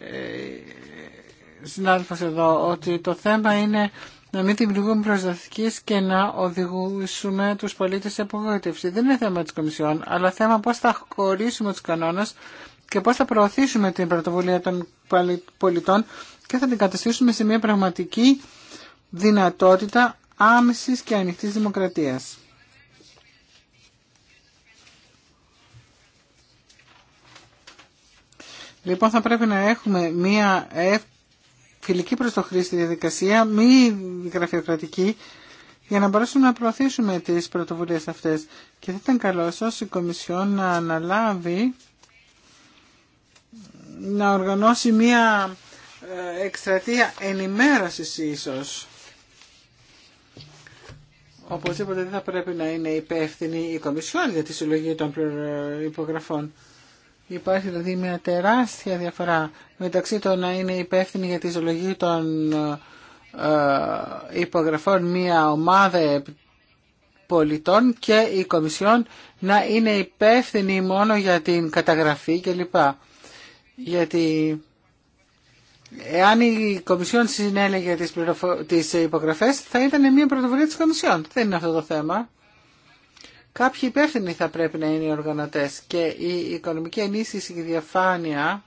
ε, συνάδελφος εδώ, ότι το θέμα είναι να μην δημιουργούμε προσδοτικές και να οδηγούσουμε τους πολίτες σε απογοήτευση. Δεν είναι θέμα της Κομισιόν, αλλά θέμα πώς θα χωρίσουμε τους κανόνες και πώς θα προωθήσουμε την πρωτοβουλία των πολιτών και θα την καταστήσουμε σε μια πραγματική δυνατότητα άμεσης και ανοιχτής δημοκρατίας. Λοιπόν, θα πρέπει να έχουμε μια φιλική προς το χρήστη διαδικασία, μη γραφειοκρατική, για να μπορέσουμε να προωθήσουμε τις πρωτοβουλίες αυτές. Και θα ήταν καλό ως η Κομισιόν να αναλάβει, να οργανώσει μια ε, εκστρατεία ενημέρωσης ίσως. Οπωσδήποτε δεν θα πρέπει να είναι υπεύθυνη η Κομισιόν για τη συλλογή των υπογραφών. Υπάρχει δηλαδή μια τεράστια διαφορά μεταξύ το να είναι υπεύθυνη για τη συλλογή των ε, υπογραφών μια ομάδα πολιτών και η Κομισιόν να είναι υπεύθυνη μόνο για την καταγραφή κλπ. Γιατί Εάν η Κομισιόν συνέλεγε τις, πληροφο... τις υπογραφές θα ήταν μια πρωτοβουλία της Κομισιόν. Δεν είναι αυτό το θέμα. Κάποιοι υπεύθυνοι θα πρέπει να είναι οι οργανωτές και η οικονομική ενίσχυση και η διαφάνεια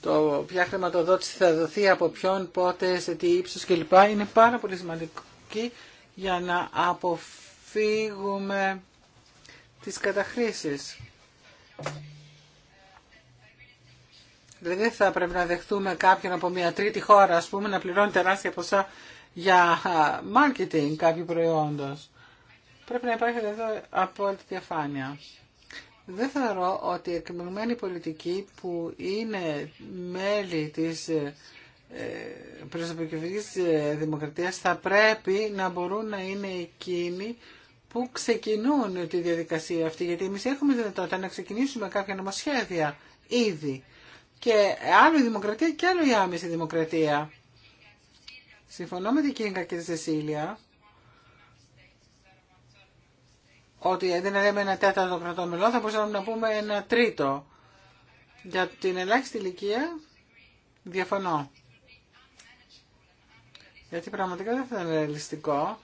το ποια χρηματοδότηση θα δοθεί από ποιον, πότε, σε τι ύψος κλπ. είναι πάρα πολύ σημαντική για να αποφύγουμε τις καταχρήσεις. Δηλαδή δεν θα πρέπει να δεχτούμε κάποιον από μια τρίτη χώρα, ας πούμε, να πληρώνει τεράστια ποσά για marketing κάποιου προϊόντος. Πρέπει να υπάρχει εδώ απόλυτη διαφάνεια. Δεν θεωρώ ότι η εκμεγμένη πολιτική που είναι μέλη της ε, ε, προσωπικής ε, δημοκρατίας θα πρέπει να μπορούν να είναι εκείνοι που ξεκινούν τη διαδικασία αυτή. Γιατί εμείς έχουμε δυνατότητα να ξεκινήσουμε κάποια νομοσχέδια ήδη και άλλο η δημοκρατία και άλλο η άμεση δημοκρατία. Συμφωνώ με την Κίνκα και τη Σεσίλια ότι δεν λέμε ένα τέταρτο κρατόμελό, θα μπορούσαμε να πούμε ένα τρίτο. Για την ελάχιστη ηλικία διαφωνώ. Γιατί πραγματικά δεν θα ήταν ρεαλιστικό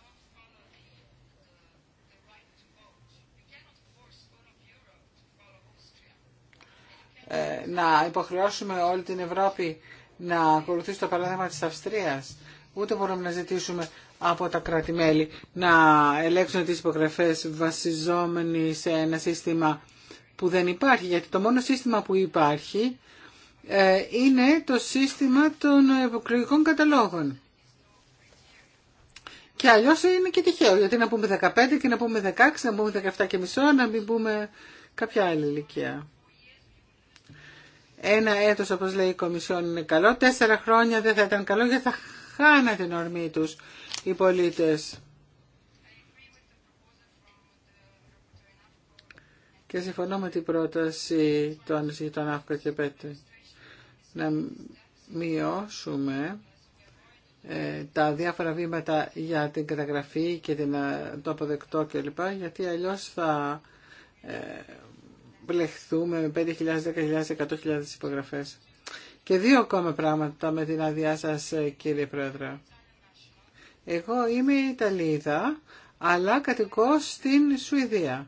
Ε, να υποχρεώσουμε όλη την Ευρώπη να ακολουθήσει το παράδειγμα της Αυστρίας. Ούτε μπορούμε να ζητήσουμε από τα κράτη-μέλη να ελέγξουν τις υπογραφές βασιζόμενοι σε ένα σύστημα που δεν υπάρχει, γιατί το μόνο σύστημα που υπάρχει ε, είναι το σύστημα των υποκριτικών καταλόγων. Και αλλιώ είναι και τυχαίο, γιατί να πούμε 15 και να πούμε 16, να πούμε 17 και μισό, να μην πούμε κάποια άλλη ηλικία. Ένα έτος όπως λέει η Κομισιόν είναι καλό, τέσσερα χρόνια δεν θα ήταν καλό γιατί θα χάνα την ορμή τους οι πολίτες. Και συμφωνώ με την πρόταση των ζητών Αύκα και Πέτρη να μειώσουμε ε, τα διάφορα βήματα για την καταγραφή και την, ε, το αποδεκτό κλπ. Γιατί αλλιώς θα ε, μπλεχθούμε με 5.000, 10.000, 100.000 υπογραφές. Και δύο ακόμα πράγματα με την άδειά σα, ε, κύριε Πρόεδρε. Εγώ είμαι Ιταλίδα, αλλά κατοικώ στην Σουηδία.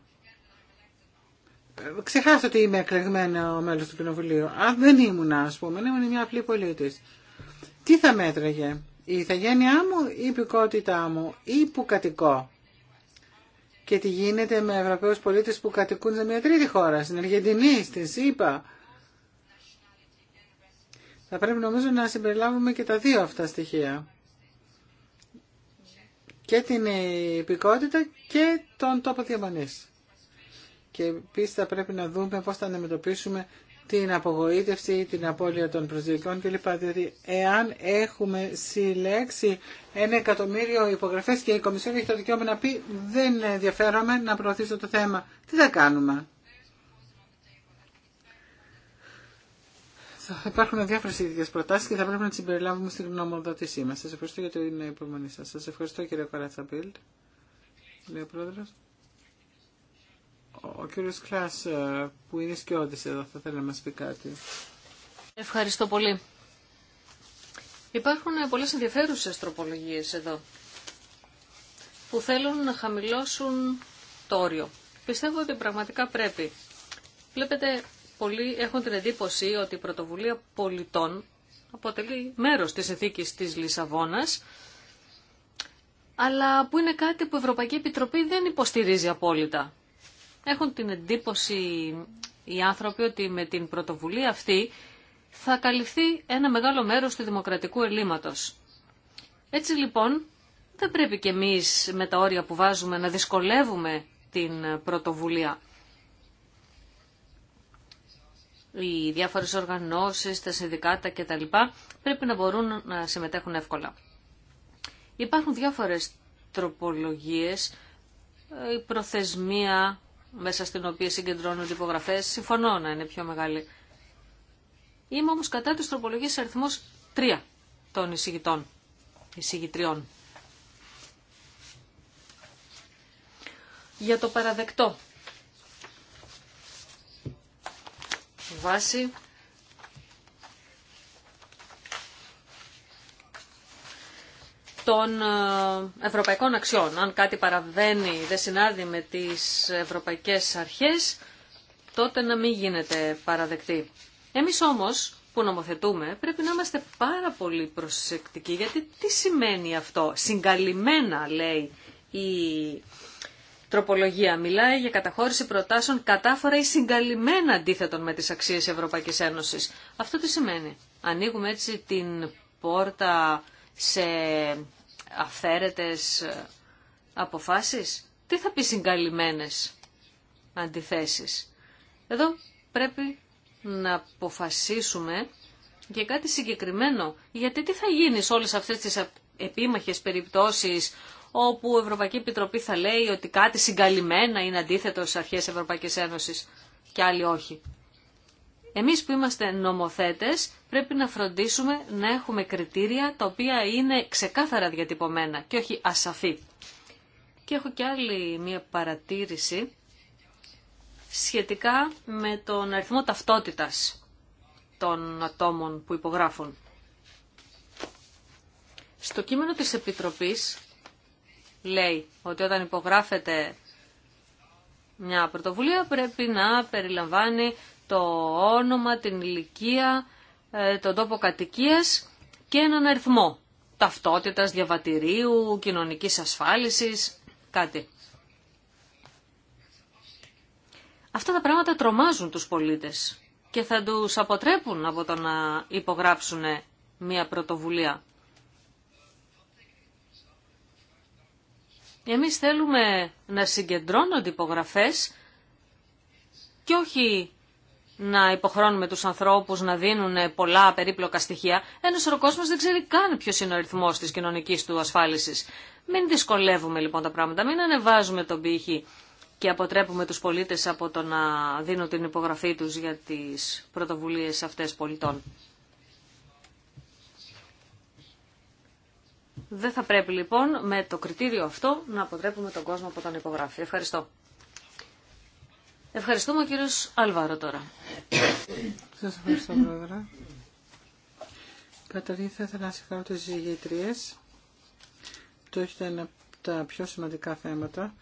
Ε, ξεχάστε ότι είμαι εκλεγμένο μέλο του κοινοβουλίου. Αν δεν ήμουν, α πούμε, ήμουν μια απλή πολίτη. Τι θα μέτραγε, η ηθαγένειά μου, η υπηκότητά μου ή που κατοικώ και τι γίνεται με Ευρωπαίους πολίτες που κατοικούν σε μια τρίτη χώρα, στην Αργεντινή, στη ΣΥΠΑ. Θα πρέπει νομίζω να συμπεριλάβουμε και τα δύο αυτά στοιχεία. Και την υπηκότητα και τον τόπο διαμονής. Και επίση θα πρέπει να δούμε πώς θα αντιμετωπίσουμε την απογοήτευση, την απώλεια των προσδιοκών κλπ. Διότι εάν έχουμε συλλέξει ένα εκατομμύριο υπογραφές και η Κομισιόν έχει το δικαίωμα να πει δεν ενδιαφέρομαι να προωθήσω το θέμα. Τι θα κάνουμε. Υπάρχουν διάφορε ειδικέ προτάσει και θα πρέπει να τι συμπεριλάβουμε στην γνωμοδότησή μα. Σα ευχαριστώ για την υπομονή σα. Σα ευχαριστώ κύριε Καρατσαμπίλτ. Λέει ο κύριος Κλάς ε, που είναι σκιώδης εδώ θα θέλει να μας πει κάτι. Ευχαριστώ πολύ. Υπάρχουν πολλές ενδιαφέρουσες τροπολογίες εδώ που θέλουν να χαμηλώσουν το όριο. Πιστεύω ότι πραγματικά πρέπει. Βλέπετε, πολλοί έχουν την εντύπωση ότι η πρωτοβουλία πολιτών αποτελεί μέρος της ηθίκης της Λισαβόνας, αλλά που είναι κάτι που η Ευρωπαϊκή Επιτροπή δεν υποστηρίζει απόλυτα. Έχουν την εντύπωση οι άνθρωποι ότι με την πρωτοβουλία αυτή θα καλυφθεί ένα μεγάλο μέρος του δημοκρατικού ελλείμματος. Έτσι λοιπόν δεν πρέπει και εμείς με τα όρια που βάζουμε να δυσκολεύουμε την πρωτοβουλία. Οι διάφορες οργανώσεις, τα συνδικάτα κτλ. πρέπει να μπορούν να συμμετέχουν εύκολα. Υπάρχουν διάφορες τροπολογίες, η προθεσμία μέσα στην οποία συγκεντρώνονται υπογραφέ. Συμφωνώ να είναι πιο μεγάλη. Είμαι όμω κατά τη τροπολογία αριθμό 3 των εισηγητών, εισηγητριών. Για το παραδεκτό. Βάση των ε, ευρωπαϊκών αξιών. Αν κάτι παραβαίνει, δεν συνάδει με τις ευρωπαϊκές αρχές, τότε να μην γίνεται παραδεκτή. Εμείς όμως που νομοθετούμε πρέπει να είμαστε πάρα πολύ προσεκτικοί, γιατί τι σημαίνει αυτό. Συγκαλυμμένα λέει η τροπολογία μιλάει για καταχώρηση προτάσεων κατάφορα ή συγκαλυμμένα αντίθετον με τις αξίες Ευρωπαϊκής Ένωσης. Αυτό τι σημαίνει. Ανοίγουμε έτσι την πόρτα σε αυθαίρετες ε, αποφάσεις. Τι θα πει συγκαλυμμένες αντιθέσεις. Εδώ πρέπει να αποφασίσουμε για κάτι συγκεκριμένο. Γιατί τι θα γίνει σε όλες αυτές τις επίμαχες περιπτώσεις όπου η Ευρωπαϊκή Επιτροπή θα λέει ότι κάτι συγκαλυμμένα είναι αντίθετο στις αρχές Ευρωπαϊκής Ένωσης και άλλοι όχι. Εμείς που είμαστε νομοθέτες πρέπει να φροντίσουμε να έχουμε κριτήρια τα οποία είναι ξεκάθαρα διατυπωμένα και όχι ασαφή. Και έχω και άλλη μία παρατήρηση σχετικά με τον αριθμό ταυτότητας των ατόμων που υπογράφουν. Στο κείμενο της Επιτροπής λέει ότι όταν υπογράφεται μια πρωτοβουλία πρέπει να περιλαμβάνει το όνομα, την ηλικία, ε, τον τόπο κατοικίας και έναν αριθμό ταυτότητας, διαβατηρίου, κοινωνικής ασφάλισης, κάτι. Αυτά τα πράγματα τρομάζουν τους πολίτες και θα τους αποτρέπουν από το να υπογράψουν μια πρωτοβουλία. Εμείς θέλουμε να συγκεντρώνονται υπογραφές και όχι να υποχρώνουμε τους ανθρώπους να δίνουν πολλά περίπλοκα στοιχεία, ένας ο κόσμος δεν ξέρει καν ποιος είναι ο ρυθμός της κοινωνικής του ασφάλισης. Μην δυσκολεύουμε λοιπόν τα πράγματα, μην ανεβάζουμε τον πύχη και αποτρέπουμε τους πολίτες από το να δίνουν την υπογραφή τους για τις πρωτοβουλίες αυτές πολιτών. Δεν θα πρέπει λοιπόν με το κριτήριο αυτό να αποτρέπουμε τον κόσμο από τον υπογράφη. Ευχαριστώ. Ευχαριστούμε ο κύριος Αλβάρο τώρα. Σας ευχαριστώ πρόεδρε. Καταρχήν θα ήθελα να συγχαρώ τις ζυγητρίες. Το έχετε ένα από τα πιο σημαντικά θέματα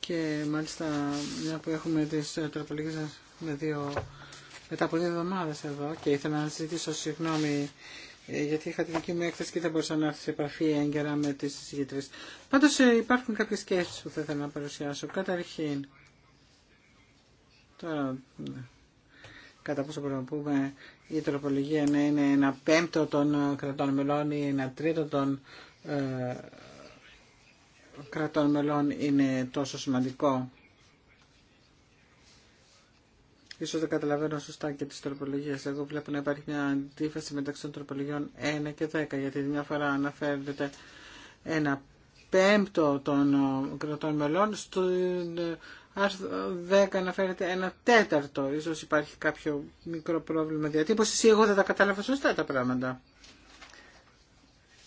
και μάλιστα μια που έχουμε τι τροπολογίες με δύο, μετά από δύο εβδομάδες εδώ και ήθελα να ζητήσω συγγνώμη ε, γιατί είχα τη δική μου έκθεση και δεν μπορούσα να έρθω σε επαφή έγκαιρα με τις συζητήσεις. Πάντως ε, υπάρχουν κάποιες σκέψεις που θα ήθελα να παρουσιάσω. Καταρχήν, Τώρα, ναι. κατά πόσο μπορούμε να πούμε, η τροπολογία να είναι ένα πέμπτο των ε, κρατών μελών ή ένα τρίτο των ε, κρατών μελών είναι τόσο σημαντικό. Ίσως δεν καταλαβαίνω σωστά και τις τροπολογίες. Εγώ βλέπω να υπάρχει μια αντίφαση μεταξύ των τροπολογιών 1 και 10, γιατί μια φορά αναφέρεται ένα πέμπτο των ε, κρατών μελών στην ε, Άρθρο 10 αναφέρεται ένα τέταρτο. Ίσως υπάρχει κάποιο μικρό πρόβλημα διατύπωση ή εγώ δεν τα κατάλαβα σωστά τα πράγματα.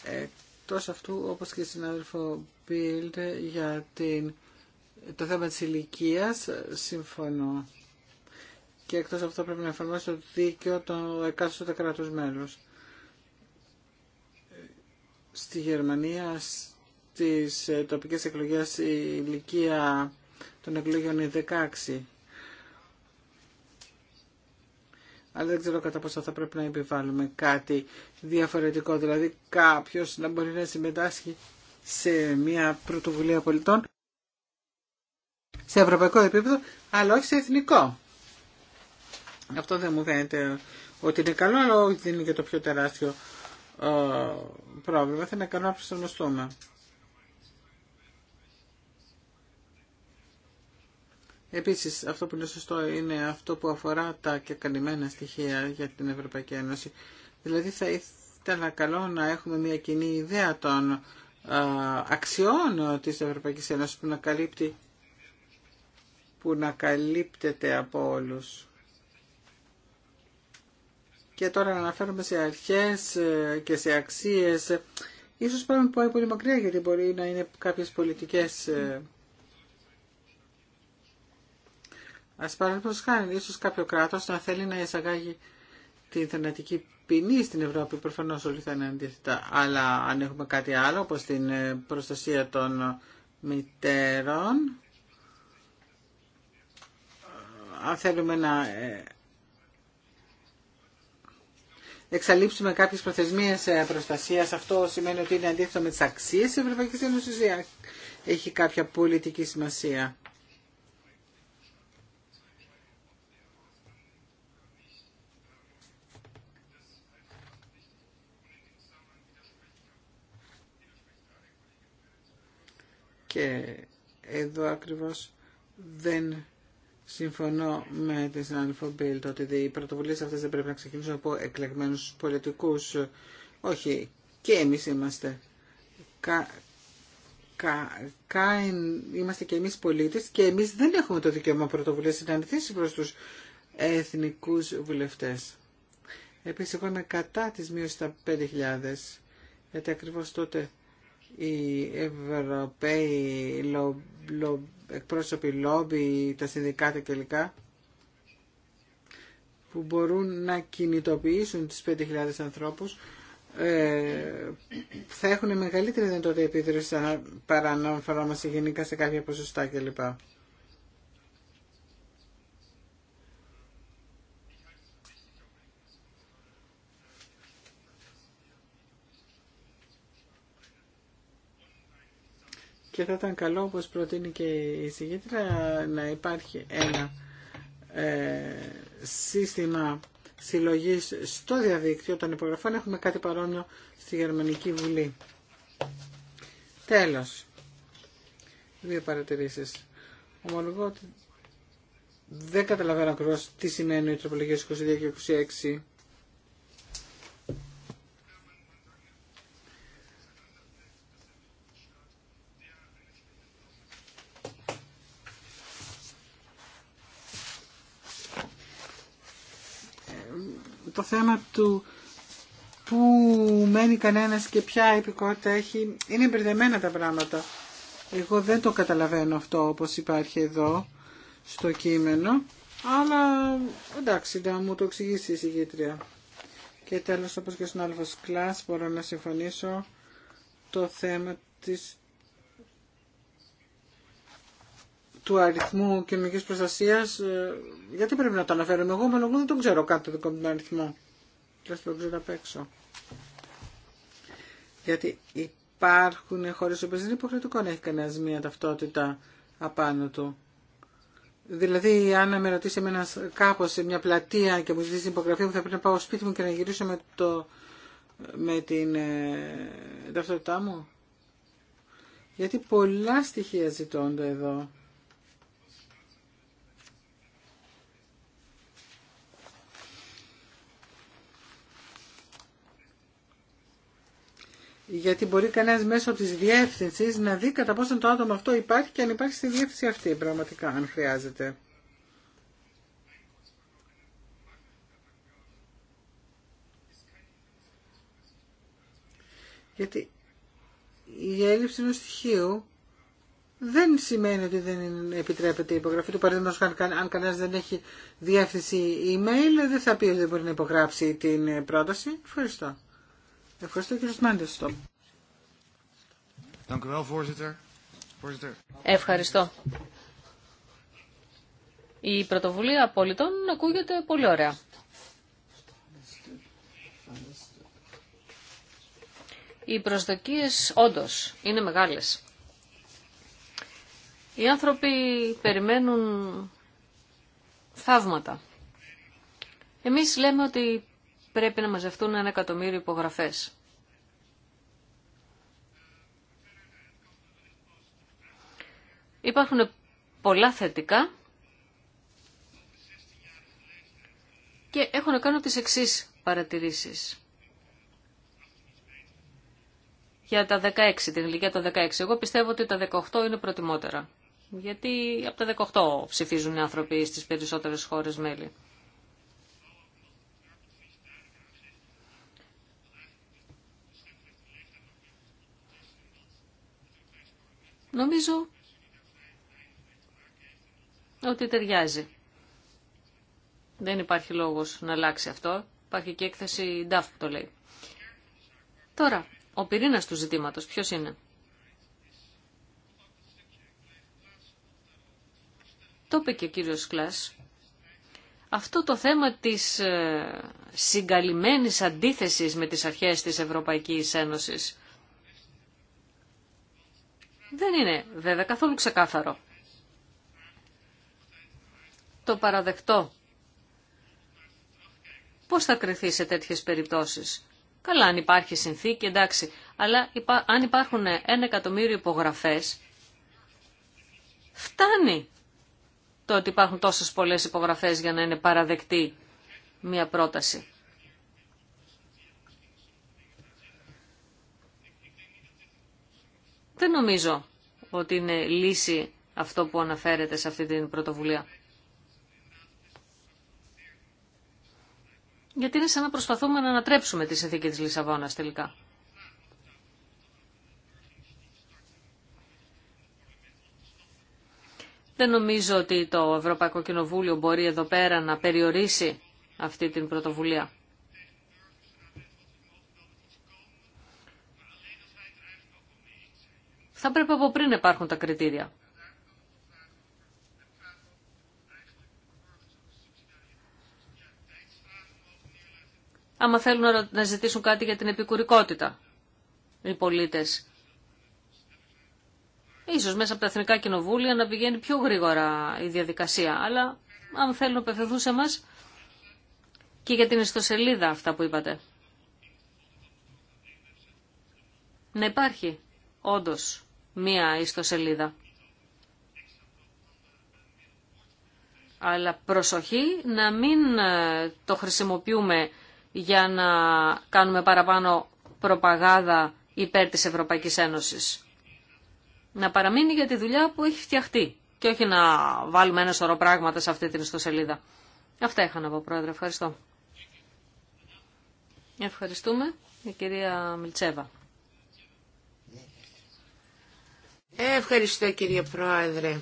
Ε, εκτός αυτού, όπως και συνάδελφο Μπίλτ, για την... το θέμα της ηλικία συμφωνώ. Και εκτός αυτό πρέπει να εφαρμόσει το δίκαιο των εκάστοτε κράτους μέλους. Στη Γερμανία, στις ε, τοπικές εκλογές η ηλικία των είναι 16. Αλλά δεν ξέρω κατά πόσο θα πρέπει να επιβάλλουμε κάτι διαφορετικό. Δηλαδή κάποιος να μπορεί να συμμετάσχει σε μια πρωτοβουλία πολιτών σε ευρωπαϊκό επίπεδο, αλλά όχι σε εθνικό. Αυτό δεν μου φαίνεται ότι είναι καλό, αλλά όχι δεν είναι και το πιο τεράστιο ε, πρόβλημα. Θα είναι καλό να προσαρμοστούμε. Επίσης, αυτό που είναι σωστό είναι αυτό που αφορά τα και καλυμμένα στοιχεία για την Ευρωπαϊκή Ένωση. Δηλαδή θα ήταν καλό να έχουμε μια κοινή ιδέα των αξιών της Ευρωπαϊκής Ένωσης που να, καλύπτει, που να καλύπτεται από όλους. Και τώρα αναφέρομαι σε αρχές ε, και σε αξίες. Ίσως πάμε πάει πολύ μακριά γιατί μπορεί να είναι κάποιες πολιτικές ε, Α παραδείγματο χάρη, ίσως κάποιο κράτο να θέλει να εισαγάγει την θανατική ποινή στην Ευρώπη, Προφανώ όλοι θα είναι αντίθετα, αλλά αν έχουμε κάτι άλλο, όπω την ε, προστασία των μητέρων, ε, αν θέλουμε να ε, εξαλείψουμε κάποιες προθεσμίες προστασίας, αυτό σημαίνει ότι είναι αντίθετο με τις αξίες της Ευρωπαϊκής Ένωσης ή έχει κάποια πολιτική σημασία. Και εδώ ακριβώς δεν συμφωνώ με τη συνάδελφο Μπίλτ ότι οι πρωτοβουλίες αυτές δεν πρέπει να ξεκινήσουν από εκλεγμένους πολιτικούς. Όχι, και εμείς είμαστε. Κα, κα, κα, είμαστε και εμείς πολίτες και εμείς δεν έχουμε το δικαίωμα πρωτοβουλίας να αντιθέση προς τους εθνικούς βουλευτές. Επίσης, εγώ είμαι κατά της μείωσης στα 5.000, γιατί ακριβώς τότε οι Ευρωπαίοι λο, λο, εκπρόσωποι λόμπι, τα συνδικάτα κλπ που μπορούν να κινητοποιήσουν τις 5.000 ανθρώπους ε, θα έχουν μεγαλύτερη δυνατότητα επίδραση παρά να γενικά σε κάποια ποσοστά κλπ. και θα ήταν καλό όπως προτείνει και η συγκήτρια να υπάρχει ένα ε, σύστημα συλλογής στο διαδίκτυο των υπογραφών έχουμε κάτι παρόμοιο στη Γερμανική Βουλή τέλος δύο παρατηρήσεις ομολογώ ότι δεν καταλαβαίνω ακριβώ τι σημαίνει η τροπολογία 22 και 26 θέμα του που μένει κανένας και ποια υπηκότητα έχει, είναι μπερδεμένα τα πράγματα. Εγώ δεν το καταλαβαίνω αυτό όπως υπάρχει εδώ στο κείμενο, αλλά εντάξει να μου το εξηγήσει η συγγήτρια. Και τέλος όπως και στον άλλο Κλάς μπορώ να συμφωνήσω το θέμα της του αριθμού κοινωνικής προστασίας, ε, γιατί πρέπει να το αναφέρουμε εγώ, μόνο εγώ δεν τον ξέρω κάτω δικό μου τον αριθμό. Θα τον ξέρω έξω. Γιατί υπάρχουν χώρε όπω δεν είναι υποχρεωτικό να έχει κανένα μία ταυτότητα απάνω του. Δηλαδή, αν με ρωτήσει εμένα σε μια πλατεία και μου ζητήσει υπογραφή μου, θα πρέπει να πάω σπίτι μου και να γυρίσω με, το, με την ε, ταυτότητά μου. Γιατί πολλά στοιχεία ζητώνται εδώ. γιατί μπορεί κανένας μέσω της διεύθυνση να δει κατά πόσο το άτομο αυτό υπάρχει και αν υπάρχει στη διεύθυνση αυτή πραγματικά, αν χρειάζεται. Γιατί η έλλειψη νοστιχίου στοιχείου δεν σημαίνει ότι δεν επιτρέπεται η υπογραφή του. Παραδείγματο, αν κανένα δεν έχει διεύθυνση email, δεν θα πει ότι δεν μπορεί να υπογράψει την πρόταση. Ευχαριστώ. Ευχαριστώ κύριε Ευχαριστώ. Η πρωτοβουλία πολιτών ακούγεται πολύ ωραία. Οι προσδοκίες όντως είναι μεγάλες. Οι άνθρωποι περιμένουν θαύματα. Εμείς λέμε ότι πρέπει να μαζευτούν ένα εκατομμύριο υπογραφές. Υπάρχουν πολλά θετικά και έχω να κάνω τις εξής παρατηρήσεις. Για τα 16, την ηλικία των 16. Εγώ πιστεύω ότι τα 18 είναι προτιμότερα. Γιατί από τα 18 ψηφίζουν οι άνθρωποι στις περισσότερες χώρες μέλη. Νομίζω ότι ταιριάζει. Δεν υπάρχει λόγος να αλλάξει αυτό. Υπάρχει και έκθεση DAF που το λέει. Τώρα, ο πυρήνας του ζητήματος ποιος είναι. Το είπε και ο κύριος Κλάς. Αυτό το θέμα της ε, συγκαλυμμένης αντίθεσης με τις αρχές της Ευρωπαϊκής Ένωσης δεν είναι βέβαια καθόλου ξεκάθαρο. Το παραδεκτό. Πώς θα κρυθεί σε τέτοιες περιπτώσεις. Καλά, αν υπάρχει συνθήκη, εντάξει. Αλλά αν υπάρχουν ένα εκατομμύριο υπογραφές, φτάνει το ότι υπάρχουν τόσες πολλές υπογραφές για να είναι παραδεκτή μια πρόταση. Δεν νομίζω ότι είναι λύση αυτό που αναφέρεται σε αυτή την πρωτοβουλία. Γιατί είναι σαν να προσπαθούμε να ανατρέψουμε τη συνθήκη της Λισαβόνας τελικά. Δεν νομίζω ότι το Ευρωπαϊκό Κοινοβούλιο μπορεί εδώ πέρα να περιορίσει αυτή την πρωτοβουλία. Θα πρέπει από πριν να υπάρχουν τα κριτήρια. άμα θέλουν να ζητήσουν κάτι για την επικουρικότητα οι πολίτες. Ίσως μέσα από τα εθνικά κοινοβούλια να πηγαίνει πιο γρήγορα η διαδικασία, αλλά αν θέλουν να απευθυνθούν σε μας και για την ιστοσελίδα αυτά που είπατε. Να υπάρχει όντως μία ιστοσελίδα. Αλλά προσοχή να μην ε, το χρησιμοποιούμε για να κάνουμε παραπάνω προπαγάδα υπέρ της Ευρωπαϊκής Ένωσης. Να παραμείνει για τη δουλειά που έχει φτιαχτεί και όχι να βάλουμε ένα σωρό πράγματα σε αυτή την ιστοσελίδα. Αυτά είχα να πω, Πρόεδρε. Ευχαριστώ. Ευχαριστούμε, η κυρία Μιλτσέβα. Ευχαριστώ κύριε Πρόεδρε.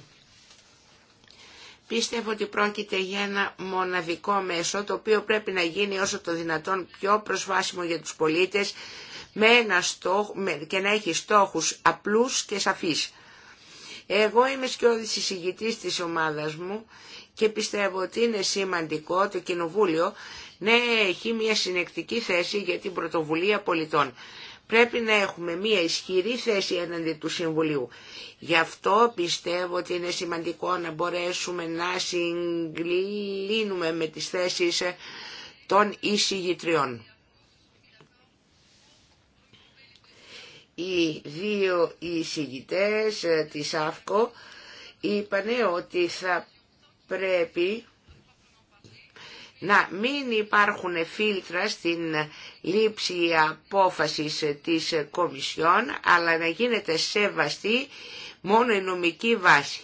Πίστευω ότι πρόκειται για ένα μοναδικό μέσο το οποίο πρέπει να γίνει όσο το δυνατόν πιο προσβάσιμο για τους πολίτες με και να έχει στόχους απλούς και σαφείς. Εγώ είμαι σκιώδης εισηγητής της ομάδας μου και πιστεύω ότι είναι σημαντικό το Κοινοβούλιο να έχει μια συνεκτική θέση για την πρωτοβουλία πολιτών πρέπει να έχουμε μία ισχυρή θέση έναντι του Συμβουλίου. Γι' αυτό πιστεύω ότι είναι σημαντικό να μπορέσουμε να συγκλίνουμε με τις θέσεις ε, των εισηγητριών. Οι δύο εισηγητές ε, της ΑΦΚΟ είπαν ότι θα πρέπει να μην υπάρχουν φίλτρα στην λήψη απόφασης της Κομισιόν, αλλά να γίνεται σεβαστή μόνο η νομική βάση,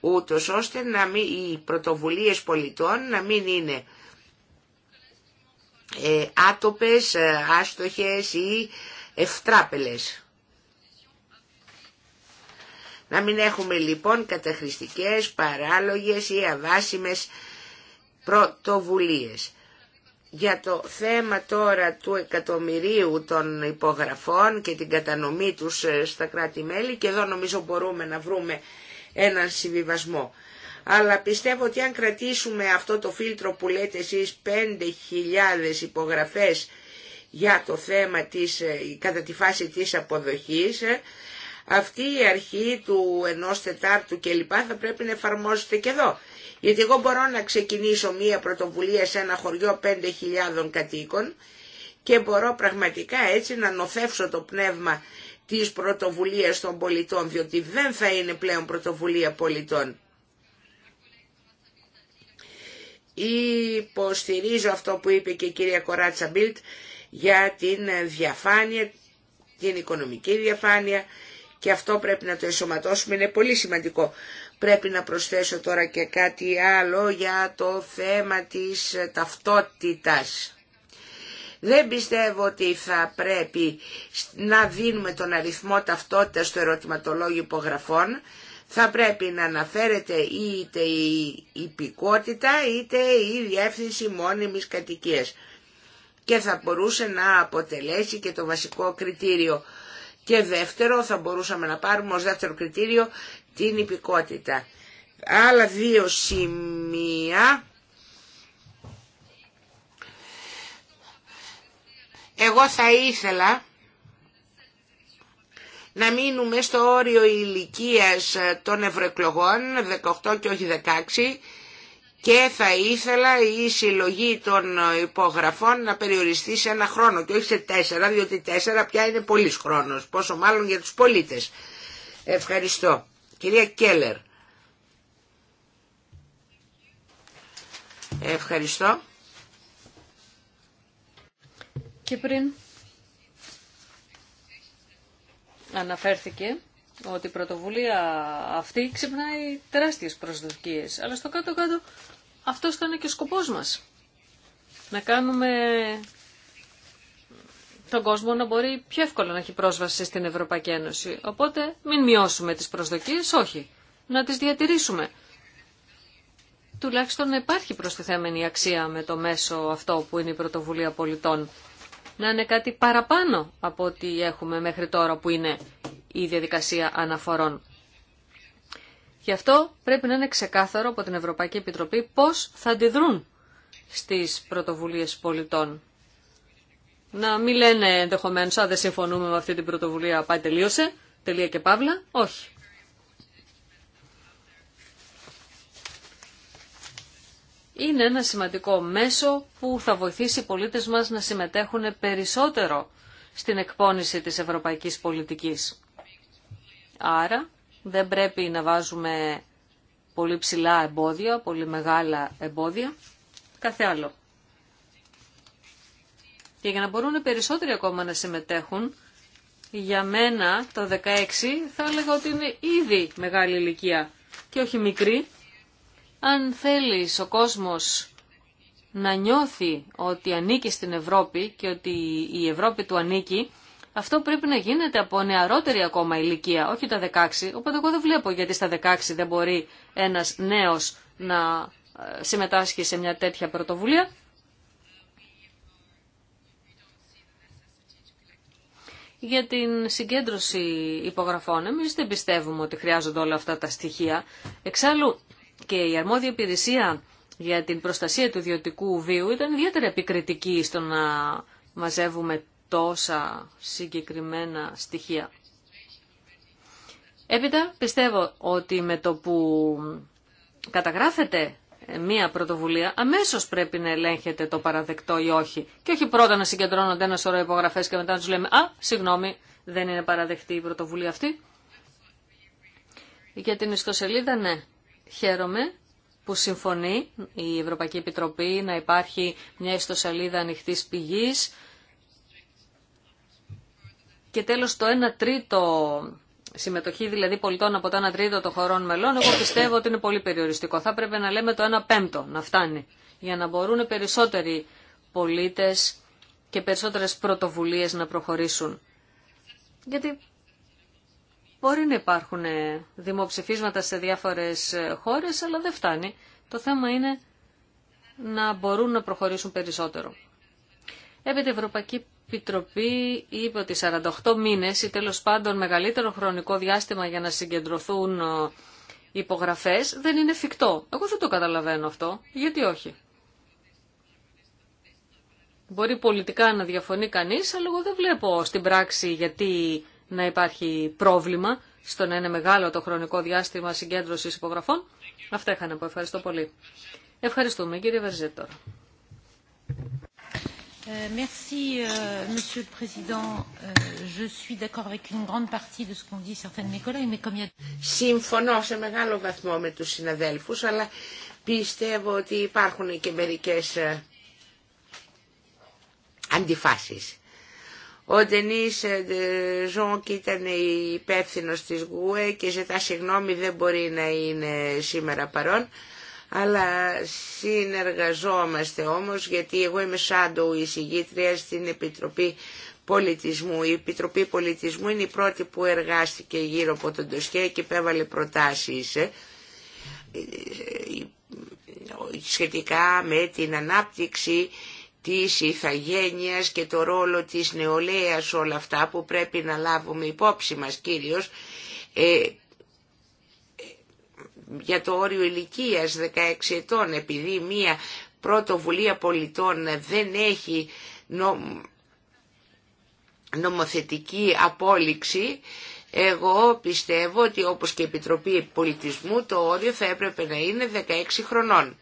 ούτως ώστε να μην, οι πρωτοβουλίες πολιτών να μην είναι ε, άτοπες, ε, άστοχες ή ευτράπελες. Να μην έχουμε λοιπόν καταχρηστικές, παράλογες ή αβάσιμες πρωτοβουλίες. Για το θέμα τώρα του εκατομμυρίου των υπογραφών και την κατανομή τους ε, στα κράτη-μέλη και εδώ νομίζω μπορούμε να βρούμε έναν συμβιβασμό. Αλλά πιστεύω ότι αν κρατήσουμε αυτό το φίλτρο που λέτε εσείς 5.000 υπογραφές για το θέμα της, ε, κατά τη φάση της αποδοχής, ε, αυτή η αρχή του ενός τετάρτου κλπ θα πρέπει να εφαρμόζεται και εδώ. Γιατί εγώ μπορώ να ξεκινήσω μία πρωτοβουλία σε ένα χωριό 5.000 κατοίκων και μπορώ πραγματικά έτσι να νοθεύσω το πνεύμα της πρωτοβουλίας των πολιτών, διότι δεν θα είναι πλέον πρωτοβουλία πολιτών. Υποστηρίζω αυτό που είπε και η κυρία Κοράτσα Μπίλτ για την διαφάνεια, την οικονομική διαφάνεια και αυτό πρέπει να το εσωματώσουμε, είναι πολύ σημαντικό. Πρέπει να προσθέσω τώρα και κάτι άλλο για το θέμα της ταυτότητας. Δεν πιστεύω ότι θα πρέπει να δίνουμε τον αριθμό ταυτότητας στο ερωτηματολόγιο υπογραφών. Θα πρέπει να αναφέρεται είτε η υπηκότητα είτε η διεύθυνση μόνιμης κατοικίας. Και θα μπορούσε να αποτελέσει και το βασικό κριτήριο. Και δεύτερο, θα μπορούσαμε να πάρουμε ως δεύτερο κριτήριο την υπηκότητα. Άλλα δύο σημεία. Εγώ θα ήθελα να μείνουμε στο όριο ηλικίας των ευρωεκλογών, 18 και όχι 16, και θα ήθελα η συλλογή των υπογραφών να περιοριστεί σε ένα χρόνο και όχι σε τέσσερα, διότι τέσσερα πια είναι πολύς χρόνος, πόσο μάλλον για τους πολίτες. Ευχαριστώ. Κυρία Κέλλερ. Ευχαριστώ. Και πριν αναφέρθηκε ότι η πρωτοβουλία αυτή ξυπνάει τεράστιες προσδοκίες. Αλλά στο κάτω-κάτω αυτός ήταν και ο σκοπός μας. Να κάνουμε τον κόσμο να μπορεί πιο εύκολα να έχει πρόσβαση στην Ευρωπαϊκή Ένωση. Οπότε μην μειώσουμε τις προσδοκίες, όχι. Να τις διατηρήσουμε. Τουλάχιστον να υπάρχει προστιθέμενη αξία με το μέσο αυτό που είναι η πρωτοβουλία πολιτών. Να είναι κάτι παραπάνω από ό,τι έχουμε μέχρι τώρα που είναι η διαδικασία αναφορών. Γι' αυτό πρέπει να είναι ξεκάθαρο από την Ευρωπαϊκή Επιτροπή πώς θα αντιδρούν στις πρωτοβουλίες πολιτών. Να μην λένε ενδεχομένω, αν δεν συμφωνούμε με αυτή την πρωτοβουλία, πάει τελείωσε, τελεία και παύλα. Όχι. Είναι ένα σημαντικό μέσο που θα βοηθήσει οι πολίτες μας να συμμετέχουν περισσότερο στην εκπόνηση της ευρωπαϊκής πολιτικής. Άρα δεν πρέπει να βάζουμε πολύ ψηλά εμπόδια, πολύ μεγάλα εμπόδια, κάθε άλλο. Και για να μπορούν περισσότεροι ακόμα να συμμετέχουν, για μένα το 16 θα έλεγα ότι είναι ήδη μεγάλη ηλικία και όχι μικρή. Αν θέλεις ο κόσμος να νιώθει ότι ανήκει στην Ευρώπη και ότι η Ευρώπη του ανήκει, αυτό πρέπει να γίνεται από νεαρότερη ακόμα ηλικία, όχι τα 16. Οπότε εγώ δεν βλέπω γιατί στα 16 δεν μπορεί ένας νέος να ε, συμμετάσχει σε μια τέτοια πρωτοβουλία. για την συγκέντρωση υπογραφών. Εμείς δεν πιστεύουμε ότι χρειάζονται όλα αυτά τα στοιχεία. Εξάλλου και η αρμόδια υπηρεσία για την προστασία του ιδιωτικού βίου ήταν ιδιαίτερα επικριτική στο να μαζεύουμε τόσα συγκεκριμένα στοιχεία. Έπειτα πιστεύω ότι με το που καταγράφεται μία πρωτοβουλία, αμέσω πρέπει να ελέγχεται το παραδεκτό ή όχι. Και όχι πρώτα να συγκεντρώνονται ένα σωρό υπογραφέ και μετά να του λέμε Α, συγγνώμη, δεν είναι παραδεκτή η πρωτοβουλία αυτή. Για την ιστοσελίδα, ναι. Χαίρομαι που συμφωνεί η Ευρωπαϊκή Επιτροπή να υπάρχει μια ιστοσελίδα ανοιχτή πηγή. Και τέλος το 1 τρίτο συμμετοχή δηλαδή πολιτών από το 1 τρίτο των χωρών μελών, εγώ πιστεύω ότι είναι πολύ περιοριστικό. Θα πρέπει να λέμε το 1 πέμπτο να φτάνει για να μπορούν περισσότεροι πολίτες και περισσότερες πρωτοβουλίες να προχωρήσουν. Γιατί μπορεί να υπάρχουν ε, δημοψηφίσματα σε διάφορες ε, χώρες, αλλά δεν φτάνει. Το θέμα είναι να μπορούν να προχωρήσουν περισσότερο. Έπειτα η Ευρωπαϊκή Επιτροπή είπε ότι 48 μήνες ή τέλος πάντων μεγαλύτερο χρονικό διάστημα για να συγκεντρωθούν ε, υπογραφές δεν είναι εφικτό. Εγώ δεν το καταλαβαίνω αυτό. Γιατί όχι. Μπορεί πολιτικά να διαφωνεί κανείς, αλλά εγώ δεν βλέπω στην πράξη γιατί να υπάρχει πρόβλημα στο να είναι μεγάλο το χρονικό διάστημα συγκέντρωσης υπογραφών. Αυτά είχα να πω. Ευχαριστώ πολύ. Ευχαριστούμε κύριε Βερζέτ Euh, merci, euh, Monsieur le Président. Euh, je suis d'accord avec une grande partie de ce qu'ont dit certains de mes collègues, mais comme il y a... Συμφωνώ σε μεγάλο βαθμό με τους συναδέλφους, αλλά πιστεύω ότι υπάρχουν και μερικές ε, αντιφάσεις. Ο Ντενίς ε, Ζων ήταν υπεύθυνος της ΓΟΕ και ζητά συγγνώμη δεν μπορεί να είναι σήμερα παρόν αλλά συνεργαζόμαστε όμως γιατί εγώ είμαι σάντοου εισηγήτρια στην Επιτροπή Πολιτισμού. Η Επιτροπή Πολιτισμού είναι η πρώτη που εργάστηκε γύρω από τον Τοσκέ και επέβαλε προτάσεις ε, σχετικά με την ανάπτυξη της ηθαγένειας και το ρόλο της νεολαίας όλα αυτά που πρέπει να λάβουμε υπόψη μας κύριος για το όριο ηλικίας 16 ετών επειδή μία πρωτοβουλία πολιτών δεν έχει νομοθετική απόλυξη εγώ πιστεύω ότι όπως και η Επιτροπή Πολιτισμού το όριο θα έπρεπε να είναι 16 χρονών.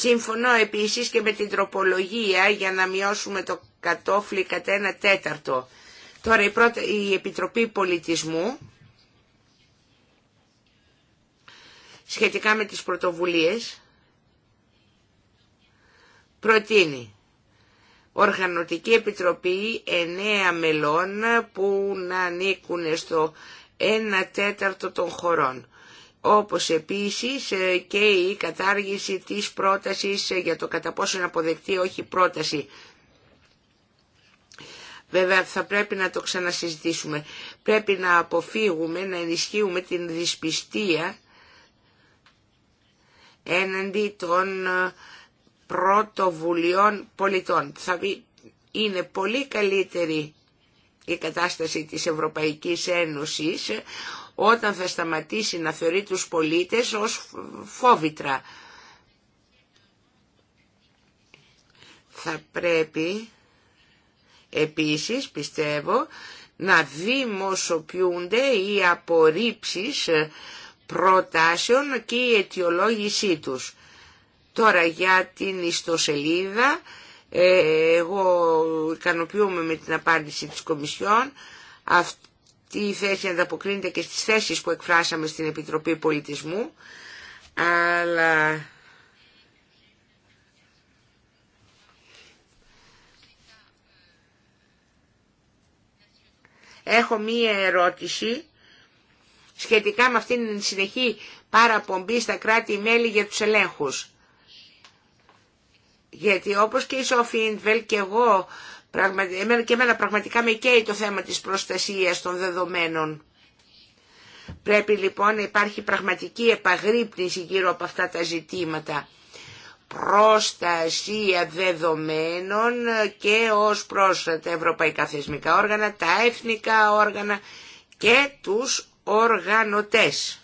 Σύμφωνο επίσης και με την τροπολογία για να μειώσουμε το κατόφλι κατά ένα τέταρτο. Τώρα η, πρώτη, η Επιτροπή Πολιτισμού σχετικά με τις πρωτοβουλίες προτείνει Οργανωτική Επιτροπή εννέα μελών που να ανήκουν στο 1 τέταρτο των χωρών όπως επίσης ε, και η κατάργηση της πρότασης ε, για το κατά πόσο να αποδεκτή όχι πρόταση. Βέβαια θα πρέπει να το ξανασυζητήσουμε. Πρέπει να αποφύγουμε, να ενισχύουμε την δυσπιστία έναντι των ε, πρωτοβουλειών πολιτών. Θα είναι πολύ καλύτερη η κατάσταση της Ευρωπαϊκής Ένωσης όταν θα σταματήσει να θεωρεί τους πολίτες ως φόβητρα. Θα πρέπει επίσης πιστεύω να δημοσιοποιούνται οι απορρίψεις προτάσεων και η αιτιολόγησή τους. Τώρα για την ιστοσελίδα, ε, εγώ ικανοποιούμε με την απάντηση της Κομισιόν, αυτό τι θέση ανταποκρίνεται και στις θέσεις που εκφράσαμε στην Επιτροπή Πολιτισμού, αλλά έχω μία ερώτηση σχετικά με αυτήν την συνεχή παραπομπή στα κράτη-μέλη για τους ελέγχους. Γιατί όπως και η Ιντβελ και εγώ και εμένα πραγματικά με καίει το θέμα της προστασίας των δεδομένων. Πρέπει λοιπόν να υπάρχει πραγματική επαγρύπνηση γύρω από αυτά τα ζητήματα. Προστασία δεδομένων και ως προς τα ευρωπαϊκά θεσμικά όργανα, τα εθνικά όργανα και τους οργανωτές.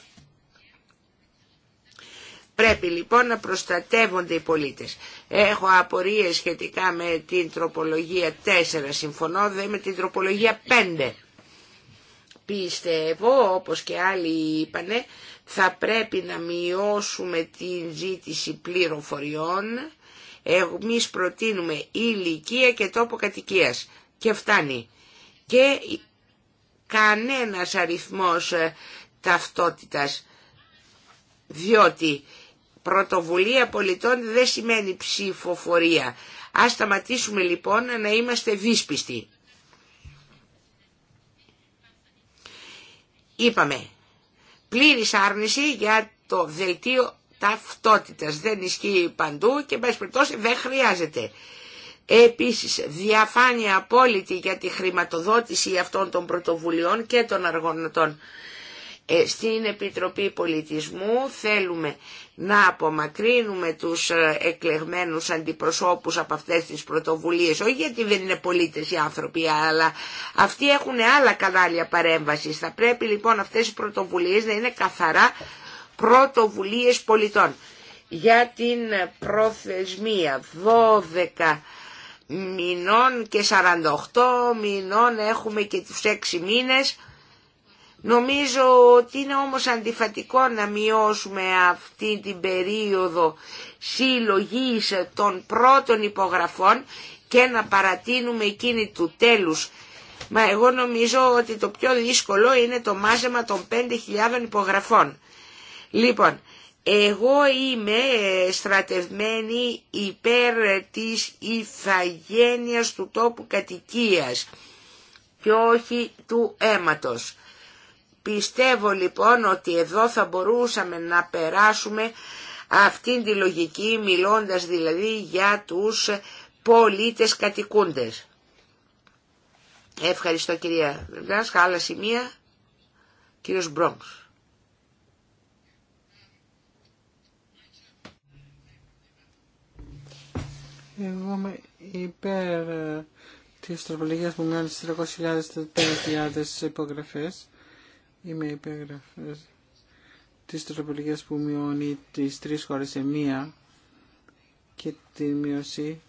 Πρέπει λοιπόν να προστατεύονται οι πολίτες. Έχω απορίες σχετικά με την τροπολογία 4, συμφωνώ δε με την τροπολογία 5. Πιστεύω, όπως και άλλοι είπανε, θα πρέπει να μειώσουμε την ζήτηση πληροφοριών. Εμείς προτείνουμε ηλικία και τόπο κατοικίας και φτάνει. Και κανένας αριθμός ε, ταυτότητας, διότι Πρωτοβουλία πολιτών δεν σημαίνει ψηφοφορία. Ας σταματήσουμε λοιπόν να είμαστε δύσπιστοι. Είπαμε, πλήρης άρνηση για το δελτίο ταυτότητας. Δεν ισχύει παντού και μπες περιπτώσει δεν χρειάζεται. Επίσης, διαφάνεια απόλυτη για τη χρηματοδότηση αυτών των πρωτοβουλειών και των αργωνωτών. Ε, στην Επιτροπή Πολιτισμού θέλουμε να απομακρύνουμε τους ε, εκλεγμένους αντιπροσώπους από αυτές τις πρωτοβουλίες, όχι γιατί δεν είναι πολίτες οι άνθρωποι, αλλά αυτοί έχουν άλλα κανάλια παρέμβασης. Θα πρέπει λοιπόν αυτές οι πρωτοβουλίες να είναι καθαρά πρωτοβουλίες πολιτών. Για την προθεσμία 12 μηνών και 48 μηνών έχουμε και τους 6 μήνες Νομίζω ότι είναι όμως αντιφατικό να μειώσουμε αυτή την περίοδο συλλογής των πρώτων υπογραφών και να παρατείνουμε εκείνη του τέλους. Μα εγώ νομίζω ότι το πιο δύσκολο είναι το μάζεμα των 5.000 υπογραφών. Λοιπόν, εγώ είμαι στρατευμένη υπέρ της ηθαγένειας του τόπου κατοικίας και όχι του αίματος. Πιστεύω λοιπόν ότι εδώ θα μπορούσαμε να περάσουμε αυτήν τη λογική μιλώντας δηλαδή για τους πολίτες κατοικούντες. Ευχαριστώ κυρία Βεργάς. Άλλα σημεία. Κύριος Μπρόγκς. Εγώ είμαι υπέρ ε, της τροπολογίας που στις 300000 300.000-4.000 υπογραφές Είμαι υπέγραφος της τροπολογίας που μειώνει τις τρεις χώρες σε μία και τη μειωσή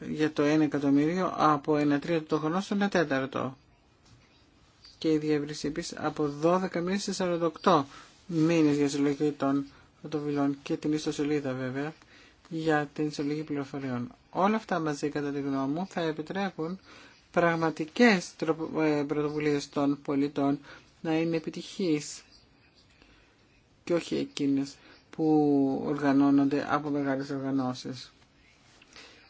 για το 1 εκατομμύριο από ένα τρίτο το χρόνο στο ένα τέταρτο. Και η διεύρυνση επίση από 12 μήνες σε 48 μήνες για συλλογή των φωτοβουλών και την ιστοσελίδα βέβαια για την συλλογή πληροφοριών. Όλα αυτά μαζί κατά τη γνώμη μου θα επιτρέπουν πραγματικές ε, πρωτοβουλίες των πολιτών να είναι επιτυχείς και όχι εκείνες που οργανώνονται από μεγάλες οργανώσεις.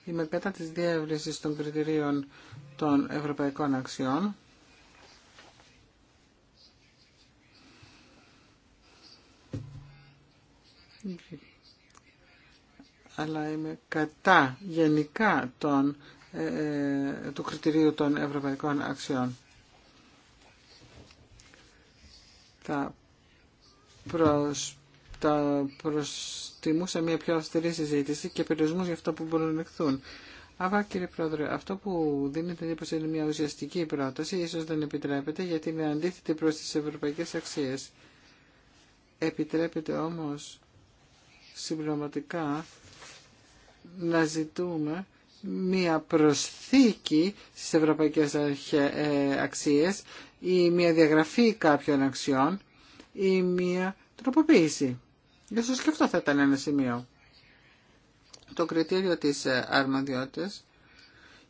Είμαι κατά της διεύρυνσης των κριτηρίων των ευρωπαϊκών αξιών. Αλλά είμαι κατά γενικά των ε, ε, του κριτηρίου των ευρωπαϊκών αξιών. Θα προσ... τα προστιμούσα μια πιο αυστηρή συζήτηση και περιορισμού για αυτό που μπορούν να εκθούν. Αλλά κύριε Πρόεδρε, αυτό που δίνεται είναι μια ουσιαστική πρόταση, ίσω δεν επιτρέπεται γιατί είναι αντίθετη προς τις ευρωπαϊκές αξίες. Επιτρέπεται όμως συμπληρωματικά να ζητούμε μία προσθήκη στις ευρωπαϊκές ε, αξίες ή μία διαγραφή κάποιων αξιών ή μία τροποποίηση. Ίσως και αυτό θα ήταν ένα σημείο. Το κριτήριο της ε, αρμοδιότητας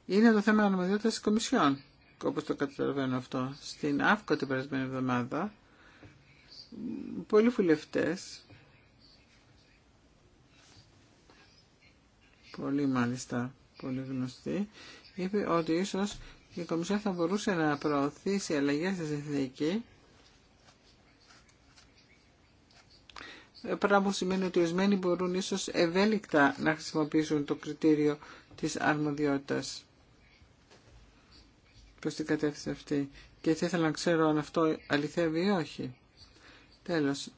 είναι το θέμα αρμοδιότητας της Κομισιόν. Όπως το καταλαβαίνω αυτό. Στην ΑΦΚΟ την περασμένη εβδομάδα πολλοί βουλευτές πολύ μάλιστα πολύ γνωστή, είπε ότι ίσως η Κομισιόν θα μπορούσε να προωθήσει αλλαγές στη συνθήκη πράγμα που σημαίνει ότι ορισμένοι μπορούν ίσως ευέλικτα να χρησιμοποιήσουν το κριτήριο της αρμοδιότητας προς την κατεύθυνση αυτή. Και θα ήθελα να ξέρω αν αυτό αληθεύει ή όχι. Τέλος,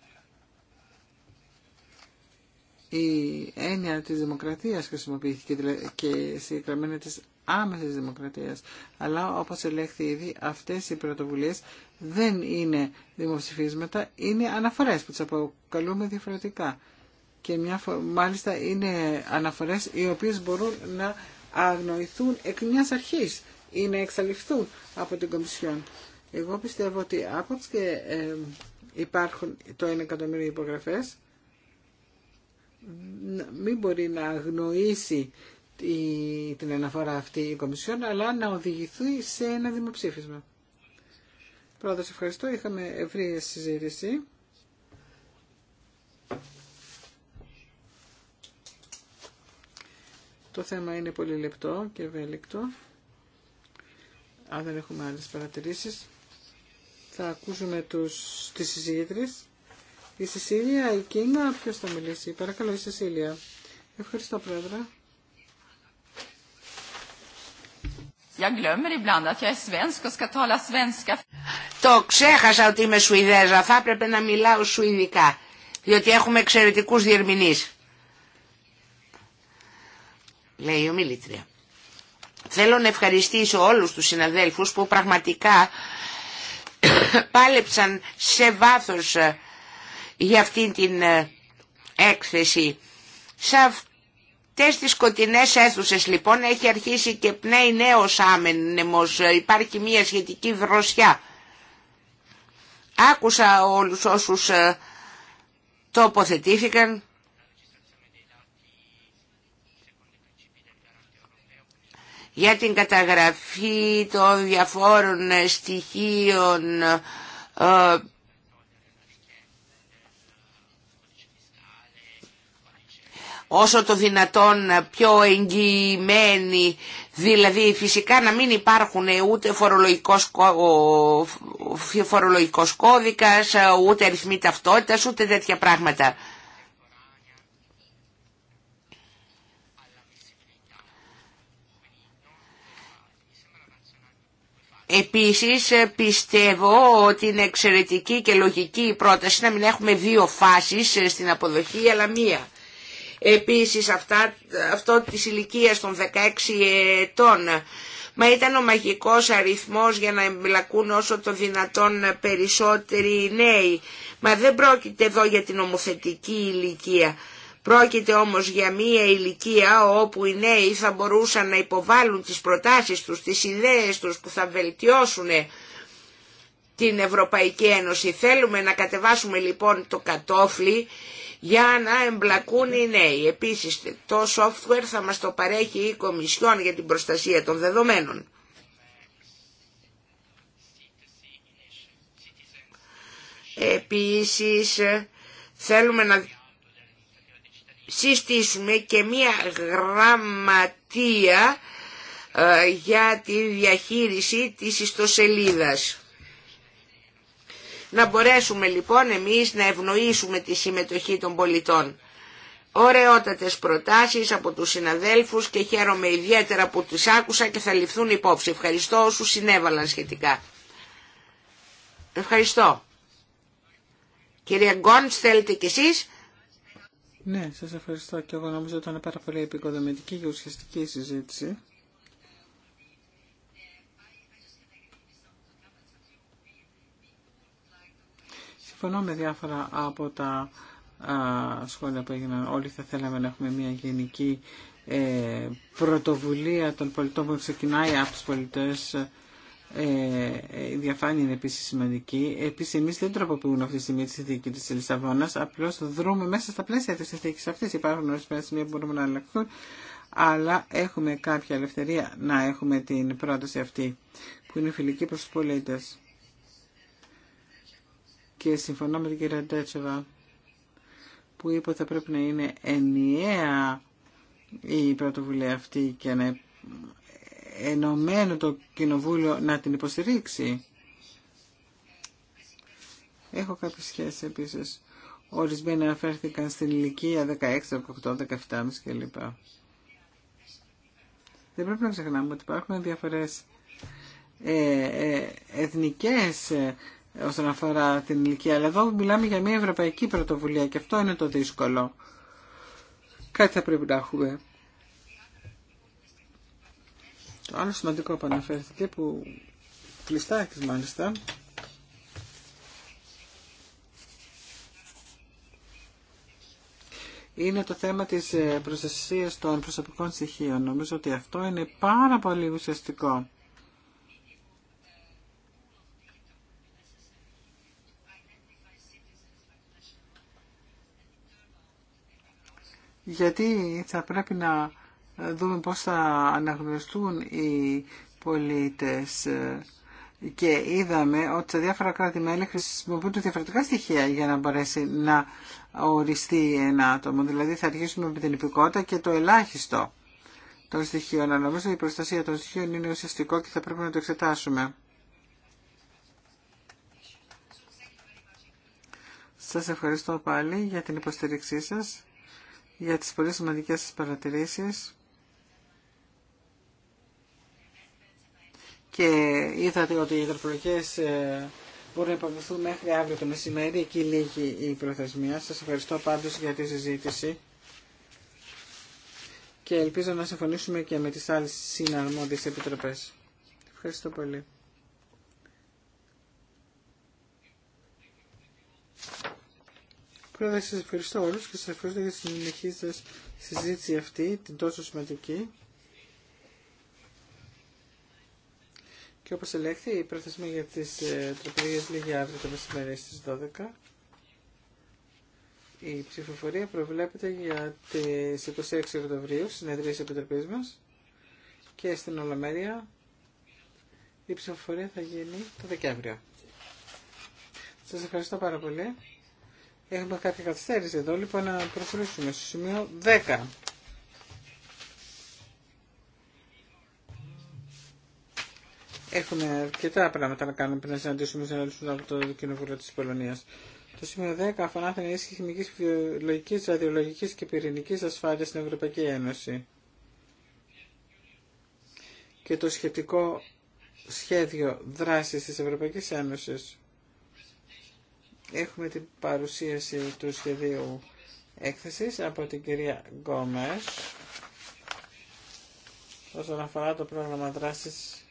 η έννοια της δημοκρατίας χρησιμοποιήθηκε και συγκεκριμένα της άμεσης δημοκρατίας. Αλλά όπως ελέγχθη ήδη αυτές οι πρωτοβουλίες δεν είναι δημοψηφίσματα, είναι αναφορές που τις αποκαλούμε διαφορετικά. Και μια μάλιστα είναι αναφορές οι οποίες μπορούν να αγνοηθούν εκ μιας αρχής ή να εξαλειφθούν από την Κομισιόν. Εγώ πιστεύω ότι άποψε και ε, υπάρχουν το 1 εκατομμύριο υπογραφές, μην μπορεί να αγνοήσει την αναφορά αυτή η Κομισιόν, αλλά να οδηγηθεί σε ένα δημοψήφισμα. Πρώτος ευχαριστώ. Είχαμε ευρία συζήτηση. Το θέμα είναι πολύ λεπτό και ευέλικτο. Αν δεν έχουμε άλλες παρατηρήσεις, θα ακούσουμε τους, τις συζήτητες. Η Σεσίλια, η Κίνα, ποιος θα μιλήσει. Παρακαλώ η Σεσίλια. Ευχαριστώ πρόεδρε. Το ξέχασα ότι είμαι Σουηδέζα, θα έπρεπε να μιλάω Σουηδικά, διότι έχουμε εξαιρετικού διερμηνείς. Λέει η ομιλήτρια. Θέλω να ευχαριστήσω όλου του συναδέλφου που πραγματικά πάλεψαν σε βάθο. Ε, για αυτήν την ε, έκθεση. Σε αυτές τις σκοτεινές αίθουσες λοιπόν έχει αρχίσει και πνέει νέος άμενεμος, ε, υπάρχει μια σχετική δροσιά. Άκουσα όλους όσους ε, τοποθετήθηκαν. για την καταγραφή των διαφόρων στοιχείων όσο το δυνατόν πιο εγγυημένοι, δηλαδή φυσικά να μην υπάρχουν ούτε φορολογικός, φορολογικός κώδικας, ούτε αριθμοί ταυτότητας, ούτε τέτοια πράγματα. Επίσης πιστεύω ότι είναι εξαιρετική και λογική η πρόταση να μην έχουμε δύο φάσεις στην αποδοχή αλλά μία επίσης αυτό της ηλικίας των 16 ετών. Μα ήταν ο μαγικός αριθμός για να εμπλακούν όσο το δυνατόν περισσότεροι νέοι. Μα δεν πρόκειται εδώ για την ομοθετική ηλικία. Πρόκειται όμως για μία ηλικία όπου οι νέοι θα μπορούσαν να υποβάλουν τις προτάσεις τους, τις ιδέες τους που θα βελτιώσουν την Ευρωπαϊκή Ένωση. Θέλουμε να κατεβάσουμε λοιπόν το κατόφλι για να εμπλακούν οι νέοι. Επίσης το software θα μας το παρέχει η Κομισιόν για την προστασία των δεδομένων. Επίσης θέλουμε να συστήσουμε και μία γραμματεία ε, για τη διαχείριση της ιστοσελίδας. Να μπορέσουμε λοιπόν εμείς να ευνοήσουμε τη συμμετοχή των πολιτών. Ωραιότατες προτάσεις από τους συναδέλφους και χαίρομαι ιδιαίτερα που τις άκουσα και θα ληφθούν υπόψη. Ευχαριστώ όσους συνέβαλαν σχετικά. Ευχαριστώ. Κυρία Γκόντς, θέλετε κι εσείς. Ναι, σας ευχαριστώ και εγώ νομίζω ότι ήταν πάρα πολύ επικοδομητική και ουσιαστική συζήτηση. Συμφωνώ με διάφορα από τα σχόλια που έγιναν. Όλοι θα θέλαμε να έχουμε μια γενική ε, πρωτοβουλία των πολιτών που ξεκινάει από τους πολιτές ε, ε, η διαφάνεια είναι επίση σημαντική. Επίση, εμεί δεν τροποποιούμε αυτή τη στιγμή τη συνθήκη τη Λισαβόνα, απλώ δρούμε μέσα στα πλαίσια τη συνθήκη αυτή. Υπάρχουν ορισμένα σημεία που μπορούμε να αλλάξουν, αλλά έχουμε κάποια ελευθερία να έχουμε την πρόταση αυτή που είναι φιλική προ του πολίτε και συμφωνώ με την κυρία Ντέτσεβα που είπε ότι θα πρέπει να είναι ενιαία η πρωτοβουλία αυτή και να ενωμένο το κοινοβούλιο να την υποστηρίξει. Έχω κάποιες σχέσεις επίσης. Ορισμένοι αναφέρθηκαν στην ηλικία 16, 18, 17 κλπ. Δεν πρέπει να ξεχνάμε ότι υπάρχουν διαφορές ε, ε, εθνικές όσον αφορά την ηλικία. Αλλά εδώ μιλάμε για μια ευρωπαϊκή πρωτοβουλία και αυτό είναι το δύσκολο. Κάτι θα πρέπει να έχουμε. Το άλλο σημαντικό που αναφέρθηκε που κλειστά έχεις μάλιστα είναι το θέμα της ε, προστασίας των προσωπικών στοιχείων. Νομίζω ότι αυτό είναι πάρα πολύ ουσιαστικό. γιατί θα πρέπει να δούμε πώς θα αναγνωριστούν οι πολίτες και είδαμε ότι σε διάφορα κράτη-μέλη χρησιμοποιούν διαφορετικά στοιχεία για να μπορέσει να οριστεί ένα άτομο. Δηλαδή θα αρχίσουμε με την υπηκότητα και το ελάχιστο των στοιχείων. Αλλά νομίζω η προστασία των στοιχείων είναι ουσιαστικό και θα πρέπει να το εξετάσουμε. Σας ευχαριστώ πάλι για την υποστήριξή σας για τις πολύ σημαντικές σας παρατηρήσεις. Και είδατε ότι οι υδροφολογικές ε, μπορούν να υποβληθούν μέχρι αύριο το μεσημέρι. Εκεί λίγη η προθεσμία. Σας ευχαριστώ πάντως για τη συζήτηση. Και ελπίζω να συμφωνήσουμε και με τις άλλες συναρμόδιες επιτροπές. Ευχαριστώ πολύ. Πρόεδρε, σας ευχαριστώ όλους και σας ευχαριστώ για τη συνεχή σας συζήτηση αυτή, την τόσο σημαντική. Και όπως ελέγχθη, η προθεσμία για τις ε, λήγει λίγη αύριο το μεσημέρι στις 12. Η ψηφοφορία προβλέπεται για τις 26 Οκτωβρίου, συνεδρία της Επιτροπής μας και στην Ολομέρεια η ψηφοφορία θα γίνει το Δεκέμβριο. Σας ευχαριστώ πάρα πολύ. Έχουμε κάποια καθυστέρηση εδώ, λοιπόν να προχωρήσουμε στο σημείο 10. Έχουμε αρκετά πράγματα να κάνουμε πριν να συναντήσουμε σε άλλου από το Κοινοβούλιο της Πολωνίας. Το σημείο 10 αφορά την ενίσχυση χημική, βιολογική, ραδιολογική και πυρηνική ασφάλεια στην Ευρωπαϊκή Ένωση. Και το σχετικό σχέδιο δράση τη Ευρωπαϊκή Ένωση. Έχουμε την παρουσίαση του σχεδίου έκθεσης από την κυρία Γκόμες όσον αφορά το πρόγραμμα δράσης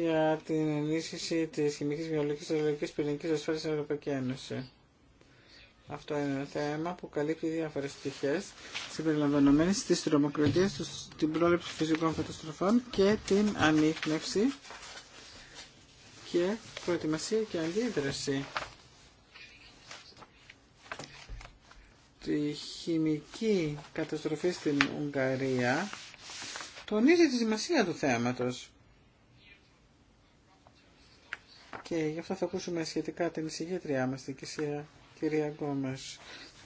για την ενίσχυση της χημικής, βιολογικής, ορολογικής, πυρηνικής ασφάλειας στην Ευρωπαϊκή Ένωση. Αυτό είναι ένα θέμα που καλύπτει διάφορες πτυχές συμπεριλαμβανομένης της τρομοκρατίας, την πρόληψη φυσικών καταστροφών και την ανείχνευση και προετοιμασία και αντίδραση. τη χημική καταστροφή στην Ουγγαρία τονίζει τη σημασία του θέματος. Και γι' αυτό θα ακούσουμε σχετικά την εισηγήτριά μας, την κυρία, κυρία Γκόμες.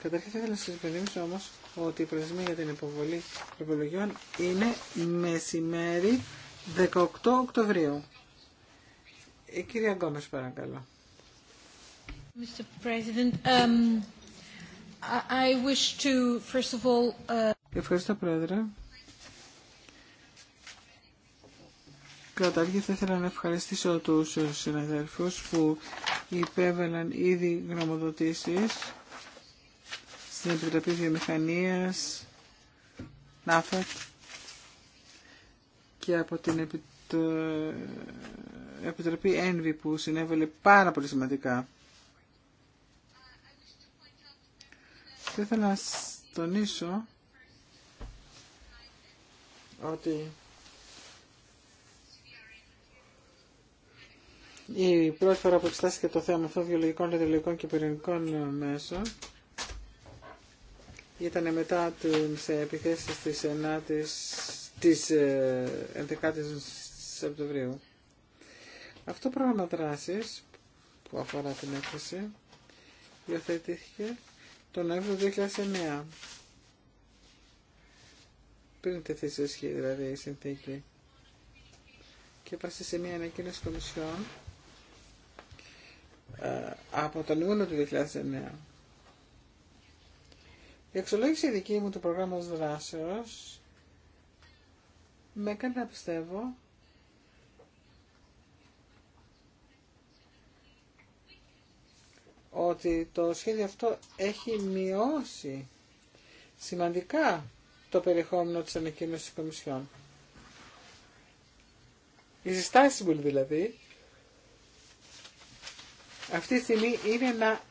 Καταρχήν θα ήθελα να σας υπενθυμίσω όμως ότι η προθεσμία για την υποβολή προπολογιών είναι μεσημέρι 18 Οκτωβρίου. Η ε, κυρία Γκόμες παρακαλώ. Mr. President, um, I wish to, first uh, Ευχαριστώ, Πρόεδρε. Καταρχήν θα ήθελα να ευχαριστήσω τους συναδέλφους που υπέβαλαν ήδη γνωμοδοτήσεις στην Επιτροπή Βιομηχανίας, ΝΑΦΕΤ και από την Επιτροπή Επιτροπή Ένβη που συνέβαλε πάρα πολύ σημαντικά. Θα ήθελα να τονίσω ότι η πρώτη φορά που εξετάστηκε το θέμα αυτό βιολογικών, ρεδιολογικών και πυρηνικών μέσων ήταν μετά τις επιθέσεις της 9 της 11 ε, Σεπτεμβρίου. Αυτό το πρόγραμμα δράση που αφορά την έκθεση υιοθετήθηκε τον Νοέμβριο 2009 πριν τεθεί σε ισχύ δηλαδή η συνθήκη και βάσει σε μια ανακοίνωση κομισιών ε, από τον Ιούνιο του 2009. Η εξολόγηση δική μου του προγράμματος δράσεως με έκανε να πιστεύω ότι το σχέδιο αυτό έχει μειώσει σημαντικά το περιεχόμενο της ανακοίνωσης της Κομισιόν. Η συστάση, δηλαδή αυτή τη στιγμή είναι να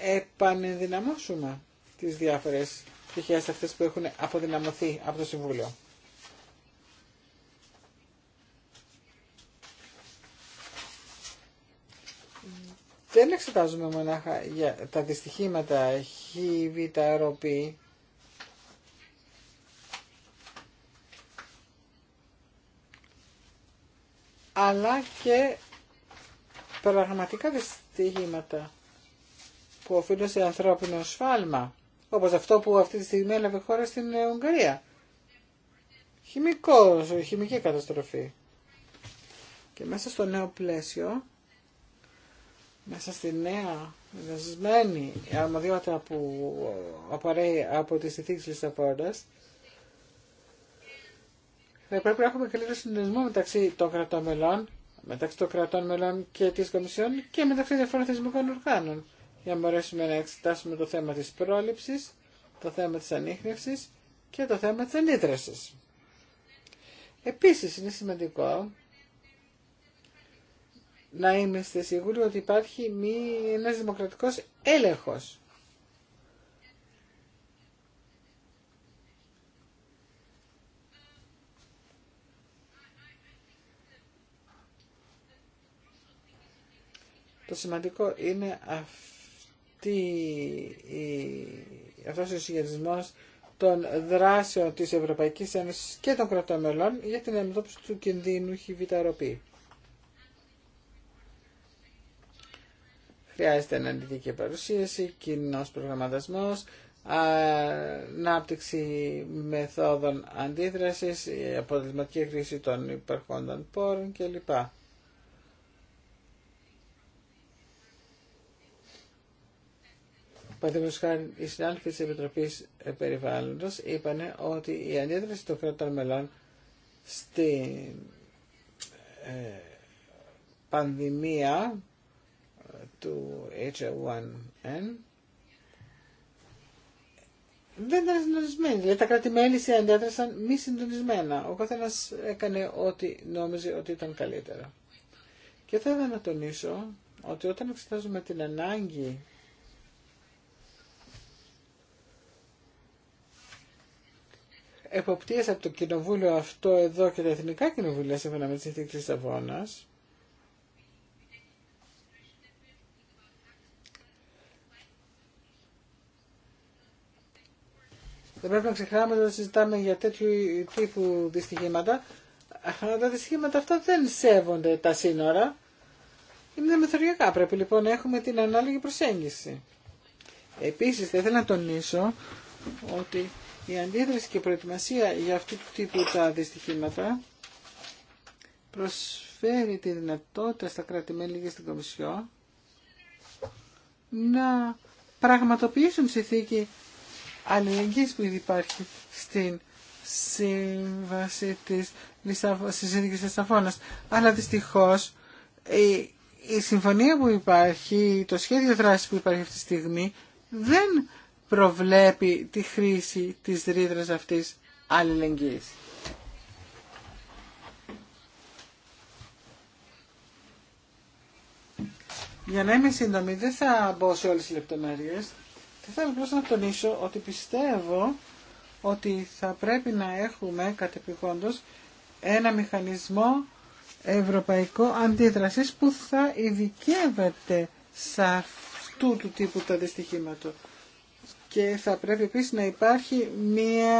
επανενδυναμώσουμε τις διάφορες πτυχές αυτές που έχουν αποδυναμωθεί από το Συμβούλιο. δεν εξετάζουμε μονάχα για τα δυστυχήματα χ, β, αλλά και πραγματικά δυστυχήματα που οφείλουν σε ανθρώπινο σφάλμα, όπως αυτό που αυτή τη στιγμή έλαβε χώρα στην Ουγγαρία. χημική καταστροφή. Και μέσα στο νέο πλαίσιο μέσα στη νέα δεσμένη αρμοδιότητα που απαραίει από τις συνθήκες Λισαβόνας, θα πρέπει να έχουμε καλύτερο συνδυασμό μεταξύ των κρατών μελών, μεταξύ των κρατών μελών και της Κομισιόν και μεταξύ διαφορών θεσμικών οργάνων, για να μπορέσουμε να εξετάσουμε το θέμα της πρόληψης, το θέμα της ανείχνευσης και το θέμα της ανίδρασης. Επίσης είναι σημαντικό να είμαστε σίγουροι ότι υπάρχει μη, ένας δημοκρατικός έλεγχος. Το σημαντικό είναι αυτή, η, αυτός ο συγχαρισμός των δράσεων της Ευρωπαϊκής Ένωσης και των κρατών μελών για την αντιμετώπιση του κινδύνου χιβιταροποίηση. Χρειάζεται αναλυτική παρουσίαση, κοινό προγραμματισμό, ανάπτυξη μεθόδων αντίδρασης, αποτελεσματική χρήση των υπερχόντων πόρων κλπ. Παραδείγματο χάρη, οι συνάδελφοι τη Επιτροπή Περιβάλλοντο είπαν ότι η αντίδραση των κρατών μελών στην ε, πανδημία του H1N δεν ήταν συντονισμένοι. Δηλαδή τα κράτη-μέλη συνέντευξαν μη συντονισμένα. Ο καθένα έκανε ό,τι νόμιζε ότι ήταν καλύτερα. Και θα ήθελα να τονίσω ότι όταν εξετάζουμε την ανάγκη εποπτείας από το κοινοβούλιο αυτό εδώ και τα εθνικά κοινοβούλια σύμφωνα με τη συνθήκη της Δεν πρέπει να ξεχνάμε όταν συζητάμε για τέτοιου τύπου δυστυχήματα. Αλλά τα δυστυχήματα αυτά δεν σέβονται τα σύνορα. Είναι μεθοριακά. Πρέπει λοιπόν να έχουμε την ανάλογη προσέγγιση. Επίσης, θα ήθελα να τονίσω ότι η αντίδραση και η προετοιμασία για αυτού του τύπου τα δυστυχήματα προσφέρει τη δυνατότητα στα κρατημένη και στην Κομισιό να πραγματοποιήσουν συνθήκη αλληλεγγύης που ήδη υπάρχει στην σύμβαση της συνθήκης της Αλλά δυστυχώς η, η συμφωνία που υπάρχει, το σχέδιο δράσης που υπάρχει αυτή τη στιγμή δεν προβλέπει τη χρήση της ρήτρας αυτής αλληλεγγύης. Για να είμαι σύντομη, δεν θα μπω σε όλες τις λεπτομέρειες. Θέλω απλώ να τονίσω ότι πιστεύω ότι θα πρέπει να έχουμε κατεπηγόντως ένα μηχανισμό ευρωπαϊκό αντίδρασης που θα ειδικεύεται σε αυτού του τύπου τα δυστυχήματα. Και θα πρέπει επίσης να υπάρχει μια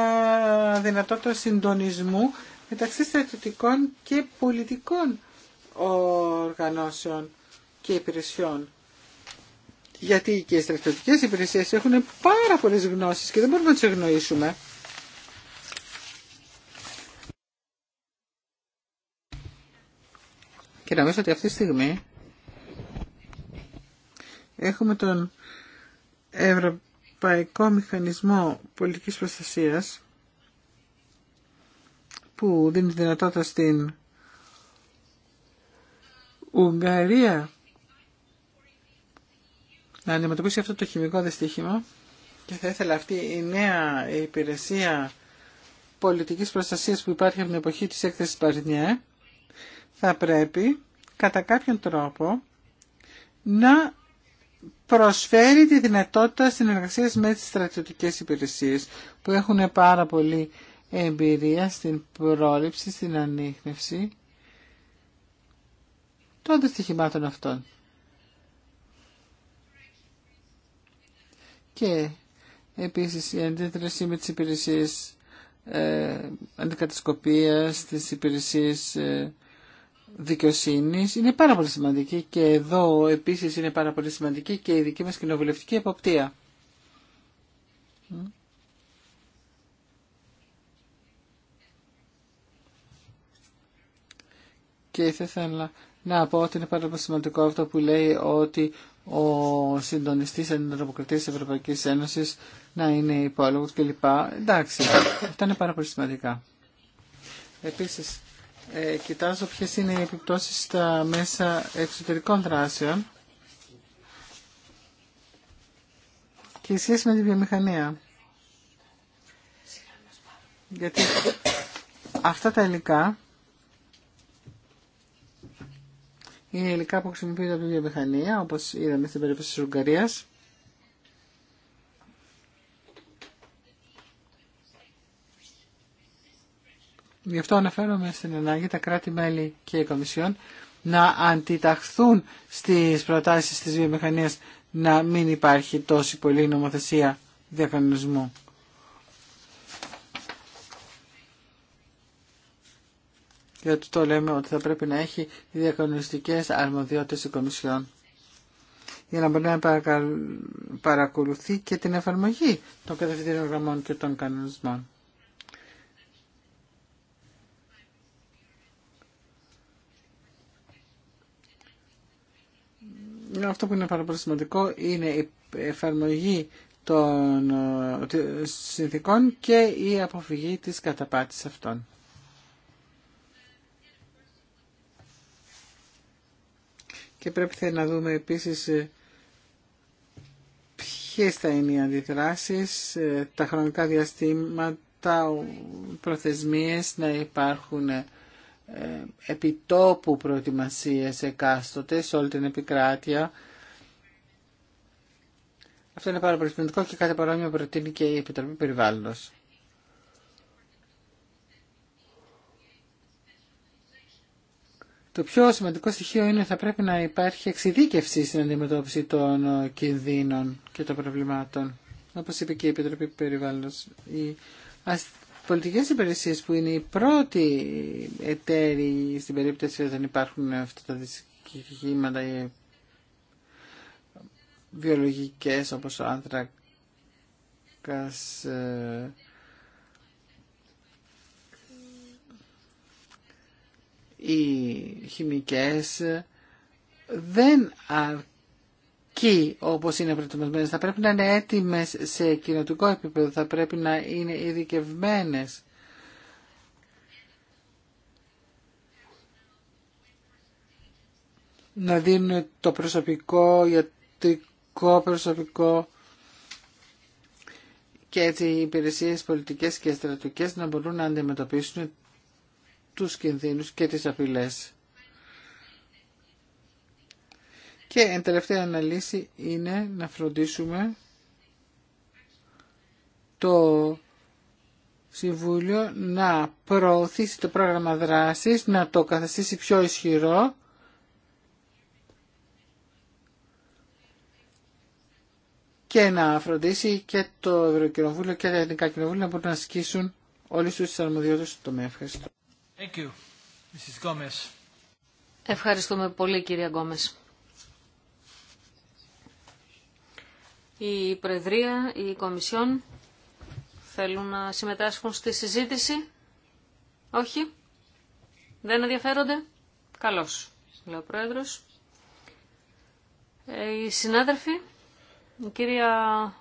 δυνατότητα συντονισμού μεταξύ στρατιωτικών και πολιτικών οργανώσεων και υπηρεσιών. Γιατί και οι στρατιωτικές υπηρεσίες έχουν πάρα πολλές γνώσεις και δεν μπορούμε να τις εγνοήσουμε. Και νομίζω ότι αυτή τη στιγμή έχουμε τον Ευρωπαϊκό Μηχανισμό Πολιτικής Προστασίας που δίνει δυνατότητα στην Ουγγαρία να αντιμετωπίσει αυτό το χημικό δυστύχημα και θα ήθελα αυτή η νέα υπηρεσία πολιτικής προστασίας που υπάρχει από την εποχή της έκθεσης Παρνιέ θα πρέπει κατά κάποιον τρόπο να προσφέρει τη δυνατότητα συνεργασίας με τις στρατιωτικές υπηρεσίες που έχουν πάρα πολύ εμπειρία στην πρόληψη, στην ανείχνευση των δυστυχημάτων αυτών. και επίσης η αντίδραση με τις υπηρεσίες ε, αντικατασκοπίας, τις υπηρεσίες ε, δικαιοσύνης είναι πάρα πολύ σημαντική και εδώ επίσης είναι πάρα πολύ σημαντική και η δική μας κοινοβουλευτική εποπτεία. Και θα ήθελα να πω ότι είναι πάρα πολύ σημαντικό αυτό που λέει ότι ο συντονιστής αντιτροποκριτής της Ευρωπαϊκής Ένωσης να είναι υπόλογος κλπ. Εντάξει, αυτά είναι πάρα πολύ σημαντικά. Επίσης, ε, κοιτάζω ποιες είναι οι επιπτώσεις στα μέσα εξωτερικών δράσεων και η σχέση με τη βιομηχανία. Γιατί αυτά τα υλικά είναι υλικά που χρησιμοποιούνται από τη βιομηχανία, όπως είδαμε στην περίπτωση της Ουγγαρία. Γι' αυτό αναφέρομαι στην ανάγκη τα κράτη-μέλη και η Κομισιόν να αντιταχθούν στις προτάσεις της βιομηχανίας να μην υπάρχει τόση πολλή νομοθεσία διακανονισμού. γιατί το λέμε ότι θα πρέπει να έχει διακονιστικές αρμοδιότητες η Κομισιόν για να μπορεί να παρακολουθεί και την εφαρμογή των κατευθυντήριων γραμμών και των κανονισμών. Αυτό που είναι πάρα πολύ σημαντικό είναι η εφαρμογή των ε, συνθήκων και η αποφυγή της καταπάτησης αυτών. και πρέπει να δούμε επίσης ε, ποιες θα είναι οι αντιδράσεις, ε, τα χρονικά διαστήματα, προθεσμίες να υπάρχουν ε, επιτόπου προετοιμασίες εκάστοτε σε όλη την επικράτεια. Αυτό είναι πάρα πολύ σημαντικό και κάτι παρόμοιο προτείνει και η Επιτροπή Περιβάλλοντος. Το πιο σημαντικό στοιχείο είναι ότι θα πρέπει να υπάρχει εξειδίκευση στην αντιμετώπιση των κινδύνων και των προβλημάτων. Όπως είπε και η Επιτροπή Περιβάλλοντος, οι πολιτικές υπηρεσίες που είναι οι πρώτοι εταίροι στην περίπτωση όταν υπάρχουν αυτά τα και βιολογικές όπως ο άνθρακας ε, οι χημικές δεν αρκεί όπως είναι προετοιμασμένες. Θα πρέπει να είναι έτοιμες σε κοινοτικό επίπεδο, θα πρέπει να είναι ειδικευμένε. Να δίνουν το προσωπικό, ιατρικό προσωπικό και έτσι οι υπηρεσίες πολιτικές και στρατιωτικές να μπορούν να αντιμετωπίσουν τους κινδύνους και τις απειλές. Και εν τελευταία αναλύση είναι να φροντίσουμε το Συμβούλιο να προωθήσει το πρόγραμμα δράσης, να το καθαστήσει πιο ισχυρό και να φροντίσει και το Ευρωκοινοβούλιο και τα Εθνικά Κοινοβούλια να μπορούν να ασκήσουν όλες τους αρμοδιότητες στο τομέα. Ευχαριστώ. Ευχαριστούμε πολύ κυρία Γκόμες. Η Προεδρία, η Κομισιόν θέλουν να συμμετάσχουν στη συζήτηση. Όχι. Δεν ενδιαφέρονται. Καλώς, λέει ο Πρόεδρος. Ε, οι συνάδελφοι, η κυρία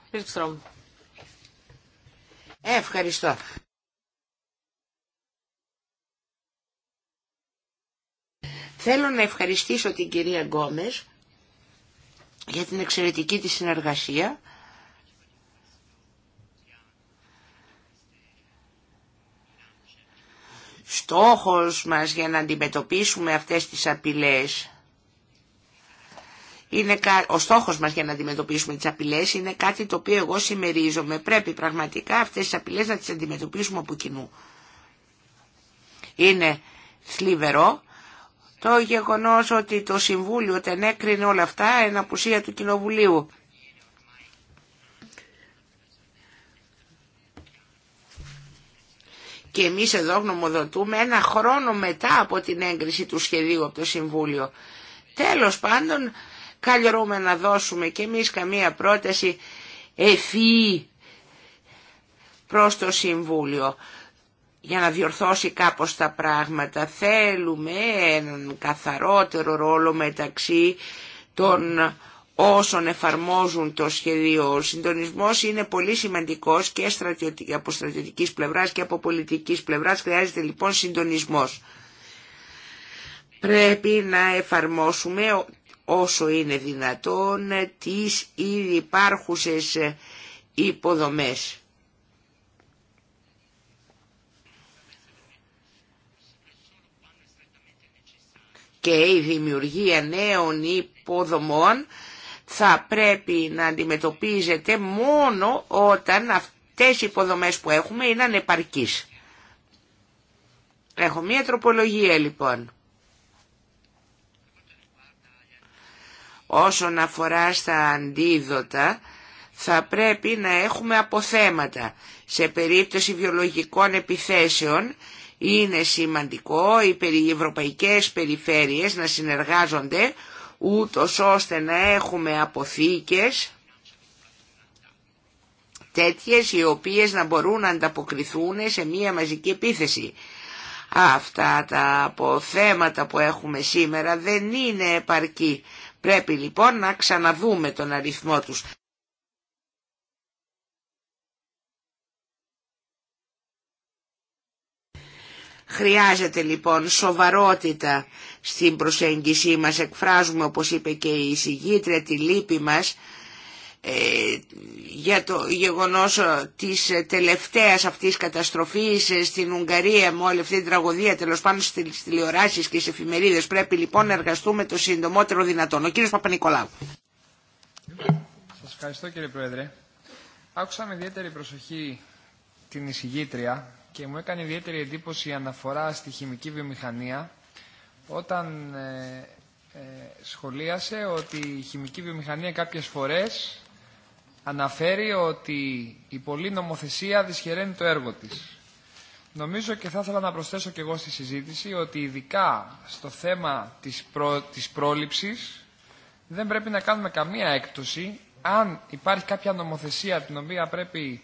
Ευχαριστώ. Θέλω να ευχαριστήσω την κυρία Γκόμες για την εξαιρετική της συνεργασία. Στόχος μας για να αντιμετωπίσουμε αυτές τις απειλές είναι ο στόχος μας για να αντιμετωπίσουμε τις απειλές είναι κάτι το οποίο εγώ συμμερίζομαι. Πρέπει πραγματικά αυτές τις απειλές να τις αντιμετωπίσουμε από κοινού. Είναι θλιβερό το γεγονός ότι το Συμβούλιο τα ενέκρινε όλα αυτά εν απουσία του Κοινοβουλίου. Και εμείς εδώ γνωμοδοτούμε ένα χρόνο μετά από την έγκριση του σχεδίου από το Συμβούλιο. Τέλος πάντων, καλυρούμε να δώσουμε και εμείς καμία πρόταση ευφυή προς το Συμβούλιο για να διορθώσει κάπως τα πράγματα. Θέλουμε έναν καθαρότερο ρόλο μεταξύ των όσων εφαρμόζουν το σχεδίο. Ο συντονισμός είναι πολύ σημαντικός και από στρατιωτικής πλευράς και από πολιτικής πλευράς. Χρειάζεται λοιπόν συντονισμός. Πρέπει να εφαρμόσουμε όσο είναι δυνατόν τις ήδη υπάρχουσες υποδομές. και η δημιουργία νέων υποδομών θα πρέπει να αντιμετωπίζεται μόνο όταν αυτές οι υποδομές που έχουμε είναι ανεπαρκείς. Έχω μία τροπολογία λοιπόν. Όσον αφορά στα αντίδοτα, θα πρέπει να έχουμε αποθέματα. Σε περίπτωση βιολογικών επιθέσεων, είναι σημαντικό οι ευρωπαϊκές περιφέρειες να συνεργάζονται ούτως ώστε να έχουμε αποθήκες τέτοιες οι οποίες να μπορούν να ανταποκριθούν σε μία μαζική επίθεση. Αυτά τα αποθέματα που έχουμε σήμερα δεν είναι επαρκή. Πρέπει λοιπόν να ξαναδούμε τον αριθμό τους. Χρειάζεται λοιπόν σοβαρότητα στην προσέγγιση μας, εκφράζουμε όπως είπε και η συγγήτρια τη λύπη μας ε, για το γεγονός ε, της ε, τελευταίας αυτής καταστροφής στην Ουγγαρία με όλη αυτή την τραγωδία τέλο πάντων στις τηλεοράσεις και στις εφημερίδες πρέπει λοιπόν να εργαστούμε το συντομότερο δυνατόν. Ο κύριος Παπα-Νικολάου. Σας ευχαριστώ κύριε Πρόεδρε. Άκουσα με ιδιαίτερη προσοχή την εισηγήτρια και μου έκανε ιδιαίτερη εντύπωση η αναφορά στη χημική βιομηχανία όταν ε, ε, σχολίασε ότι η χημική βιομηχανία κάποιες φορές αναφέρει ότι η πολλή νομοθεσία δυσχεραίνει το έργο της. Νομίζω και θα ήθελα να προσθέσω και εγώ στη συζήτηση ότι ειδικά στο θέμα της, προ... της πρόληψης δεν πρέπει να κάνουμε καμία έκπτωση αν υπάρχει κάποια νομοθεσία την οποία πρέπει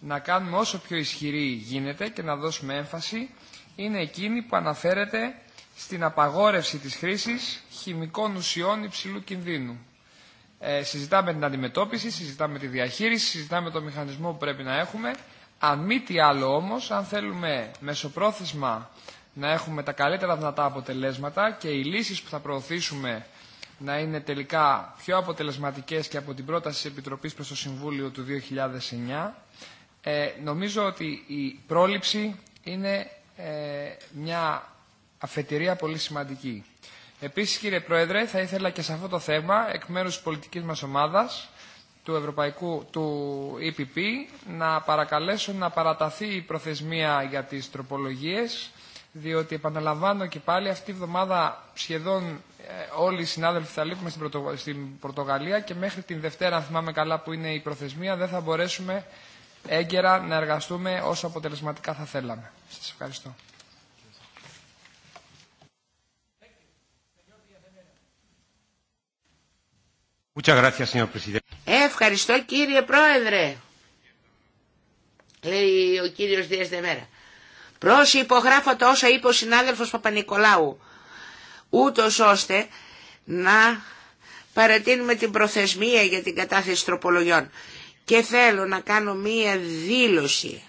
να κάνουμε όσο πιο ισχυρή γίνεται και να δώσουμε έμφαση είναι εκείνη που αναφέρεται στην απαγόρευση της χρήσης χημικών ουσιών υψηλού κινδύνου. Ε, συζητάμε την αντιμετώπιση, συζητάμε τη διαχείριση, συζητάμε το μηχανισμό που πρέπει να έχουμε. Αν μη τι άλλο όμως, αν θέλουμε μεσοπρόθεσμα να έχουμε τα καλύτερα δυνατά αποτελέσματα και οι λύσεις που θα προωθήσουμε να είναι τελικά πιο αποτελεσματικές και από την πρόταση της Επιτροπής προς το Συμβούλιο του 2009, ε, νομίζω ότι η πρόληψη είναι ε, μια αφετηρία πολύ σημαντική. Επίσης, κύριε Πρόεδρε, θα ήθελα και σε αυτό το θέμα, εκ μέρους της πολιτικής μας ομάδας, του Ευρωπαϊκού, του EPP, να παρακαλέσω να παραταθεί η προθεσμία για τις τροπολογίες, διότι επαναλαμβάνω και πάλι αυτή η εβδομάδα σχεδόν ε, όλοι οι συνάδελφοι θα λείπουμε στην, Πορτογαλία και μέχρι την Δευτέρα, αν θυμάμαι καλά που είναι η προθεσμία, δεν θα μπορέσουμε έγκαιρα να εργαστούμε όσο αποτελεσματικά θα θέλαμε. Σας ευχαριστώ. Ευχαριστώ κύριε Πρόεδρε. Λέει ο κύριος Δίας Δεμέρα. Πρόσι υπογράφω το όσα είπε ο συνάδελφος Παπα-Νικολάου. Ούτως ώστε να παρατείνουμε την προθεσμία για την κατάθεση τροπολογιών. Και θέλω να κάνω μία δήλωση.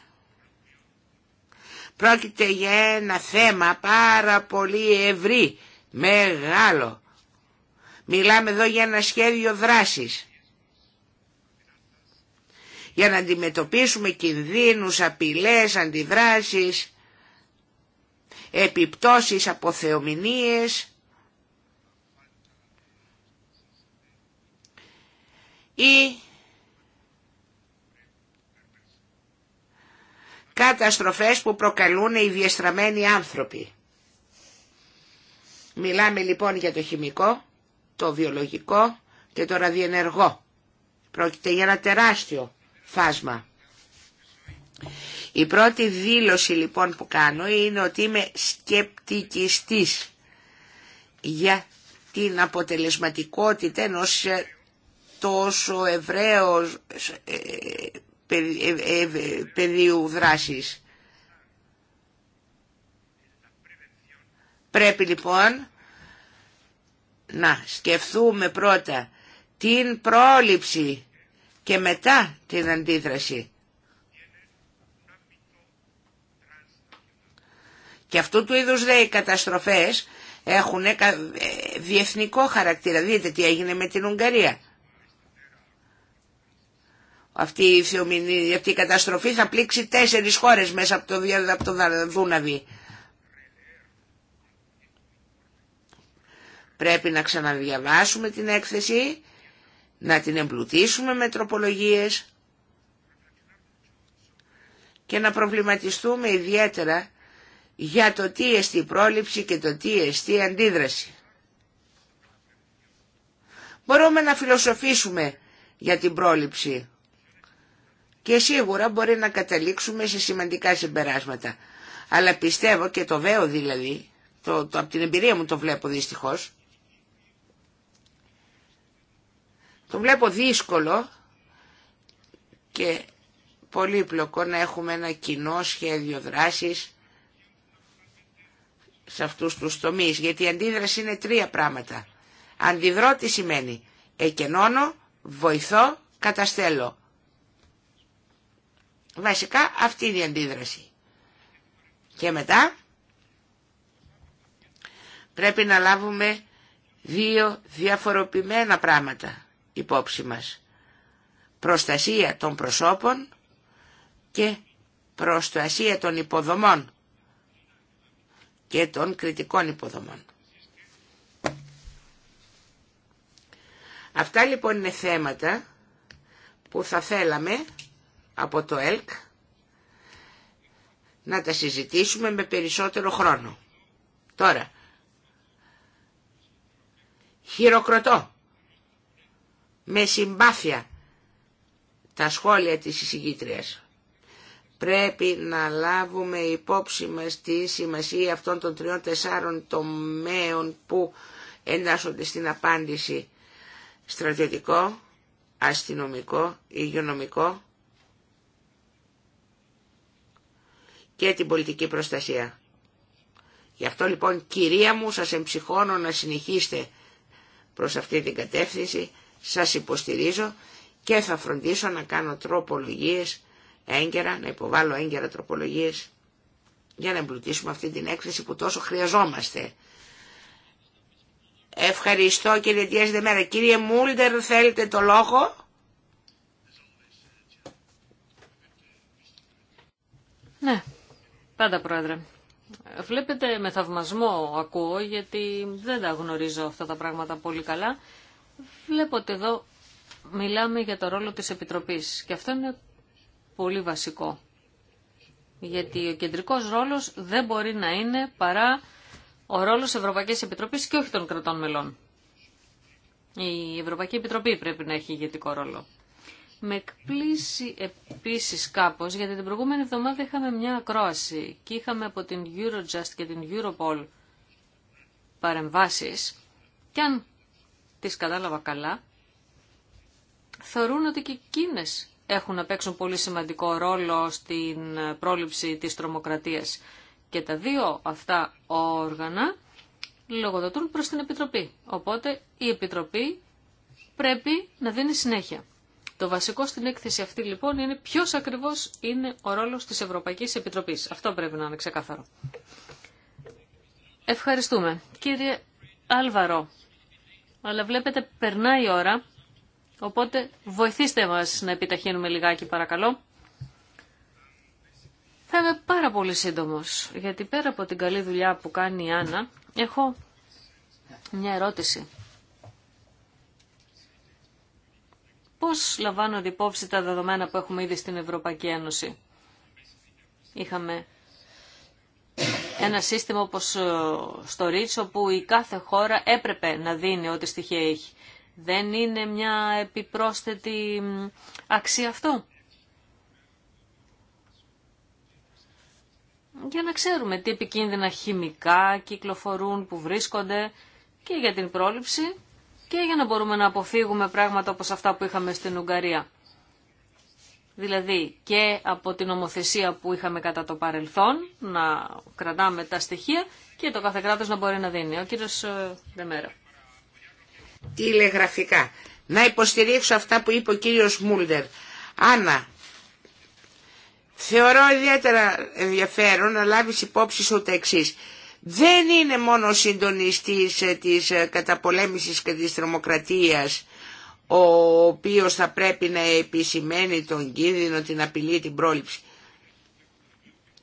Πρόκειται για ένα θέμα πάρα πολύ ευρύ, μεγάλο. Μιλάμε εδώ για ένα σχέδιο δράσης. Για να αντιμετωπίσουμε κινδύνους, απειλές, αντιδράσεις, επιπτώσεις, αποθεομηνίες... ή καταστροφές που προκαλούν οι διεστραμμένοι άνθρωποι. Μιλάμε λοιπόν για το χημικό, το βιολογικό και το ραδιενεργό. Πρόκειται για ένα τεράστιο φάσμα. Η πρώτη δήλωση λοιπόν που κάνω είναι ότι είμαι σκεπτικιστής για την αποτελεσματικότητα ενός ε, τόσο ευραίος ε, ε, ε, πεδίου δράσης. Πρέπει λοιπόν να σκεφτούμε πρώτα την πρόληψη και μετά την αντίδραση. Και αυτού του είδους δε οι καταστροφές έχουν ε, διεθνικό χαρακτήρα. Δείτε τι έγινε με την Ουγγαρία. Αυτή η, αυτή καταστροφή θα πλήξει τέσσερις χώρες μέσα από το, από το Δούναβι. Πρέπει να ξαναδιαβάσουμε την έκθεση, να την εμπλουτίσουμε με τροπολογίες και να προβληματιστούμε ιδιαίτερα για το τι εστί πρόληψη και το τι εστί αντίδραση. Μπορούμε να φιλοσοφήσουμε για την πρόληψη και σίγουρα μπορεί να καταλήξουμε σε σημαντικά συμπεράσματα. Αλλά πιστεύω και το βέω δηλαδή, το, το, από την εμπειρία μου το βλέπω δυστυχώς, το βλέπω δύσκολο και πολύ πλοκό να έχουμε ένα κοινό σχέδιο δράσης σε αυτούς τους τομείς, γιατί η αντίδραση είναι τρία πράγματα. Αντιδρώ τι σημαίνει, εκενώνω, βοηθώ, καταστέλω. Βασικά αυτή είναι η αντίδραση. Και μετά πρέπει να λάβουμε δύο διαφοροποιημένα πράγματα υπόψη μας. Προστασία των προσώπων και προστασία των υποδομών και των κριτικών υποδομών. Αυτά λοιπόν είναι θέματα που θα θέλαμε από το ΕΛΚ να τα συζητήσουμε με περισσότερο χρόνο. Τώρα, χειροκροτώ με συμπάθεια τα σχόλια της εισηγήτριας. Πρέπει να λάβουμε υπόψη μας τη σημασία αυτών των τριών-τεσσάρων τομέων που εντάσσονται στην απάντηση στρατιωτικό, αστυνομικό, υγειονομικό και την πολιτική προστασία. Γι' αυτό λοιπόν κυρία μου σας εμψυχώνω να συνεχίσετε προς αυτή την κατεύθυνση, σας υποστηρίζω και θα φροντίσω να κάνω τροπολογίες έγκαιρα, να υποβάλω έγκαιρα τροπολογίες για να εμπλουτίσουμε αυτή την έκθεση που τόσο χρειαζόμαστε. Ευχαριστώ κύριε Διέζη Δεμέρα. Κύριε Μούλτερ θέλετε το λόγο. Ναι, Πάντα, Πρόεδρε. Βλέπετε με θαυμασμό ακούω, γιατί δεν τα γνωρίζω αυτά τα πράγματα πολύ καλά. Βλέπω ότι εδώ μιλάμε για το ρόλο της Επιτροπής και αυτό είναι πολύ βασικό. Γιατί ο κεντρικός ρόλος δεν μπορεί να είναι παρά ο ρόλος Ευρωπαϊκής Επιτροπής και όχι των κρατών μελών. Η Ευρωπαϊκή Επιτροπή πρέπει να έχει ηγετικό ρόλο. Με εκπλήσει επίσης κάπως, γιατί την προηγούμενη εβδομάδα είχαμε μια ακρόαση και είχαμε από την Eurojust και την Europol παρεμβάσει, και αν τις κατάλαβα καλά, θεωρούν ότι και εκείνε έχουν να παίξουν πολύ σημαντικό ρόλο στην πρόληψη της τρομοκρατίας. Και τα δύο αυτά όργανα λογοδοτούν προς την Επιτροπή. Οπότε η Επιτροπή πρέπει να δίνει συνέχεια. Το βασικό στην έκθεση αυτή λοιπόν είναι ποιο ακριβώ είναι ο ρόλο τη Ευρωπαϊκή Επιτροπή. Αυτό πρέπει να είναι ξεκάθαρο. Ευχαριστούμε. Κύριε Άλβαρο, αλλά βλέπετε περνάει η ώρα, οπότε βοηθήστε μας να επιταχύνουμε λιγάκι παρακαλώ. Θα είμαι πάρα πολύ σύντομος, γιατί πέρα από την καλή δουλειά που κάνει η Άννα, έχω μια ερώτηση πώς λαμβάνονται υπόψη τα δεδομένα που έχουμε ήδη στην Ευρωπαϊκή Ένωση. Είχαμε ένα σύστημα όπως ε, στο Ρίτσο που η κάθε χώρα έπρεπε να δίνει ό,τι στοιχεία έχει. Δεν είναι μια επιπρόσθετη αξία αυτό. Για να ξέρουμε τι επικίνδυνα χημικά κυκλοφορούν, που βρίσκονται και για την πρόληψη και για να μπορούμε να αποφύγουμε πράγματα όπως αυτά που είχαμε στην Ουγγαρία. Δηλαδή και από την ομοθεσία που είχαμε κατά το παρελθόν να κρατάμε τα στοιχεία και το κάθε κράτος να μπορεί να δίνει. Ο κύριος ε, Δεμέρα. Τηλεγραφικά. Να υποστηρίξω αυτά που είπε ο κύριος Μούλτερ. Άννα, θεωρώ ιδιαίτερα ενδιαφέρον να λάβεις υπόψη σου τα δεν είναι μόνο συντονιστής ε, της ε, καταπολέμησης και της τρομοκρατίας ο οποίος θα πρέπει να επισημαίνει τον κίνδυνο, την απειλή, την πρόληψη.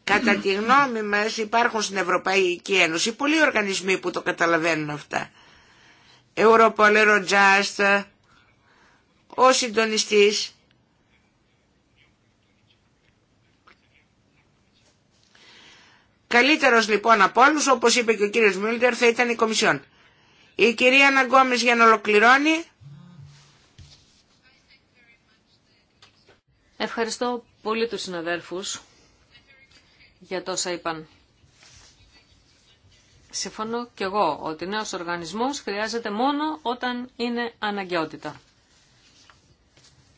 Κατά τη γνώμη μας υπάρχουν στην Ευρωπαϊκή Ένωση πολλοί οργανισμοί που το καταλαβαίνουν αυτά. Europol, Eurojust, ε, ο συντονιστής Καλύτερος λοιπόν από όλους, όπως είπε και ο κύριος Μίλτερ, θα ήταν η Κομισιόν. Η κυρία Αναγκόμε για να ολοκληρώνει. Ευχαριστώ πολύ τους συναδέρφους για τόσα είπαν. Συμφωνώ και εγώ ότι νέος οργανισμός χρειάζεται μόνο όταν είναι αναγκαιότητα.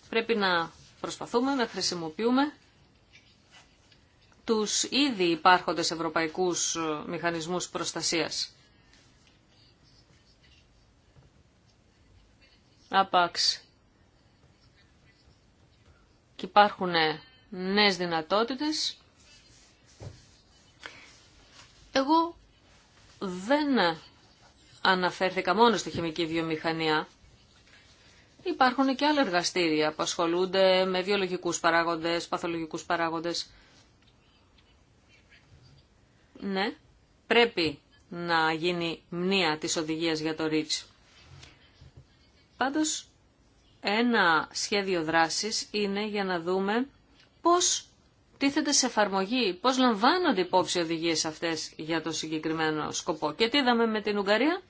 Πρέπει να προσπαθούμε να χρησιμοποιούμε τους ήδη υπάρχοντες ευρωπαϊκούς ε, μηχανισμούς προστασίας. Άπαξ. Και υπάρχουν ε, νέες δυνατότητες. Εγώ δεν αναφέρθηκα μόνο στη χημική βιομηχανία. Υπάρχουν και άλλα εργαστήρια που ασχολούνται με βιολογικούς παράγοντες, παθολογικούς παράγοντες ναι, πρέπει να γίνει μνήα της οδηγίας για το REACH. Πάντως, ένα σχέδιο δράσης είναι για να δούμε πώς τίθεται σε εφαρμογή, πώς λαμβάνονται υπόψη οι οδηγίες αυτές για το συγκεκριμένο σκοπό. Και τι είδαμε με την Ουγγαρία,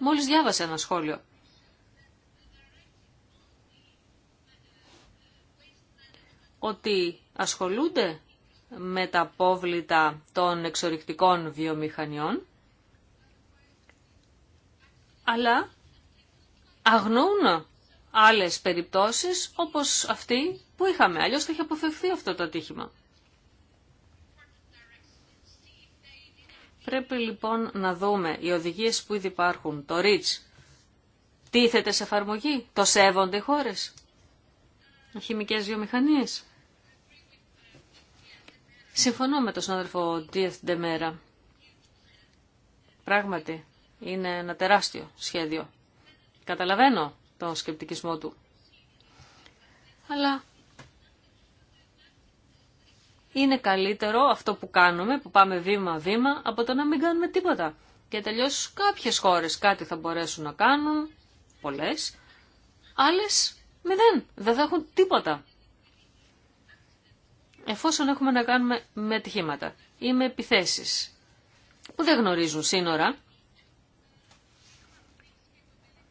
μόλις διάβασε ένα σχόλιο. Ότι ασχολούνται με τα πόβλητα των εξορυκτικών βιομηχανιών, αλλά αγνοούν άλλες περιπτώσεις όπως αυτή που είχαμε. Αλλιώς θα είχε αποφευθεί αυτό το ατύχημα. Πρέπει λοιπόν να δούμε οι οδηγίες που ήδη υπάρχουν, το REACH, τίθεται σε εφαρμογή, το σέβονται οι χώρες, οι χημικές βιομηχανίες. Συμφωνώ με τον συνάδελφο Δίεθ Ντεμέρα. Πράγματι, είναι ένα τεράστιο σχέδιο. Καταλαβαίνω τον σκεπτικισμό του. Αλλά είναι καλύτερο αυτό που κάνουμε, που πάμε βήμα-βήμα, από το να μην κάνουμε τίποτα. Και τελειώς κάποιες χώρες κάτι θα μπορέσουν να κάνουν, πολλές, άλλες μηδέν, δεν θα έχουν τίποτα εφόσον έχουμε να κάνουμε με ατυχήματα ή με επιθέσεις που δεν γνωρίζουν σύνορα,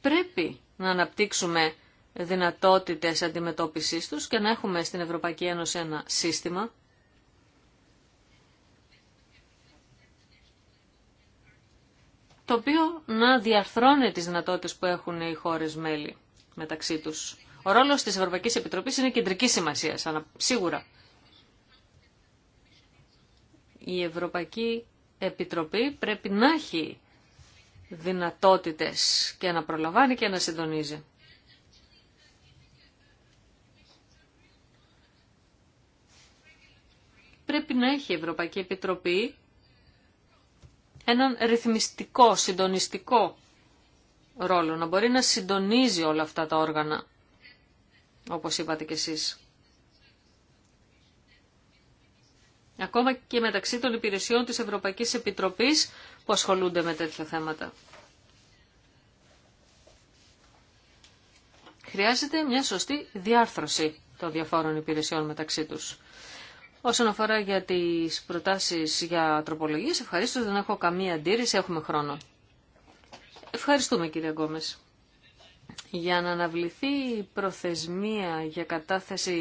πρέπει να αναπτύξουμε δυνατότητες αντιμετώπισης τους και να έχουμε στην Ευρωπαϊκή Ένωση ένα σύστημα το οποίο να διαρθρώνει τις δυνατότητες που έχουν οι χώρες μέλη μεταξύ τους. Ο ρόλος της Ευρωπαϊκής Επιτροπής είναι κεντρική σημασία, σίγουρα η Ευρωπαϊκή Επιτροπή πρέπει να έχει δυνατότητες και να προλαμβάνει και να συντονίζει. Πρέπει να έχει η Ευρωπαϊκή Επιτροπή έναν ρυθμιστικό, συντονιστικό ρόλο, να μπορεί να συντονίζει όλα αυτά τα όργανα, όπως είπατε κι εσείς. Ακόμα και μεταξύ των υπηρεσιών της Ευρωπαϊκής Επιτροπής που ασχολούνται με τέτοια θέματα. Χρειάζεται μια σωστή διάρθρωση των διαφόρων υπηρεσιών μεταξύ τους. Όσον αφορά για τις προτάσεις για τροπολογίες, ευχαρίστω δεν έχω καμία αντίρρηση, έχουμε χρόνο. Ευχαριστούμε κύριε Γκόμες. Για να αναβληθεί προθεσμία για κατάθεση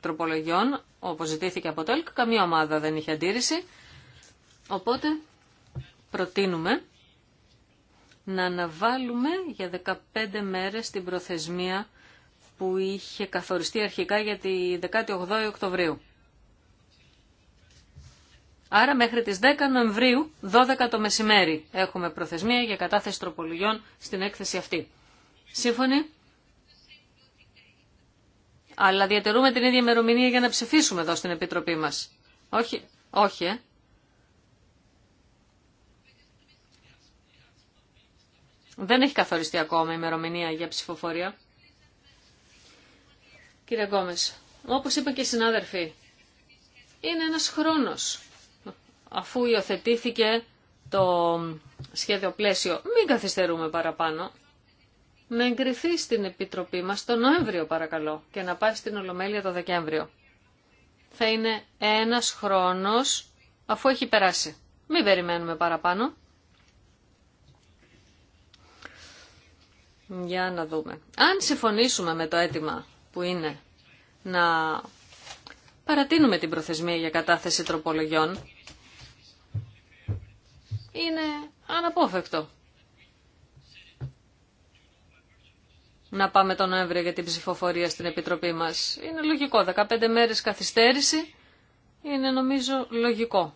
τροπολογιών, όπως ζητήθηκε από το ΕΛΚ, καμία ομάδα δεν είχε αντίρρηση. Οπότε προτείνουμε να αναβάλουμε για 15 μέρες την προθεσμία που είχε καθοριστεί αρχικά για τη 18η Οκτωβρίου. Άρα μέχρι τις 10 Νοεμβρίου, 12 το μεσημέρι, έχουμε προθεσμία για κατάθεση τροπολογιών στην έκθεση αυτή. Σύμφωνοι? Αλλά διατηρούμε την ίδια ημερομηνία για να ψηφίσουμε εδώ στην Επιτροπή μας. Όχι, όχι, ε. Δεν έχει καθοριστεί ακόμα η ημερομηνία για ψηφοφορία. Κύριε Γκόμες, όπως είπα και οι συνάδελφοι, είναι ένας χρόνος αφού υιοθετήθηκε το σχέδιο πλαίσιο. Μην καθυστερούμε παραπάνω να εγκριθεί στην Επιτροπή μας τον Νοέμβριο παρακαλώ και να πάει στην Ολομέλεια το Δεκέμβριο. Θα είναι ένας χρόνος αφού έχει περάσει. Μην περιμένουμε παραπάνω. Για να δούμε. Αν συμφωνήσουμε με το αίτημα που είναι να παρατείνουμε την προθεσμία για κατάθεση τροπολογιών, είναι αναπόφευκτο να πάμε τον Νοέμβριο για την ψηφοφορία στην Επιτροπή μας. Είναι λογικό. 15 μέρες καθυστέρηση είναι νομίζω λογικό.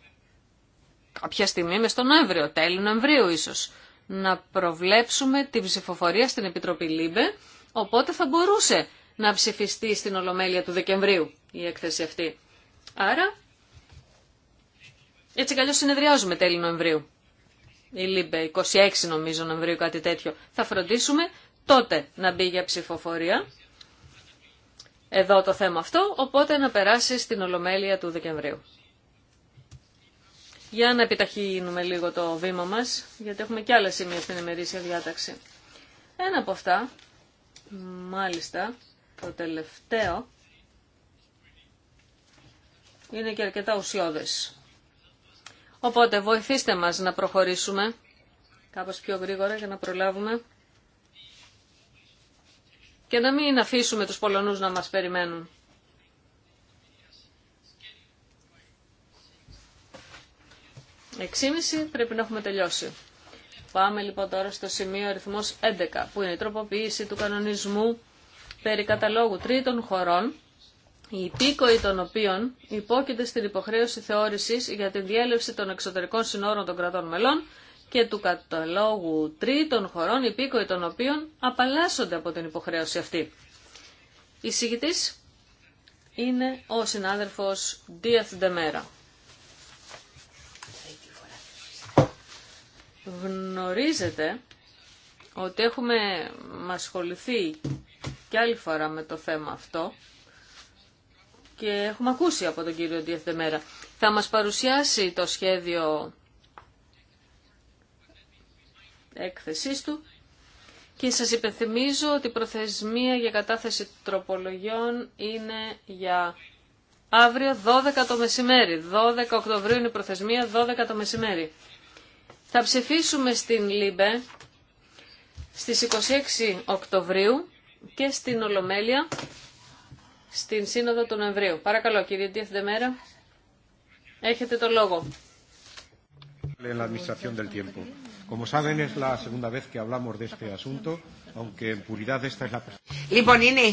Κάποια στιγμή με τον Νοέμβριο, τέλη Νοεμβρίου ίσως, να προβλέψουμε την ψηφοφορία στην Επιτροπή ΛΥΜΠΕ, οπότε θα μπορούσε να ψηφιστεί στην Ολομέλεια του Δεκεμβρίου η έκθεση αυτή. Άρα, έτσι καλώς συνεδριάζουμε τέλη Νοεμβρίου. Η ΛΥΜΠΕ, 26 νομίζω Νοεμβρίου, κάτι τέτοιο. Θα φροντίσουμε τότε να μπει για ψηφοφορία. Εδώ το θέμα αυτό, οπότε να περάσει στην Ολομέλεια του Δεκεμβρίου. Για να επιταχύνουμε λίγο το βήμα μας, γιατί έχουμε και άλλα σημεία στην ημερήσια διάταξη. Ένα από αυτά, μάλιστα, το τελευταίο, είναι και αρκετά ουσιώδες. Οπότε βοηθήστε μας να προχωρήσουμε κάπως πιο γρήγορα για να προλάβουμε και να μην αφήσουμε τους Πολωνούς να μας περιμένουν. Εξήμιση πρέπει να έχουμε τελειώσει. Πάμε λοιπόν τώρα στο σημείο αριθμός 11, που είναι η τροποποίηση του κανονισμού περί καταλόγου τρίτων χωρών, η υπήκοη των οποίων υπόκειται στην υποχρέωση θεώρησης για την διέλευση των εξωτερικών συνόρων των κρατών μελών και του καταλόγου τρίτων χωρών υπήκοοι των οποίων απαλλάσσονται από την υποχρέωση αυτή. Η συγητής είναι ο συνάδελφος Δίαθ Ντεμέρα. Γνωρίζετε ότι έχουμε ασχοληθεί και άλλη φορά με το θέμα αυτό και έχουμε ακούσει από τον κύριο Δίαθ Ντεμέρα. Θα μας παρουσιάσει το σχέδιο έκθεσής του. Και σας υπενθυμίζω ότι η προθεσμία για κατάθεση τροπολογιών είναι για αύριο 12 το μεσημέρι. 12 Οκτωβρίου είναι η προθεσμία, 12 το μεσημέρι. Θα ψηφίσουμε στην ΛΥΜΠΕ στις 26 Οκτωβρίου και στην Ολομέλεια στην Σύνοδο του Νοεμβρίου. Παρακαλώ κύριε Διευθυντεμέρα, Μέρα, έχετε το λόγο. Λοιπόν, είναι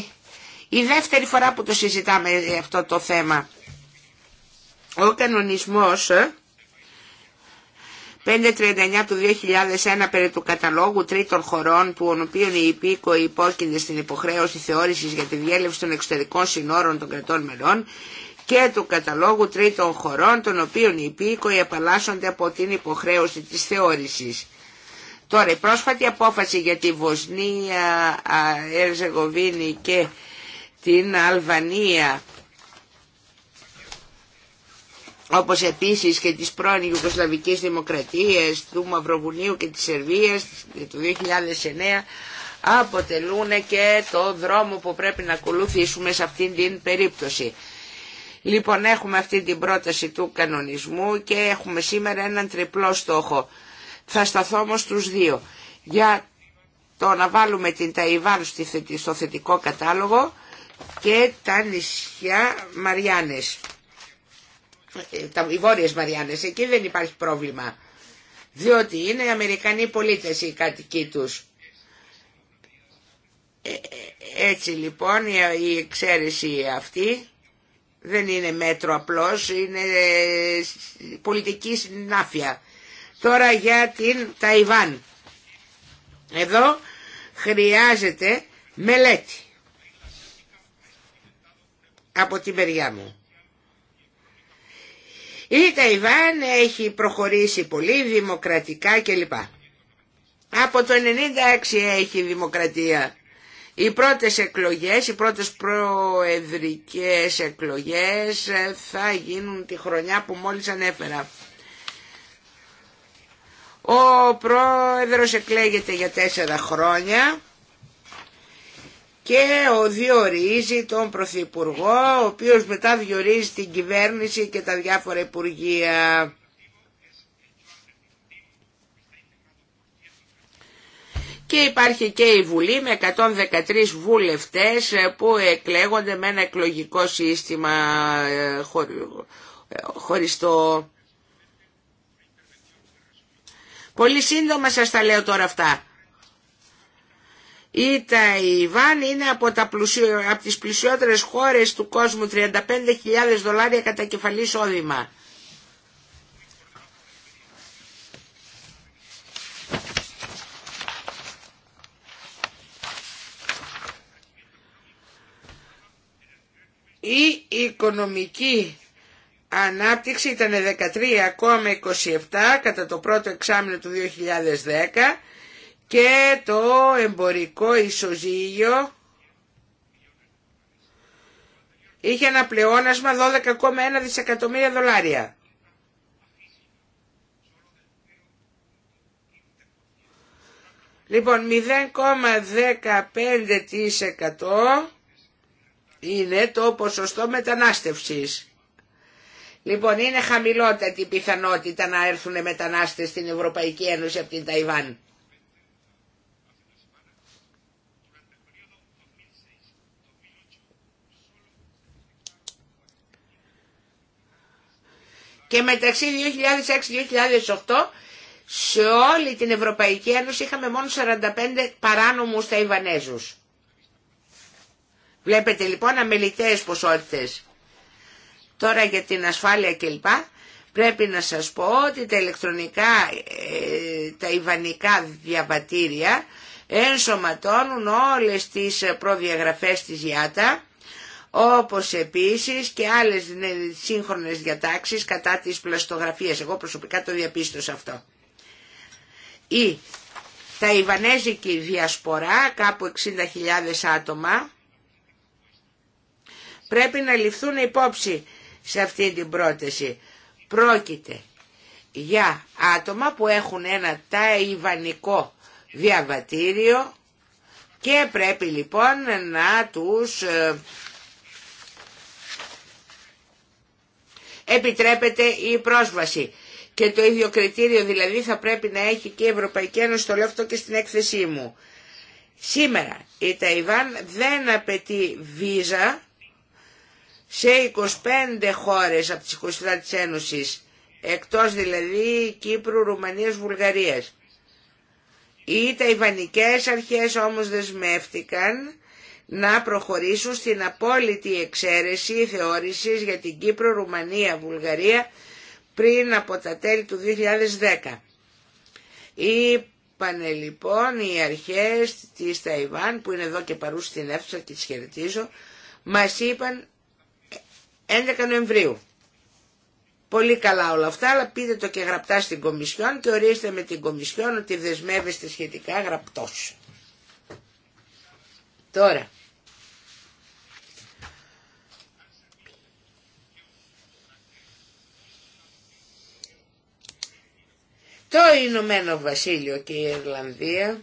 η δεύτερη φορά που το συζητάμε αυτό το θέμα. Ο κανονισμός 539 ε, του 2001 περί του καταλόγου τρίτων χωρών που ον οποίων οι υπήκοοι υπόκεινται στην υποχρέωση θεώρησης για τη διέλευση των εξωτερικών συνόρων των κρατών μελών και του καταλόγου τρίτων χωρών των οποίων οι υπήκοοι απαλλάσσονται από την υποχρέωση της θεώρησης. Τώρα η πρόσφατη απόφαση για τη Βοσνία, Ερζεγοβίνη και την Αλβανία όπως επίσης και τις πρώην Ιουγκοσλαβικής Δημοκρατίες του Μαυροβουνίου και της Σερβίας του 2009 αποτελούν και το δρόμο που πρέπει να ακολουθήσουμε σε αυτήν την περίπτωση. Λοιπόν έχουμε αυτή την πρόταση του κανονισμού και έχουμε σήμερα έναν τριπλό στόχο. Θα σταθώ όμως στους δύο. Για το να βάλουμε την Ταϊβάν στο θετικό κατάλογο και τα νησιά Μαριάνες. Ε, οι Βόρειες Μαριάνες, εκεί δεν υπάρχει πρόβλημα. Διότι είναι Αμερικανοί πολίτες οι κατοικοί τους. Ε, ε, έτσι λοιπόν η εξαίρεση αυτή δεν είναι μέτρο απλώς, είναι ε, πολιτική συνάφεια. Τώρα για την Ταϊβάν. Εδώ χρειάζεται μελέτη από την μεριά μου. Η Ταϊβάν έχει προχωρήσει πολύ δημοκρατικά κλπ. Από το 96 έχει δημοκρατία. Οι πρώτες εκλογές, οι πρώτες προεδρικές εκλογές ε, θα γίνουν τη χρονιά που μόλις ανέφερα. Ο πρόεδρος εκλέγεται για τέσσερα χρόνια και ο διορίζει τον Πρωθυπουργό, ο οποίος μετά διορίζει την κυβέρνηση και τα διάφορα υπουργεία. και υπάρχει και η Βουλή με 113 βουλευτές ε, που εκλέγονται με ένα εκλογικό σύστημα ε, ε, χωριστό. Πολύ σύντομα σας τα λέω τώρα αυτά. Η Ταϊβάν είναι από, τα πλουσιο, από τις πλουσιότερες χώρες του κόσμου 35.000 δολάρια κατά κεφαλή Η οικονομική ανάπτυξη ήταν 13,27 κατά το πρώτο εξάμεινο του 2010 και το εμπορικό ισοζύγιο είχε ένα πλεόνασμα 12,1 δισεκατομμύρια δολάρια. Λοιπόν, 0,15% είναι το ποσοστό μετανάστευσης. Λοιπόν, είναι χαμηλότατη η πιθανότητα να έρθουν μετανάστες στην Ευρωπαϊκή Ένωση από την Ταϊβάν. Και μεταξύ 2006-2008 σε όλη την Ευρωπαϊκή Ένωση είχαμε μόνο 45 παράνομους Ταϊβανέζους. Βλέπετε λοιπόν αμεληταίες ποσότητες. Τώρα για την ασφάλεια κλπ. Πρέπει να σας πω ότι τα ηλεκτρονικά, ε, τα ιβανικά διαβατήρια ενσωματώνουν όλες τις προδιαγραφές της ΙΑΤΑ, όπως επίσης και άλλες σύγχρονες διατάξεις κατά της πλαστογραφίας. Εγώ προσωπικά το διαπίστωσα αυτό. Ή τα Ιβανέζικη διασπορά, κάπου 60.000 άτομα, πρέπει να ληφθούν υπόψη σε αυτή την πρόταση. Πρόκειται για άτομα που έχουν ένα ταϊβανικό διαβατήριο και πρέπει λοιπόν να τους ε, επιτρέπεται η πρόσβαση. Και το ίδιο κριτήριο δηλαδή θα πρέπει να έχει και η Ευρωπαϊκή Ένωση, το λέω και στην έκθεσή μου. Σήμερα η Ταϊβάν δεν απαιτεί βίζα σε 25 χώρες από τις 23 της Ένωσης, εκτός δηλαδή Κύπρου, Ρουμανίας, Βουλγαρίας. Οι ταϊβανικές αρχές όμως δεσμεύτηκαν να προχωρήσουν στην απόλυτη εξαίρεση θεώρησης για την Κύπρο, Ρουμανία, Βουλγαρία πριν από τα τέλη του 2010. Είπανε λοιπόν οι αρχές της Ταϊβάν που είναι εδώ και παρούς στην αίθουσα και τις χαιρετίζω μας είπαν 11 Νοεμβρίου. Πολύ καλά όλα αυτά, αλλά πείτε το και γραπτά στην Κομισιόν και ορίστε με την Κομισιόν ότι δεσμεύεστε σχετικά γραπτός. Τώρα, το Ηνωμένο Βασίλειο και η Ιρλανδία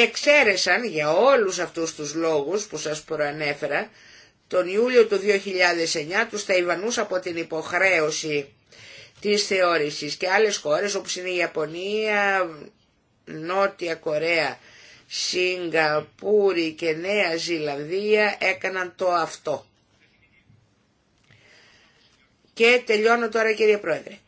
εξαίρεσαν για όλους αυτούς τους λόγους που σας προανέφερα τον Ιούλιο του 2009 τους Ταϊβανούς από την υποχρέωση της θεώρησης και άλλες χώρες όπως είναι η Ιαπωνία, Νότια Κορέα, Σιγκαπούρη και Νέα Ζηλανδία έκαναν το αυτό. Και τελειώνω τώρα κύριε Πρόεδρε.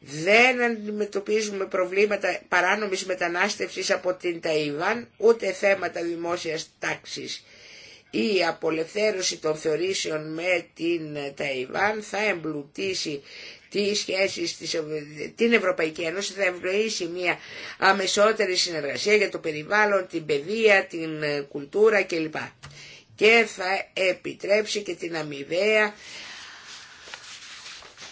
Δεν αντιμετωπίζουμε προβλήματα παράνομης μετανάστευσης από την Ταϊβάν, ούτε θέματα δημόσιας τάξης. Η απολευθέρωση των θεωρήσεων με την Ταϊβάν θα εμπλουτίσει τις σχέσεις της, την Ευρωπαϊκή Ένωση, θα ευνοήσει μια αμεσότερη συνεργασία για το περιβάλλον, την παιδεία, την κουλτούρα κλπ. Και θα επιτρέψει και την αμοιβαία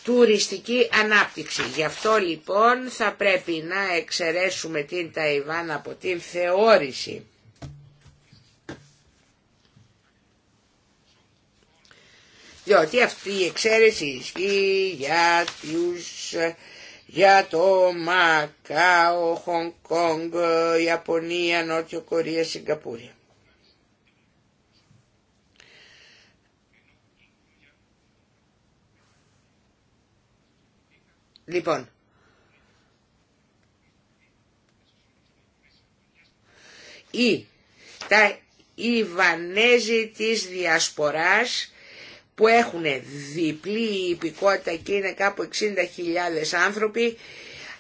τουριστική ανάπτυξη. Γι' αυτό λοιπόν θα πρέπει να εξαιρέσουμε την Ταϊβάν από την θεώρηση. Διότι αυτή η εξαίρεση ισχύει για, τους, για το Μακάο, Χονγκ Κόνγκ, Ιαπωνία, Νότιο Κορία, Σιγκαπούρια. Λοιπόν, ή τα Ιβανέζοι της Διασποράς που έχουν διπλή υπηκότητα και είναι κάπου 60.000 άνθρωποι,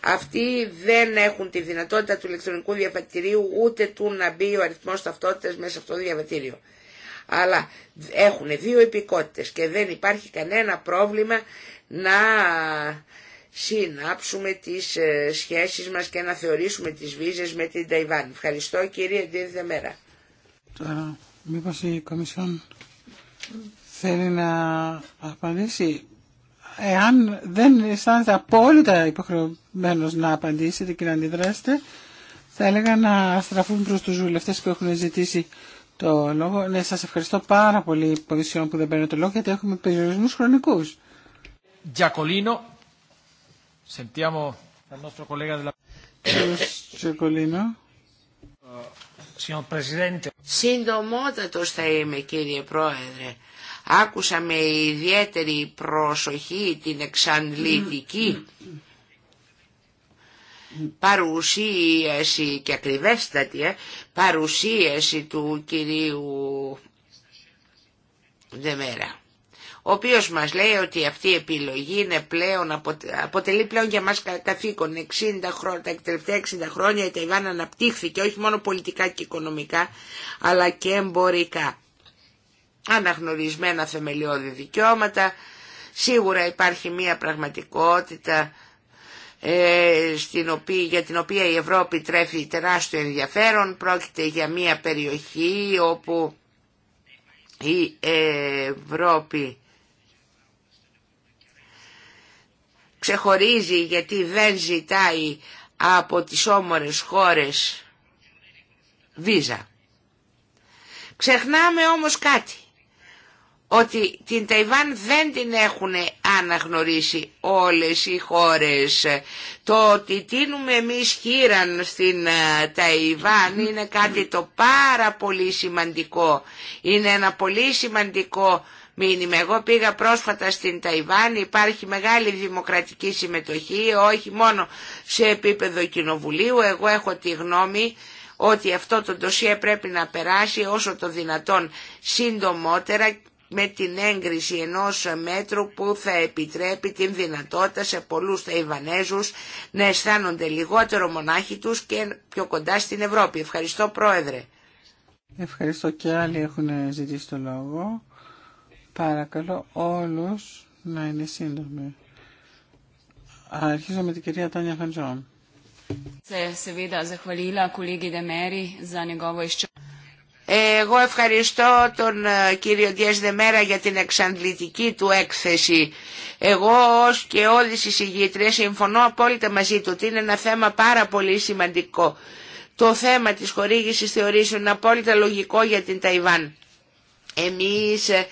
αυτοί δεν έχουν τη δυνατότητα του ηλεκτρονικού διαβατηρίου ούτε του να μπει ο αριθμός ταυτότητας μέσα σε αυτό το διαβατήριο. Αλλά έχουν δύο υπηκότητες και δεν υπάρχει κανένα πρόβλημα να συνάψουμε τις ε, σχέσεις μας και να θεωρήσουμε τις βίζες με την Ταϊβάν. Ευχαριστώ κύριε Δίδε Μέρα. Τώρα, μήπως η Κομισιόν θέλει να απαντήσει. Εάν δεν αισθάνεται απόλυτα υποχρεωμένος να απαντήσετε και να αντιδράσετε, θα έλεγα να στραφούν προς τους Βουλευτέ που έχουν ζητήσει το λόγο. Ναι, σας ευχαριστώ πάρα πολύ Κομισιόν που δεν παίρνει το λόγο γιατί έχουμε περιορισμούς χρονικούς. Γιακολίνο, Sentiamo dal nostro collega della... θα είμαι κύριε Πρόεδρε. Άκουσα με ιδιαίτερη προσοχή την εξαντλητική παρουσίαση και ακριβέστατη ε, παρουσίαση του κυρίου Δεμέρα ο οποίος μας λέει ότι αυτή η επιλογή είναι πλέον, αποτελεί πλέον για μας καθήκον. 60 χρόνια, τα τελευταία 60 χρόνια η Ταϊβάν αναπτύχθηκε όχι μόνο πολιτικά και οικονομικά, αλλά και εμπορικά. Αναγνωρισμένα θεμελιώδη δικαιώματα, σίγουρα υπάρχει μια πραγματικότητα ε, στην οποία, για την οποία η Ευρώπη τρέφει τεράστιο ενδιαφέρον. Πρόκειται για μια περιοχή όπου η Ευρώπη ξεχωρίζει γιατί δεν ζητάει από τις όμορες χώρες βίζα. Ξεχνάμε όμως κάτι, ότι την Ταϊβάν δεν την έχουν αναγνωρίσει όλες οι χώρες. Το ότι τίνουμε εμείς χείραν στην ε, Ταϊβάν είναι κάτι το πάρα πολύ σημαντικό. Είναι ένα πολύ σημαντικό μήνυμα. Εγώ πήγα πρόσφατα στην Ταϊβάν, υπάρχει μεγάλη δημοκρατική συμμετοχή, όχι μόνο σε επίπεδο κοινοβουλίου. Εγώ έχω τη γνώμη ότι αυτό το ντοσία πρέπει να περάσει όσο το δυνατόν σύντομότερα με την έγκριση ενός μέτρου που θα επιτρέπει την δυνατότητα σε πολλούς Ταϊβανέζους να αισθάνονται λιγότερο μονάχοι τους και πιο κοντά στην Ευρώπη. Ευχαριστώ Πρόεδρε. Ευχαριστώ και άλλοι έχουν ζητήσει το λόγο. Παρακαλώ όλους να είναι σύντομοι. Αρχίζω με την κυρία Τάνια Χαντζόν. Ε, εγώ ευχαριστώ τον ε, κύριο Διές Δεμέρα για την εξαντλητική του έκθεση. Εγώ ως και όλες οι συγγήτρες συμφωνώ απόλυτα μαζί του ότι είναι ένα θέμα πάρα πολύ σημαντικό. Το θέμα της χορήγησης θεωρήσεων είναι απόλυτα λογικό για την Ταϊβάν. Εμείς ε,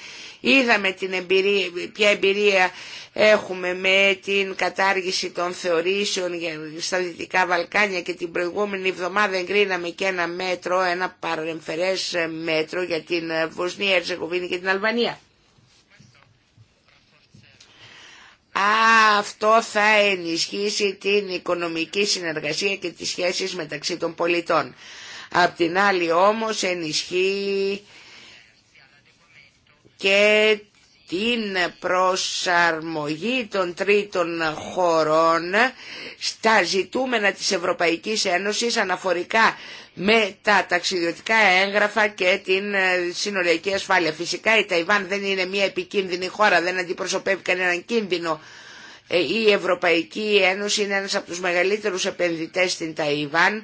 Είδαμε την εμπειρία, ποια εμπειρία έχουμε με την κατάργηση των θεωρήσεων στα Δυτικά Βαλκάνια και την προηγούμενη εβδομάδα εγκρίναμε και ένα μέτρο, ένα παρεμφερές μέτρο για την Βοσνία, Ερζεγοβίνη και την Αλβανία. Αυτό θα ενισχύσει την οικονομική συνεργασία και τις σχέσεις μεταξύ των πολιτών. Απ' την άλλη όμως ενισχύει και την προσαρμογή των τρίτων χωρών στα ζητούμενα της Ευρωπαϊκής Ένωσης αναφορικά με τα ταξιδιωτικά έγγραφα και την ε, συνοριακή ασφάλεια. Φυσικά η Ταϊβάν δεν είναι μια επικίνδυνη χώρα, δεν αντιπροσωπεύει κανέναν κίνδυνο. Ε, η Ευρωπαϊκή Ένωση είναι ένας από τους μεγαλύτερους επενδυτές στην Ταϊβάν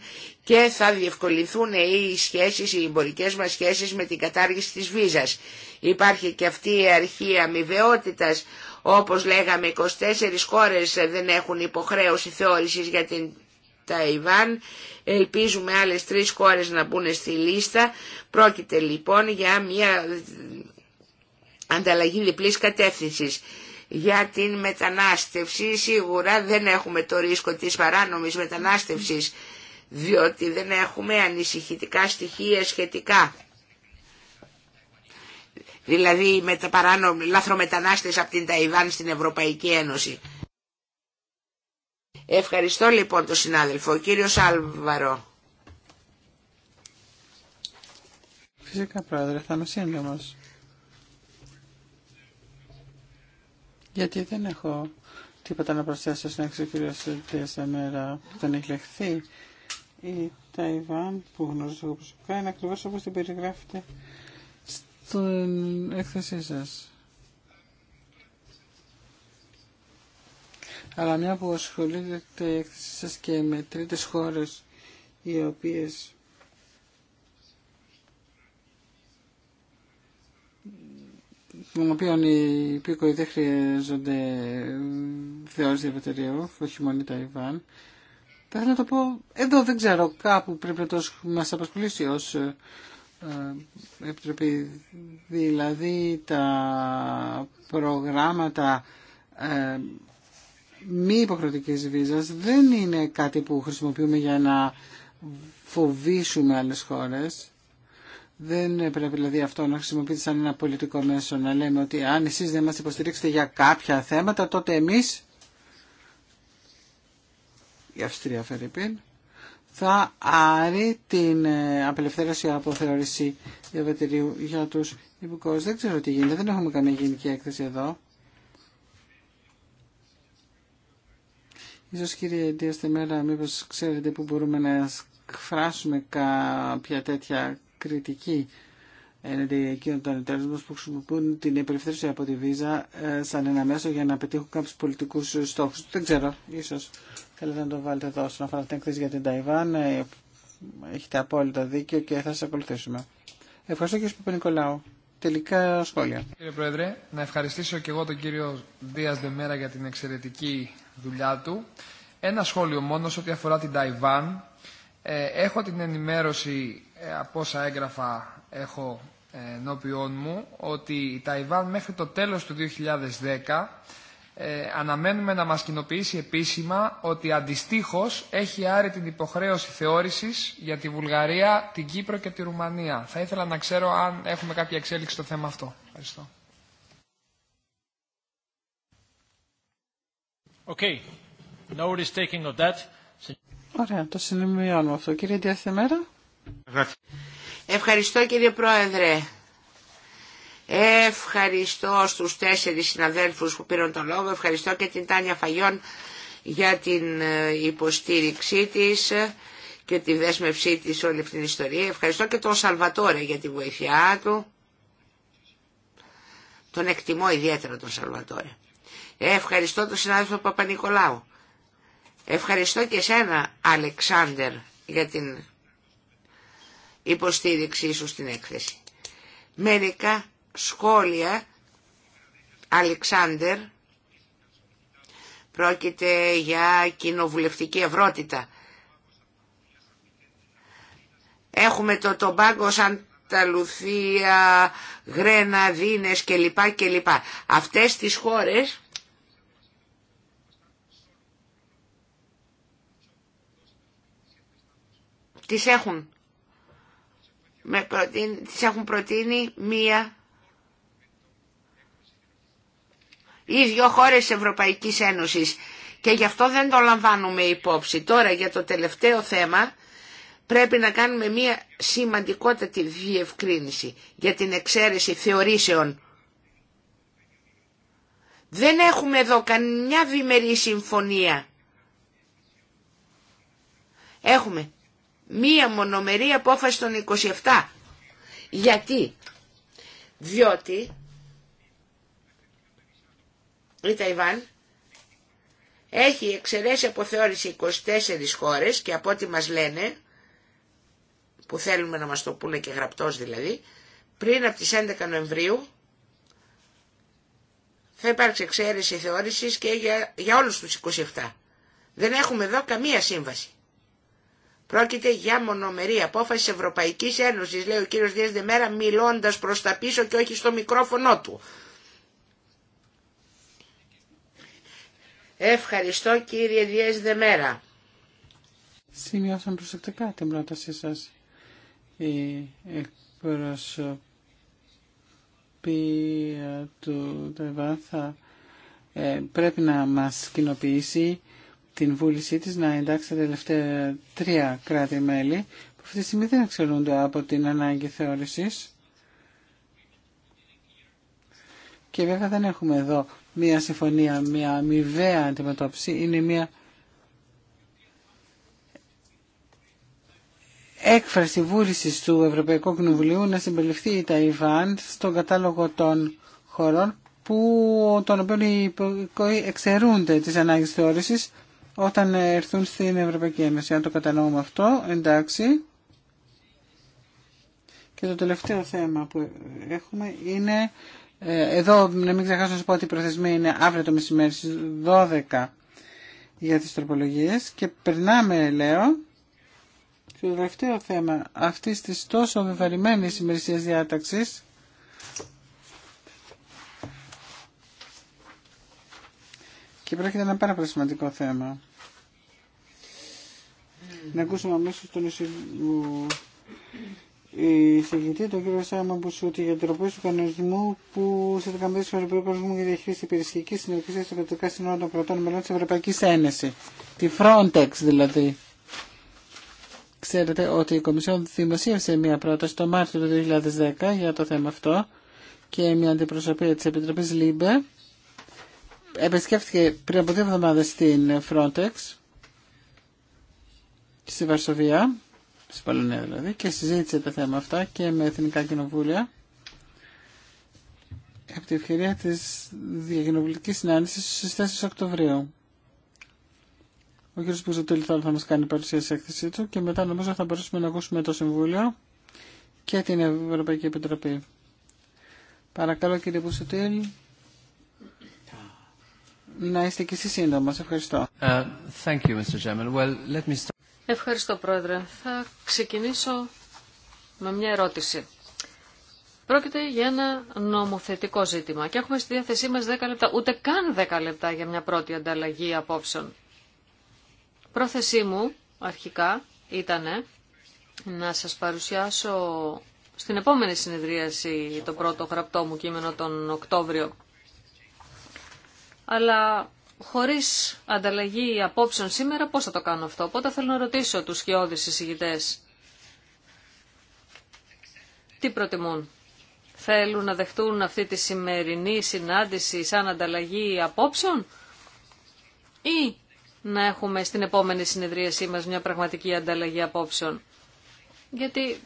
και θα διευκολυνθούν οι σχέσεις, οι εμπορικές μας σχέσεις με την κατάργηση της βίζας. Υπάρχει και αυτή η αρχή αμοιβαιότητας, όπως λέγαμε 24 χώρες δεν έχουν υποχρέωση θεώρησης για την Ταϊβάν, ελπίζουμε άλλες τρεις χώρες να μπουν στη λίστα, πρόκειται λοιπόν για μια ανταλλαγή διπλής κατεύθυνσης για την μετανάστευση. Σίγουρα δεν έχουμε το ρίσκο της παράνομης μετανάστευσης διότι δεν έχουμε ανησυχητικά στοιχεία σχετικά. Δηλαδή με τα παράνομη λαθρομετανάστες από την Ταϊβάν στην Ευρωπαϊκή Ένωση. Ευχαριστώ λοιπόν τον συνάδελφο, ο κύριος Άλβαρο. Φυσικά πρόεδρε, θα είμαι σύντομος. Γιατί δεν έχω τίποτα να προσθέσω στην έξω κυρία που τον έχει λεχθεί η Ταϊβάν που γνωρίζω εγώ προσωπικά είναι ακριβώ όπω την περιγράφετε στην έκθεσή σα. Αλλά μια που ασχολείται η έκθεσή σα και με τρίτε χώρε οι οποίε των οποίων οι υπήκοοι δεν χρειάζονται θεώρηση διαβατηρίου, όχι μόνο η Ταϊβάν, θα ήθελα να το πω, εδώ δεν ξέρω, κάπου πρέπει να το μας απασχολήσει ω ε, ε, επιτροπή. Δηλαδή τα προγράμματα ε, μη υποχρεωτική βίζα δεν είναι κάτι που χρησιμοποιούμε για να φοβήσουμε άλλε χώρε. Δεν πρέπει δηλαδή αυτό να χρησιμοποιείται σαν ένα πολιτικό μέσο να λέμε ότι αν εσείς δεν μας υποστηρίξετε για κάποια θέματα τότε εμείς η Αυστρία Φερρυπίν, θα άρει την ε, απελευθέρωση από θεωρήση διαβατηρίου για τους υπουργούς. Δεν ξέρω τι γίνεται, δεν έχουμε καμία γενική έκθεση εδώ. Ίσως κύριε στη Μέρα, μήπως ξέρετε που μπορούμε να εκφράσουμε κάποια τέτοια κριτική έναντι εκείνων των εταίρων μας που χρησιμοποιούν την απελευθέρωση από τη Βίζα ε, σαν ένα μέσο για να πετύχουν κάποιου πολιτικού στόχου. Δεν ξέρω, ίσω θέλετε να το βάλετε εδώ όσον αφορά την εκθέση για την Ταϊβάν. Ε, έχετε απόλυτο δίκιο και θα σα ακολουθήσουμε. Ευχαριστώ κύριε Τελικά σχόλια. Κύριε Πρόεδρε, να ευχαριστήσω και εγώ τον κύριο Δία Δεμέρα για την εξαιρετική δουλειά του. Ένα σχόλιο μόνο σε ό,τι αφορά την Ταϊβάν ε, έχω την ενημέρωση ε, από όσα έγγραφα έχω ε, ενώπιόν μου ότι η Ταϊβάν μέχρι το τέλος του 2010 αναμένουμε να μας κοινοποιήσει επίσημα ότι αντιστοίχως έχει άρει την υποχρέωση θεώρησης για τη Βουλγαρία, την Κύπρο και τη Ρουμανία. Θα ήθελα να ξέρω αν έχουμε κάποια εξέλιξη στο θέμα αυτό. Ευχαριστώ. Ωραία, το συνημειώνουμε αυτό. Κύριε Διαθεμέρα. Ευχαριστώ κύριε Πρόεδρε. Ευχαριστώ στους τέσσερις συναδέλφους που πήραν τον λόγο. Ευχαριστώ και την Τάνια Φαγιόν για την ε, υποστήριξή της και τη δέσμευσή της όλη αυτή την ιστορία. Ευχαριστώ και τον Σαλβατόρε για τη βοήθειά του. Τον εκτιμώ ιδιαίτερα τον Σαλβατόρε. Ευχαριστώ τον συνάδελφο Παπα-Νικολάου Ευχαριστώ και σένα, Αλεξάνδερ, για την υποστήριξή σου στην έκθεση. Μερικά σχόλια, Αλεξάνδερ, πρόκειται για κοινοβουλευτική ευρότητα. Έχουμε το τομπάγκο σαν τα Λουθία, Γρένα, Δίνες κλπ. κλπ. Αυτές τις χώρες τις έχουν, με προτείνει, έχουν μία ή δύο χώρες της Ευρωπαϊκής Ένωσης και γι' αυτό δεν το λαμβάνουμε υπόψη. Τώρα για το τελευταίο θέμα πρέπει να κάνουμε μία σημαντικότατη διευκρίνηση για την εξαίρεση θεωρήσεων. Δεν έχουμε εδώ καμιά διμερή συμφωνία. Έχουμε μία μονομερή απόφαση των 27. Γιατί. Διότι η Ταϊβάν έχει εξαιρέσει από θεώρηση 24 χώρες και από ό,τι μας λένε, που θέλουμε να μας το πούνε και γραπτός δηλαδή, πριν από τις 11 Νοεμβρίου θα υπάρξει εξαίρεση θεώρησης και για, για όλους τους 27. Δεν έχουμε εδώ καμία σύμβαση. Πρόκειται για μονομερή απόφαση Ευρωπαϊκής Ένωσης, λέει ο κύριο Διέσδε Μέρα, μιλώντας προς τα πίσω και όχι στο μικρόφωνο του. Ευχαριστώ κύριε Διέσδε Δεμέρα. Σημειώσαμε προσεκτικά την πρότασή σας. Η προσωπία του ΔΕΒΑ θα ε, πρέπει να μας κοινοποιήσει την βούλησή της να εντάξει τα τελευταία τρία κράτη-μέλη που αυτή τη στιγμή δεν εξαιρούνται από την ανάγκη θεώρησης. Και βέβαια δεν έχουμε εδώ μία συμφωνία, μία αμοιβαία αντιμετώπιση, είναι μία έκφραση βούλησης του Ευρωπαϊκού Κοινοβουλίου να συμπεριληφθεί η Ταϊβάν στον κατάλογο των χωρών που, τον οποίο οι υποκοί εξαιρούνται τις ανάγκες θεώρησης όταν έρθουν στην Ευρωπαϊκή Ένωση. Αν το κατανοούμε αυτό, εντάξει. Και το τελευταίο θέμα που έχουμε είναι, ε, εδώ να μην ξεχάσω να σας πω ότι η προθεσμία είναι αύριο το μεσημέρι στις 12 για τις τροπολογίες και περνάμε, λέω, στο τελευταίο θέμα αυτής της τόσο βεβαρημένης ημερησίας διάταξης Και πρόκειται ένα πάρα πολύ σημαντικό θέμα. Mm. Να ακούσουμε αμέσω τον εισηγητή, τον κύριο Σάμα Μπουσούτη, για την τροπή του κανονισμού που σε 15 του Ευρωπαϊκού για διαχείριση υπηρεσιακή συνεργασία στα κρατικά σύνορα των κρατών μελών τη Ευρωπαϊκή Ένωση. Τη Frontex δηλαδή. Ξέρετε ότι η Κομισιόν δημοσίευσε μια πρόταση το Μάρτιο του 2010 για το θέμα αυτό και μια αντιπροσωπεία της Επιτροπής ΛΥΜΠΕ επισκέφθηκε πριν από δύο εβδομάδε στην Frontex στη Βαρσοβία στη Πολωνία δηλαδή και συζήτησε τα θέματα αυτά και με εθνικά κοινοβούλια από την ευκαιρία τη διακοινοβουλική συνάντηση στι 4 Οκτωβρίου. Ο κ. Μπουζοτήλ τώρα θα μα κάνει παρουσίαση έκθεσή του και μετά νομίζω θα μπορέσουμε να ακούσουμε το Συμβούλιο και την Ευρωπαϊκή Επιτροπή. Παρακαλώ κύριε Μπουζοτήλ, να είστε και εσείς Σε Ευχαριστώ. Ε, Ευχαριστώ, Πρόεδρε. Θα ξεκινήσω με μια ερώτηση. Πρόκειται για ένα νομοθετικό ζήτημα και έχουμε στη διάθεσή μας 10 λεπτά, ούτε καν 10 λεπτά για μια πρώτη ανταλλαγή απόψεων. Πρόθεσή μου αρχικά ήταν να σας παρουσιάσω στην επόμενη συνεδρίαση το πρώτο γραπτό μου κείμενο τον Οκτώβριο αλλά χωρίς ανταλλαγή απόψεων σήμερα πώς θα το κάνω αυτό. Οπότε θέλω να ρωτήσω τους οι συζητητές Τι προτιμούν. Θέλουν να δεχτούν αυτή τη σημερινή συνάντηση σαν ανταλλαγή απόψεων ή να έχουμε στην επόμενη συνεδρίασή μας μια πραγματική ανταλλαγή απόψεων. Γιατί...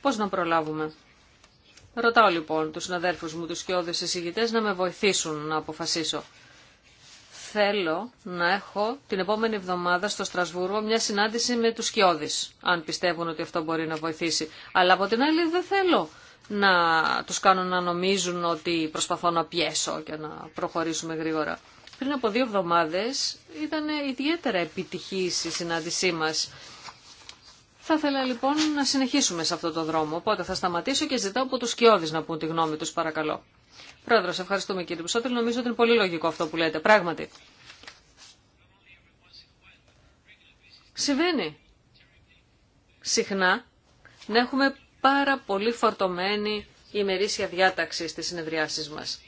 Πώς να προλάβουμε. Ρωτάω λοιπόν τους συναδέλφους μου, τους σκιώδες εισηγητές, να με βοηθήσουν να αποφασίσω. Θέλω να έχω την επόμενη εβδομάδα στο Στρασβούργο μια συνάντηση με τους σκιώδεις, αν πιστεύουν ότι αυτό μπορεί να βοηθήσει. Αλλά από την άλλη δεν θέλω να τους κάνω να νομίζουν ότι προσπαθώ να πιέσω και να προχωρήσουμε γρήγορα. Πριν από δύο εβδομάδες ήταν ιδιαίτερα επιτυχής η συνάντησή μας θα ήθελα λοιπόν να συνεχίσουμε σε αυτό το δρόμο, οπότε θα σταματήσω και ζητάω από τους σκιώδεις να πούν τη γνώμη τους παρακαλώ. Πρόεδρος, ευχαριστούμε κύριε Πουσότελ, νομίζω ότι είναι πολύ λογικό αυτό που λέτε, πράγματι. Συμβαίνει συχνά να έχουμε πάρα πολύ φορτωμένη ημερήσια διάταξη στις συνεδριάσεις μας.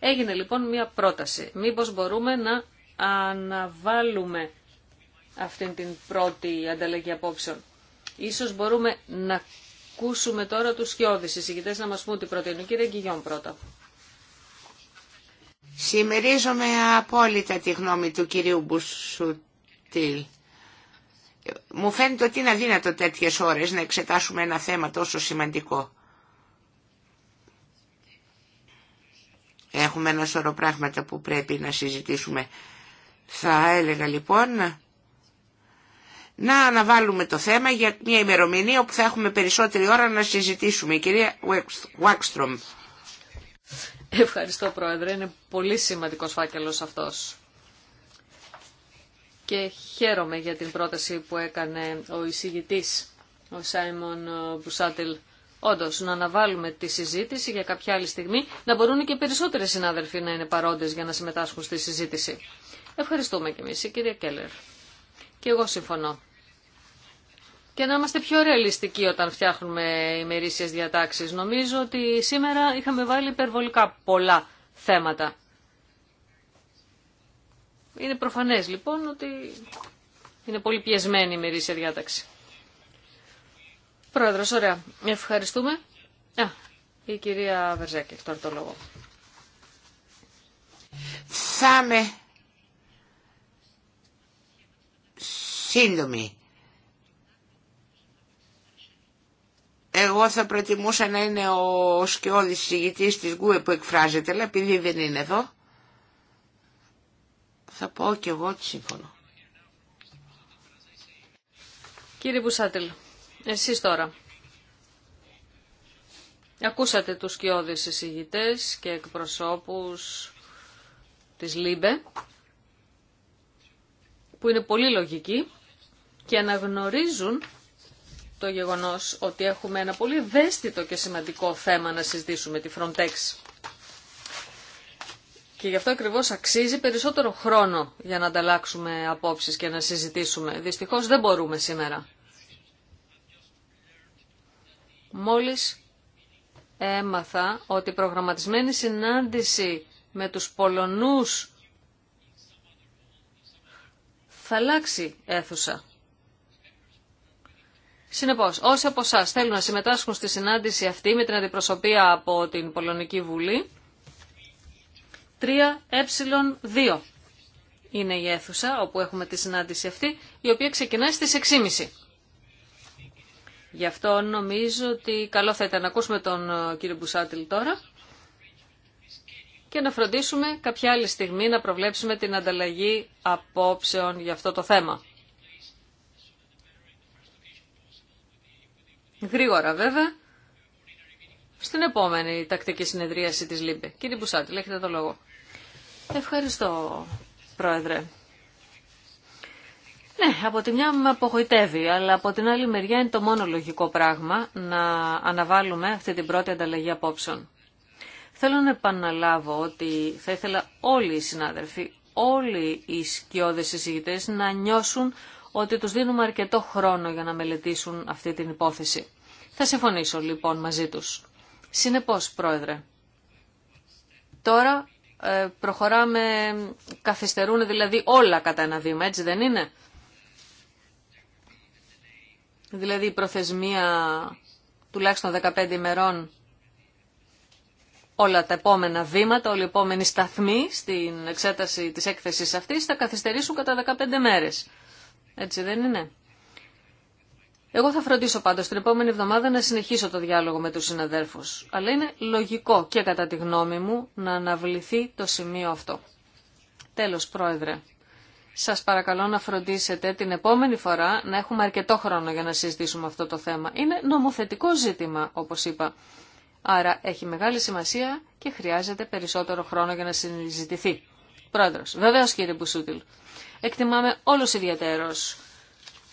Έγινε λοιπόν μία πρόταση. Μήπως μπορούμε να αναβάλουμε αυτήν την πρώτη ανταλλαγή απόψεων. Ίσως μπορούμε να ακούσουμε τώρα τους σκιώδεις εισηγητές να μας πούν τι προτείνουν. Κύριε Γκυγιόν πρώτα. Σημερίζομαι απόλυτα τη γνώμη του κυρίου Μπουσουτήλ. Μου φαίνεται ότι είναι αδύνατο τέτοιες ώρες να εξετάσουμε ένα θέμα τόσο σημαντικό. Έχουμε ένα σωρό πράγματα που πρέπει να συζητήσουμε. Θα έλεγα λοιπόν να αναβάλουμε το θέμα για μια ημερομηνία όπου θα έχουμε περισσότερη ώρα να συζητήσουμε. Η κυρία Βάκστρομ. Ευχαριστώ Πρόεδρε. Είναι πολύ σημαντικός φάκελος αυτός. Και χαίρομαι για την πρόταση που έκανε ο εισηγητής, ο Σάιμον Μπουσάτιλ. Όντω, να αναβάλουμε τη συζήτηση για κάποια άλλη στιγμή, να μπορούν και περισσότεροι συνάδελφοι να είναι παρόντες για να συμμετάσχουν στη συζήτηση. Ευχαριστούμε και εμείς, η κυρία Κέλλερ. Και εγώ συμφωνώ. Και να είμαστε πιο ρεαλιστικοί όταν φτιάχνουμε ημερήσιες διατάξεις. Νομίζω ότι σήμερα είχαμε βάλει υπερβολικά πολλά θέματα. Είναι προφανές λοιπόν ότι είναι πολύ πιεσμένη η ημερήσια διάταξη. Πρόεδρος, ωραία. Ευχαριστούμε. Α, η κυρία Βερζέκη, τώρα το λόγο. Θα σύντομη. Εγώ θα προτιμούσα να είναι ο σκιώδης συγητής της Γκουε που εκφράζεται, αλλά επειδή δεν είναι εδώ, θα πω και εγώ ότι σύμφωνο. Κύριε Μπουσάτελ, εσείς τώρα. Ακούσατε τους σκιώδης εισηγητές και εκπροσώπους της ΛΥΜΠΕ, που είναι πολύ λογικοί και αναγνωρίζουν το γεγονός ότι έχουμε ένα πολύ ευαίσθητο και σημαντικό θέμα να συζητήσουμε, τη Frontex. Και γι' αυτό ακριβώς αξίζει περισσότερο χρόνο για να ανταλλάξουμε απόψεις και να συζητήσουμε. Δυστυχώς δεν μπορούμε σήμερα. Μόλις έμαθα ότι η προγραμματισμένη συνάντηση με τους Πολωνούς θα αλλάξει αίθουσα. Συνεπώ, όσοι από εσά θέλουν να συμμετάσχουν στη συνάντηση αυτή με την αντιπροσωπεία από την Πολωνική Βουλή, 3Ε2 είναι η αίθουσα όπου έχουμε τη συνάντηση αυτή, η οποία ξεκινάει στις 6.30. Γι' αυτό νομίζω ότι καλό θα ήταν να ακούσουμε τον ε, κύριο Μπουσάτιλ τώρα και να φροντίσουμε κάποια άλλη στιγμή να προβλέψουμε την ανταλλαγή απόψεων για αυτό το θέμα. γρήγορα βέβαια, στην επόμενη τακτική συνεδρίαση της ΛΥΜΠΕ. Κύριε Μπουσάτη, έχετε το λόγο. Ευχαριστώ, Πρόεδρε. Ναι, από τη μια με απογοητεύει, αλλά από την άλλη μεριά είναι το μόνο λογικό πράγμα να αναβάλουμε αυτή την πρώτη ανταλλαγή απόψεων. Θέλω να επαναλάβω ότι θα ήθελα όλοι οι συνάδελφοι, όλοι οι σκιώδες συζητητές να νιώσουν ότι τους δίνουμε αρκετό χρόνο για να μελετήσουν αυτή την υπόθεση. Θα συμφωνήσω λοιπόν μαζί τους. Συνεπώς, Πρόεδρε, τώρα ε, προχωράμε, καθυστερούν δηλαδή όλα κατά ένα βήμα, έτσι δεν είναι. Δηλαδή η προθεσμία τουλάχιστον 15 ημερών όλα τα επόμενα βήματα, όλοι οι επόμενοι σταθμοί στην εξέταση της έκθεσης αυτής θα καθυστερήσουν κατά 15 μέρες. Έτσι δεν είναι. Εγώ θα φροντίσω πάντως την επόμενη εβδομάδα να συνεχίσω το διάλογο με τους συναδέρφους. Αλλά είναι λογικό και κατά τη γνώμη μου να αναβληθεί το σημείο αυτό. Τέλος, Πρόεδρε. Σας παρακαλώ να φροντίσετε την επόμενη φορά να έχουμε αρκετό χρόνο για να συζητήσουμε αυτό το θέμα. Είναι νομοθετικό ζήτημα, όπως είπα. Άρα έχει μεγάλη σημασία και χρειάζεται περισσότερο χρόνο για να συζητηθεί. Πρόεδρος, βεβαίως κύριε Μπουσούτιλ. Εκτιμάμε όλους ιδιαίτερος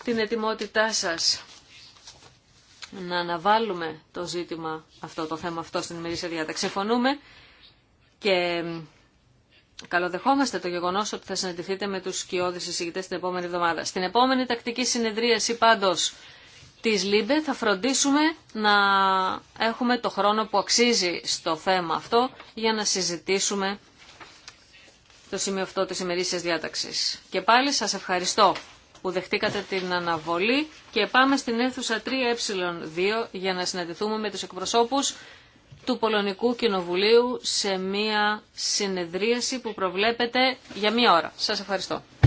την ετοιμότητά σας να αναβάλουμε το ζήτημα αυτό, το θέμα αυτό στην ημερήσια διάταξη. Συμφωνούμε και καλοδεχόμαστε το γεγονός ότι θα συναντηθείτε με τους σκιώδεις εισηγητές την επόμενη εβδομάδα. Στην επόμενη τακτική συνεδρίαση πάντως της ΛΥΜΠΕ θα φροντίσουμε να έχουμε το χρόνο που αξίζει στο θέμα αυτό για να συζητήσουμε το σημείο αυτό της ημερήσιας διάταξης. Και πάλι σας ευχαριστώ που δεχτήκατε την αναβολή και πάμε στην αίθουσα 3Ε2 για να συναντηθούμε με τους εκπροσώπους του Πολωνικού Κοινοβουλίου σε μία συνεδρίαση που προβλέπεται για μία ώρα. Σας ευχαριστώ.